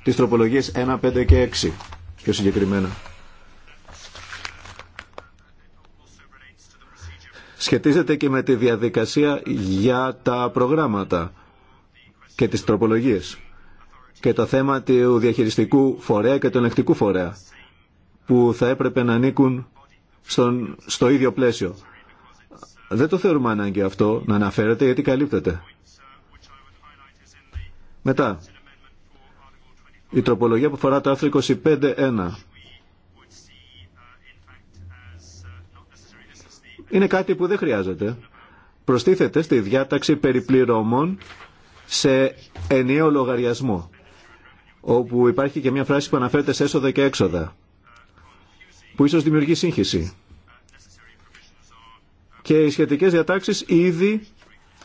τις τροπολογίες 1, 5 και 6 πιο συγκεκριμένα. σχετίζεται και με τη διαδικασία για τα προγράμματα και τις τροπολογίες και το θέμα του διαχειριστικού φορέα και του ελεκτικού φορέα που θα έπρεπε να ανήκουν στο ίδιο πλαίσιο. Δεν το θεωρούμε ανάγκη αυτό να αναφέρεται γιατί καλύπτεται. Μετά, η τροπολογία που αφορά το άρθρο 25.1 είναι κάτι που δεν χρειάζεται. Προστίθεται στη διάταξη περιπληρώμων σε ενιαίο λογαριασμό, όπου υπάρχει και μια φράση που αναφέρεται σε έσοδα και έξοδα, που ίσως δημιουργεί σύγχυση. Και οι σχετικές διατάξεις ήδη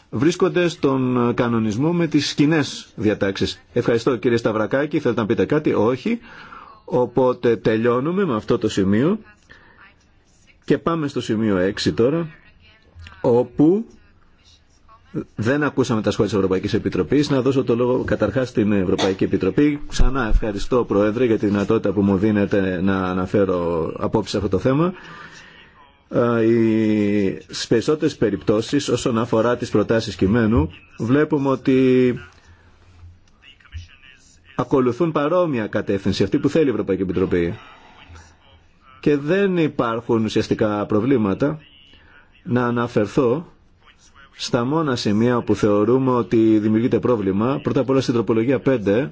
βρίσκονται στον κανονισμό με τις κοινέ διατάξεις. Ευχαριστώ κύριε Σταυρακάκη, θέλετε να πείτε κάτι, όχι. Οπότε τελειώνουμε με αυτό το σημείο. Και πάμε στο σημείο 6 τώρα, όπου δεν ακούσαμε τα σχόλια της Ευρωπαϊκής Επιτροπής. Να δώσω το λόγο καταρχάς στην Ευρωπαϊκή Επιτροπή. Ξανά ευχαριστώ, Πρόεδρε, για τη δυνατότητα που μου δίνετε να αναφέρω σε αυτό το θέμα. Στι περισσότερες περιπτώσεις, όσον αφορά τις προτάσεις κειμένου, βλέπουμε ότι ακολουθούν παρόμοια κατεύθυνση αυτή που θέλει η Ευρωπαϊκή Επιτροπή και δεν υπάρχουν ουσιαστικά προβλήματα να αναφερθώ στα μόνα σημεία που θεωρούμε ότι δημιουργείται πρόβλημα. Πρώτα απ' όλα στην τροπολογία 5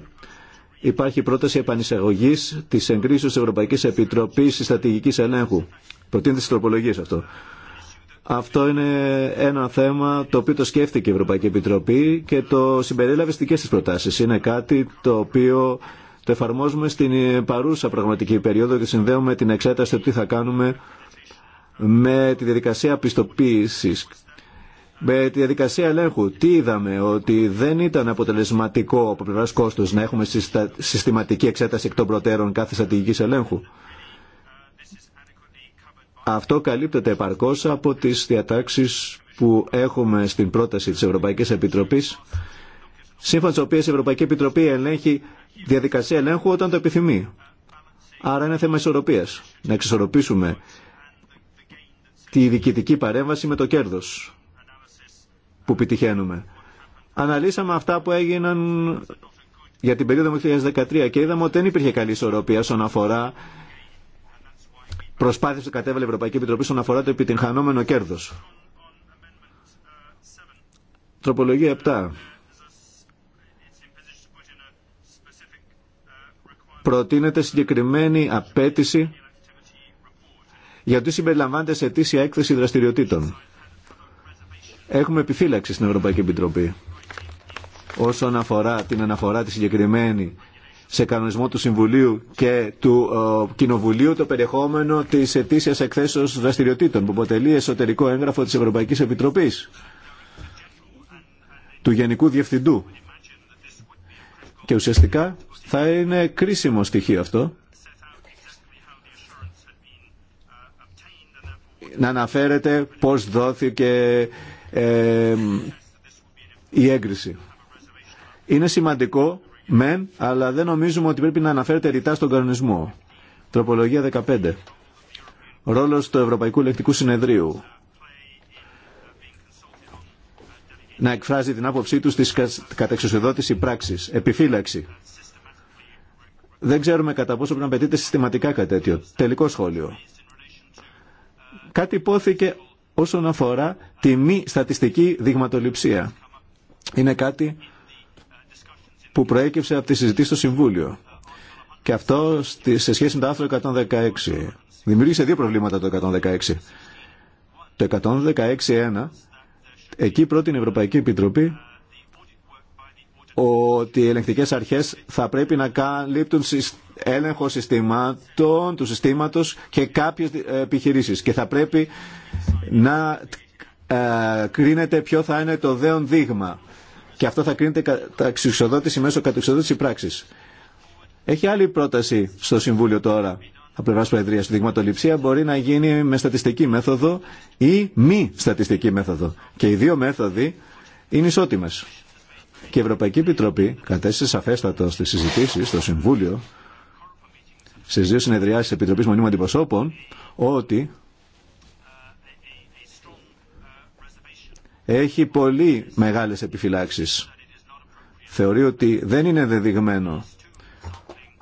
υπάρχει πρόταση επανεισαγωγή τη εγκρίσεω τη Ευρωπαϊκή Επιτροπή Στρατηγική Ελέγχου. Προτείνεται στην τροπολογίε αυτό. Αυτό είναι ένα θέμα το οποίο το σκέφτηκε η Ευρωπαϊκή Επιτροπή και το συμπερίλαβε στι δικέ προτάσει. Είναι κάτι το οποίο το εφαρμόζουμε στην ε, παρούσα πραγματική περίοδο και συνδέουμε την εξέταση του τι θα κάνουμε με τη διαδικασία πιστοποίησης με τη διαδικασία ελέγχου. Τι είδαμε, ότι δεν ήταν αποτελεσματικό από πλευρά κόστο να έχουμε συστηματική εξέταση εκ των προτέρων κάθε στρατηγική ελέγχου. Αυτό καλύπτεται επαρκώ από τι διατάξει που έχουμε στην πρόταση τη Ευρωπαϊκή Επιτροπή σύμφωνα τι οποίε η Ευρωπαϊκή Επιτροπή ελέγχει διαδικασία ελέγχου όταν το επιθυμεί. Άρα είναι θέμα ισορροπία. Να εξισορροπήσουμε τη διοικητική παρέμβαση με το κέρδο που επιτυχαίνουμε. Αναλύσαμε αυτά που έγιναν για την περίοδο 2013 και είδαμε ότι δεν υπήρχε καλή ισορροπία όσον αφορά προσπάθειες που κατέβαλε η Ευρωπαϊκή Επιτροπή όσον αφορά το επιτυγχανόμενο κέρδος. Τροπολογία 7. προτείνεται συγκεκριμένη απέτηση για τι συμπεριλαμβάνεται σε αιτήσια έκθεση δραστηριοτήτων. Έχουμε επιφύλαξη στην Ευρωπαϊκή Επιτροπή όσον αφορά την αναφορά τη συγκεκριμένη σε κανονισμό του Συμβουλίου και του ε, Κοινοβουλίου το περιεχόμενο τη ετήσια εκθέσεω δραστηριοτήτων που αποτελεί εσωτερικό έγγραφο τη Ευρωπαϊκή Επιτροπή του Γενικού Διευθυντού. Και ουσιαστικά θα είναι κρίσιμο στοιχείο αυτό. Να αναφέρεται πώς δόθηκε ε, η έγκριση. Είναι σημαντικό, μεν, αλλά δεν νομίζουμε ότι πρέπει να αναφέρεται ρητά στον κανονισμό. Τροπολογία 15. Ρόλος του Ευρωπαϊκού Λεκτικού Συνεδρίου. Να εκφράζει την άποψή του στις κατεξουσιοδότηση πράξης. Επιφύλαξη. Δεν ξέρουμε κατά πόσο πρέπει να απαιτείται συστηματικά κάτι τέτοιο. Τελικό σχόλιο. Κάτι υπόθηκε όσον αφορά τη μη στατιστική δειγματοληψία. Είναι κάτι που προέκυψε από τη συζητή στο Συμβούλιο. Και αυτό σε σχέση με το άρθρο 116. Δημιούργησε δύο προβλήματα το 116. Το 116.1, εκεί πρότεινε η Ευρωπαϊκή Επιτροπή ότι οι ελεγκτικέ αρχές θα πρέπει να καλύπτουν έλεγχο συστημάτων, του συστήματο και κάποιε επιχειρήσει. και θα πρέπει να ε, κρίνεται ποιο θα είναι το δέον δείγμα και αυτό θα κρίνεται κατά εξουσιοδότηση μέσω κατεξοδότηση πράξη. Έχει άλλη πρόταση στο Συμβούλιο τώρα από πλευρά Προεδρία. Η δειγματοληψία μπορεί να γίνει με στατιστική μέθοδο ή μη στατιστική μέθοδο. Και οι δύο μέθοδοι είναι ισότιμε. Και η Ευρωπαϊκή Επιτροπή κατέστησε σαφέστατο στι συζητήσει στο Συμβούλιο στι δύο συνεδριάσεις της Επιτροπής Μονίμων Αντιπροσώπων ότι έχει πολύ μεγάλες επιφυλάξεις. Θεωρεί ότι δεν είναι δεδειγμένο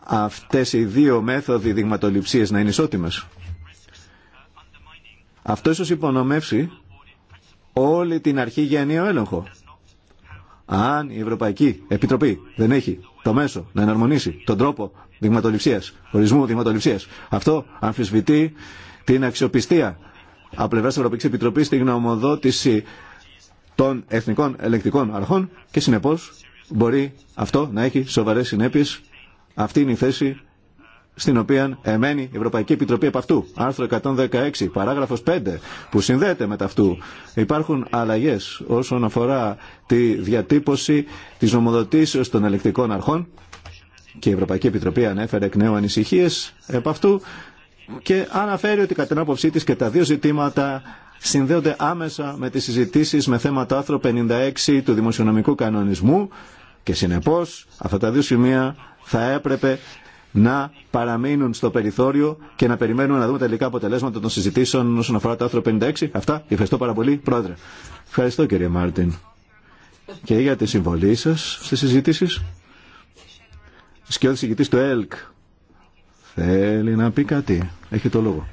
αυτές οι δύο μέθοδοι δειγματοληψίε να είναι ισότιμε. Αυτό ίσω υπονομεύσει όλη την αρχή για ενίο έλεγχο αν η Ευρωπαϊκή Επιτροπή δεν έχει το μέσο να εναρμονίσει τον τρόπο δειγματοληψίας, ορισμού δειγματοληψίας, αυτό αμφισβητεί την αξιοπιστία από πλευρά της Ευρωπαϊκή Επιτροπή στην γνωμοδότηση των εθνικών ελεκτικών αρχών και συνεπώ μπορεί αυτό να έχει σοβαρέ συνέπειε. Αυτή είναι η θέση στην οποία εμένει η Ευρωπαϊκή Επιτροπή από αυτού. Άρθρο 116, παράγραφος 5, που συνδέεται με αυτού. Υπάρχουν αλλαγές όσον αφορά τη διατύπωση της νομοδοτήσεως των ελεκτικών αρχών και η Ευρωπαϊκή Επιτροπή ανέφερε εκ νέου ανησυχίε επ' αυτού και αναφέρει ότι κατά την άποψή της και τα δύο ζητήματα συνδέονται άμεσα με τις συζητήσεις με θέματα άρθρο 56 του δημοσιονομικού κανονισμού και συνεπώς αυτά τα δύο σημεία θα έπρεπε να παραμείνουν στο περιθώριο και να περιμένουμε να δούμε τα τελικά αποτελέσματα των συζητήσεων όσον αφορά το άρθρο 56. Αυτά. Ευχαριστώ πάρα πολύ, Πρόεδρε. Ευχαριστώ, κύριε Μάρτιν. Και για τη συμβολή σα στι συζητήσει. Σκιώδη ηγητή του ΕΛΚ. Θέλει να πει κάτι. Έχει το λόγο.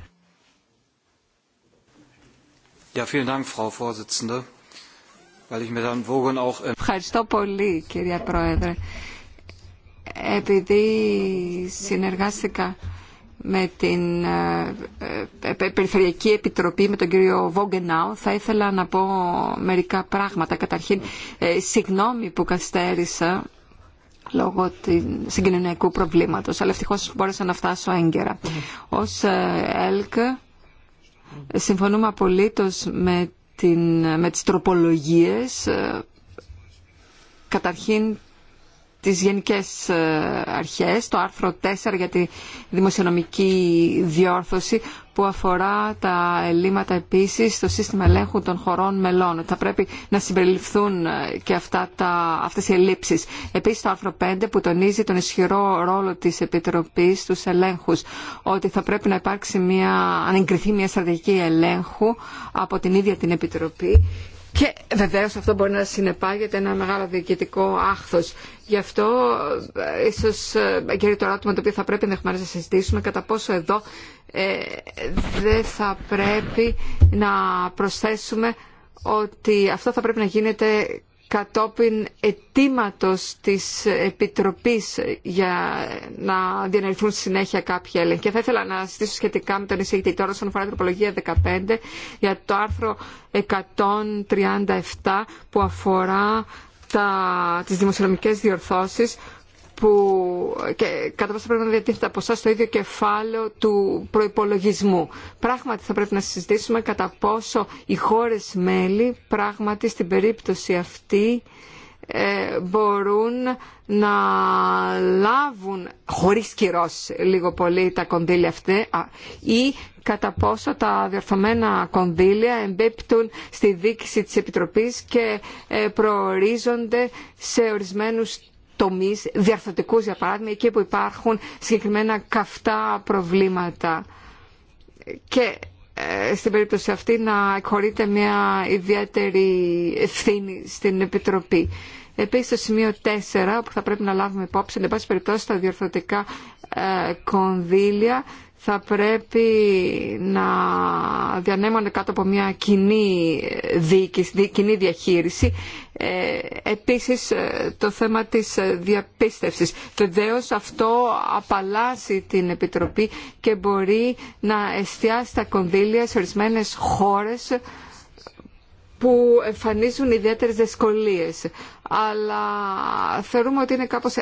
Ευχαριστώ πολύ, κύριε Πρόεδρε επειδή συνεργάστηκα με την ε, ε, Περιφερειακή Επιτροπή, με τον κύριο Βόγκενάου, θα ήθελα να πω μερικά πράγματα. Καταρχήν, ε, συγγνώμη που καστέρισα λόγω συγκοινωνιακού προβλήματος, αλλά ευτυχώς μπόρεσα να φτάσω έγκαιρα. Ως ΕΛΚ συμφωνούμε απολύτως με, την, με τις τροπολογίες, καταρχήν τις γενικές ε, αρχές, το άρθρο 4 για τη δημοσιονομική διόρθωση που αφορά τα ελλείμματα επίσης στο σύστημα ελέγχου των χωρών μελών. Θα πρέπει να συμπεριληφθούν ε, και αυτά τα, αυτές οι ελλείψεις. Επίσης το άρθρο 5 που τονίζει τον ισχυρό ρόλο της Επιτροπής στους ελέγχους, ότι θα πρέπει να υπάρξει μια, αν μια στρατηγική ελέγχου από την ίδια την Επιτροπή και βεβαίως αυτό μπορεί να συνεπάγεται ένα μεγάλο διοικητικό άχθος. Γι' αυτό ε, ίσως ε, κύριε το ερώτημα το οποίο θα πρέπει να να συζητήσουμε κατά πόσο εδώ ε, δεν θα πρέπει να προσθέσουμε ότι αυτό θα πρέπει να γίνεται κατόπιν ετήματος της Επιτροπής για να διενεργηθούν συνέχεια κάποια έλεγχοι. Και θα ήθελα να συζητήσω σχετικά με τον εισηγητή τώρα όσον αφορά την τροπολογία 15 για το άρθρο 137 που αφορά τα, τις δημοσιονομικές διορθώσεις που και κατά πάσα πρέπει να διατίθεται από εσά το ίδιο κεφάλαιο του προϋπολογισμού. Πράγματι θα πρέπει να συζητήσουμε κατά πόσο οι χώρες μέλη πράγματι στην περίπτωση αυτή ε, μπορούν να λάβουν χωρίς κυρός λίγο πολύ τα κονδύλια αυτά ή κατά πόσο τα διορθωμένα κονδύλια εμπέπτουν στη δίκηση της Επιτροπής και ε, προορίζονται σε ορισμένους τομείς διαρθωτικούς για παράδειγμα εκεί που υπάρχουν συγκεκριμένα καυτά προβλήματα και ε, στην περίπτωση αυτή να εκχωρείται μια ιδιαίτερη ευθύνη στην Επιτροπή. Επίσης το σημείο 4 που θα πρέπει να λάβουμε υπόψη, εν πάση περιπτώσει τα διορθωτικά ε, κονδύλια θα πρέπει να διανέμονται κάτω από μια κοινή, διοίκηση, κοινή διαχείριση. Ε, επίσης ε, το θέμα της ε, διαπίστευσης. Βεβαίω αυτό απαλλάσσει την Επιτροπή και μπορεί να εστιάσει τα κονδύλια σε ορισμένες χώρες που εμφανίζουν ιδιαίτερες δυσκολίες. Αλλά θεωρούμε ότι είναι κάπως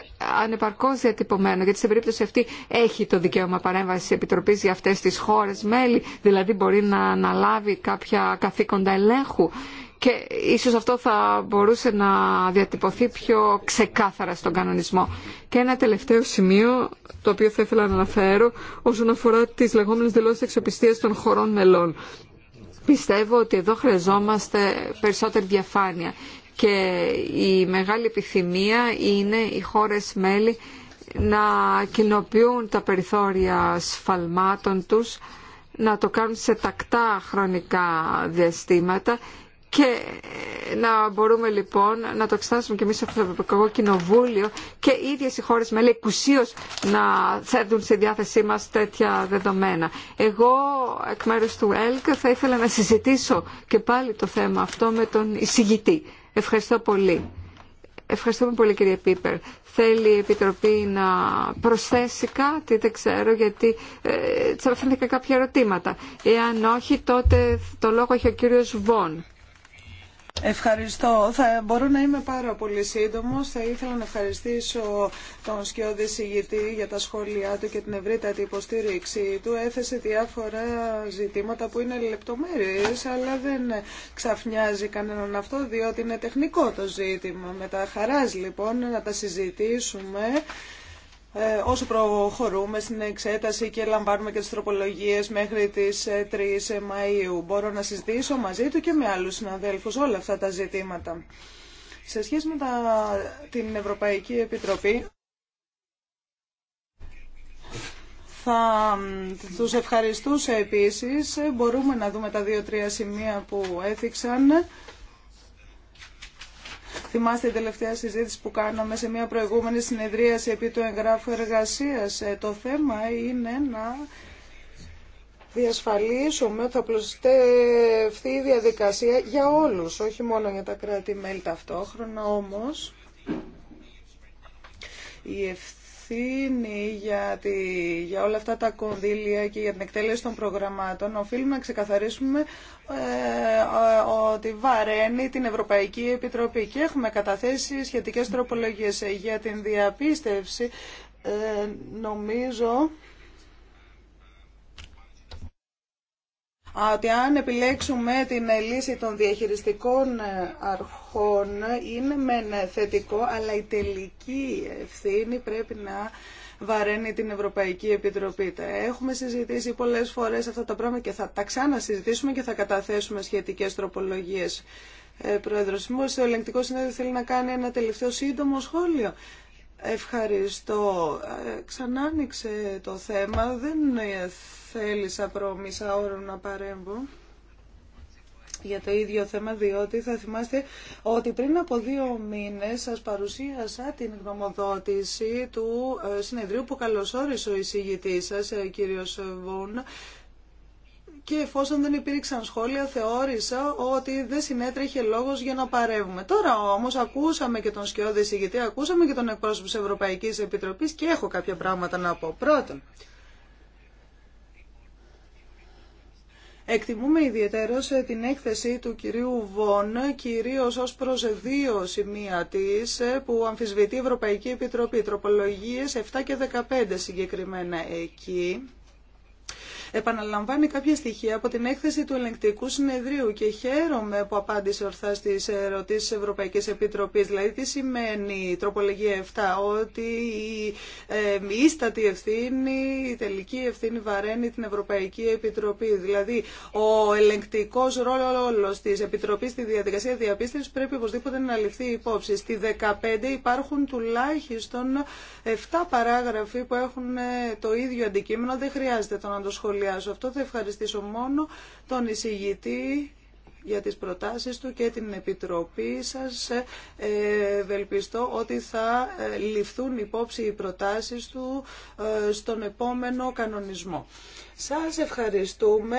ανεπαρκώς διατυπωμένο, γιατί στην περίπτωση αυτή έχει το δικαίωμα παρέμβαση επιτροπής για αυτές τις χώρες μέλη, δηλαδή μπορεί να αναλάβει κάποια καθήκοντα ελέγχου. Και ίσως αυτό θα μπορούσε να διατυπωθεί πιο ξεκάθαρα στον κανονισμό. Και ένα τελευταίο σημείο, το οποίο θα ήθελα να αναφέρω, όσον αφορά τις λεγόμενες δηλώσεις εξοπιστίας των χωρών μελών. Πιστεύω ότι εδώ χρειαζόμαστε περισσότερη διαφάνεια και η μεγάλη επιθυμία είναι οι χώρες μέλη να κοινοποιούν τα περιθώρια σφαλμάτων τους, να το κάνουν σε τακτά χρονικά διαστήματα και ε, να μπορούμε λοιπόν να το εξετάσουμε και εμεί από το Ευρωπαϊκό Κοινοβούλιο και οι ίδιε οι χώρες λέει κουσίω να θέτουν στη διάθεσή μα τέτοια δεδομένα. Εγώ εκ μέρου του ΕΛΚ θα ήθελα να συζητήσω και πάλι το θέμα αυτό με τον εισηγητή. Ευχαριστώ πολύ. Ευχαριστούμε πολύ κύριε Πίπερ. Θέλει η Επιτροπή να προσθέσει κάτι, δεν ξέρω, γιατί ε, και κάποια ερωτήματα. Εάν όχι, τότε το λόγο έχει ο κύριος Βον. Ευχαριστώ. Θα μπορώ να είμαι πάρα πολύ σύντομο. Θα ήθελα να ευχαριστήσω τον Σκιώδη Συγητή για τα σχόλιά του και την ευρύτατη υποστήριξή του. Έθεσε διάφορα ζητήματα που είναι λεπτομέρειε, αλλά δεν ξαφνιάζει κανέναν αυτό, διότι είναι τεχνικό το ζήτημα. Με τα χαράς λοιπόν να τα συζητήσουμε. Ε, όσο προχωρούμε στην εξέταση και λαμβάνουμε και τις τροπολογίες μέχρι τις 3 ε, ε, Μαΐου. Μπορώ να συζητήσω μαζί του και με άλλους συναδέλφους όλα αυτά τα ζητήματα. Σε σχέση με τα, την Ευρωπαϊκή Επιτροπή, θα τους ευχαριστούσε επίσης. Μπορούμε να δούμε τα δύο-τρία σημεία που έθιξαν Θυμάστε την τελευταία συζήτηση που κάναμε σε μια προηγούμενη συνεδρίαση επί του εγγράφου εργασίας. Ε, το θέμα είναι να διασφαλίσουμε ότι θα πλουστευτεί η διαδικασία για όλους, όχι μόνο για τα κράτη-μέλη ταυτόχρονα όμως. Η ευθύνη ευθύνη για, τη, όλα αυτά τα κονδύλια και για την εκτέλεση των προγραμμάτων, οφείλουμε να ξεκαθαρίσουμε ε, ε, ότι βαραίνει την Ευρωπαϊκή Επιτροπή και έχουμε καταθέσει σχετικές τροπολογίες για την διαπίστευση. Ε, νομίζω ότι αν επιλέξουμε την ε, λύση των διαχειριστικών ε, αρχών είναι μεν ε, θετικό, αλλά η τελική ευθύνη πρέπει να βαραίνει την Ευρωπαϊκή Επιτροπή. έχουμε συζητήσει πολλές φορές αυτά τα πράγματα και θα τα ξανασυζητήσουμε και θα καταθέσουμε σχετικές τροπολογίες. Ε, Πρόεδρος, ο ελεγκτικός συνέδριο θέλει να κάνει ένα τελευταίο σύντομο σχόλιο. Ευχαριστώ. Ε, Ξανά το θέμα. Δεν ε, θέλησα πρόμισα όρο να παρέμβω για το ίδιο θέμα, διότι θα θυμάστε ότι πριν από δύο μήνες σας παρουσίασα την γνωμοδότηση του ε, συνεδρίου που καλωσόρισε ο εισηγητής σας, κύριος Βούν, και εφόσον δεν υπήρξαν σχόλια θεώρησα ότι δεν συνέτρεχε λόγος για να παρεύουμε. Τώρα όμως ακούσαμε και τον Σκιώδη Σιγητή, ακούσαμε και τον εκπρόσωπο της Ευρωπαϊκής Επιτροπής και έχω κάποια πράγματα να πω. Πρώτον, Εκτιμούμε ιδιαίτερως ε, την έκθεση του κυρίου Βον, κυρίως ως προς δύο σημεία της, ε, που αμφισβητεί η Ευρωπαϊκή Επιτροπή, τροπολογίες 7 και 15 συγκεκριμένα εκεί επαναλαμβάνει κάποια στοιχεία από την έκθεση του ελεγκτικού συνεδρίου και χαίρομαι που απάντησε ορθά στι ερωτήσει τη Ευρωπαϊκή Επιτροπή. Δηλαδή, τι σημαίνει η τροπολογία 7, ότι η ε, ίστατη ευθύνη, η τελική ευθύνη βαραίνει την Ευρωπαϊκή Επιτροπή. Δηλαδή, ο ελεγκτικό ρόλο τη Επιτροπή στη διαδικασία διαπίστευση πρέπει οπωσδήποτε να ληφθεί υπόψη. Στη 15 υπάρχουν τουλάχιστον 7 παράγραφοι που έχουν ε, το ίδιο αντικείμενο, δεν χρειάζεται το να το σχολιάσω αυτό. Θα ευχαριστήσω μόνο τον εισηγητή για τις προτάσεις του και την Επιτροπή σας. Ε, ευελπιστώ ότι θα ε, ληφθούν υπόψη οι προτάσεις του ε, στον επόμενο κανονισμό. Σας ευχαριστούμε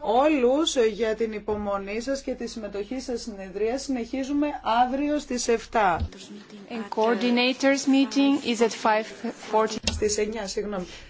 όλους για την υπομονή σας και τη συμμετοχή σας στην συνεδρία. Συνεχίζουμε αύριο στις 7. coordinators meeting is at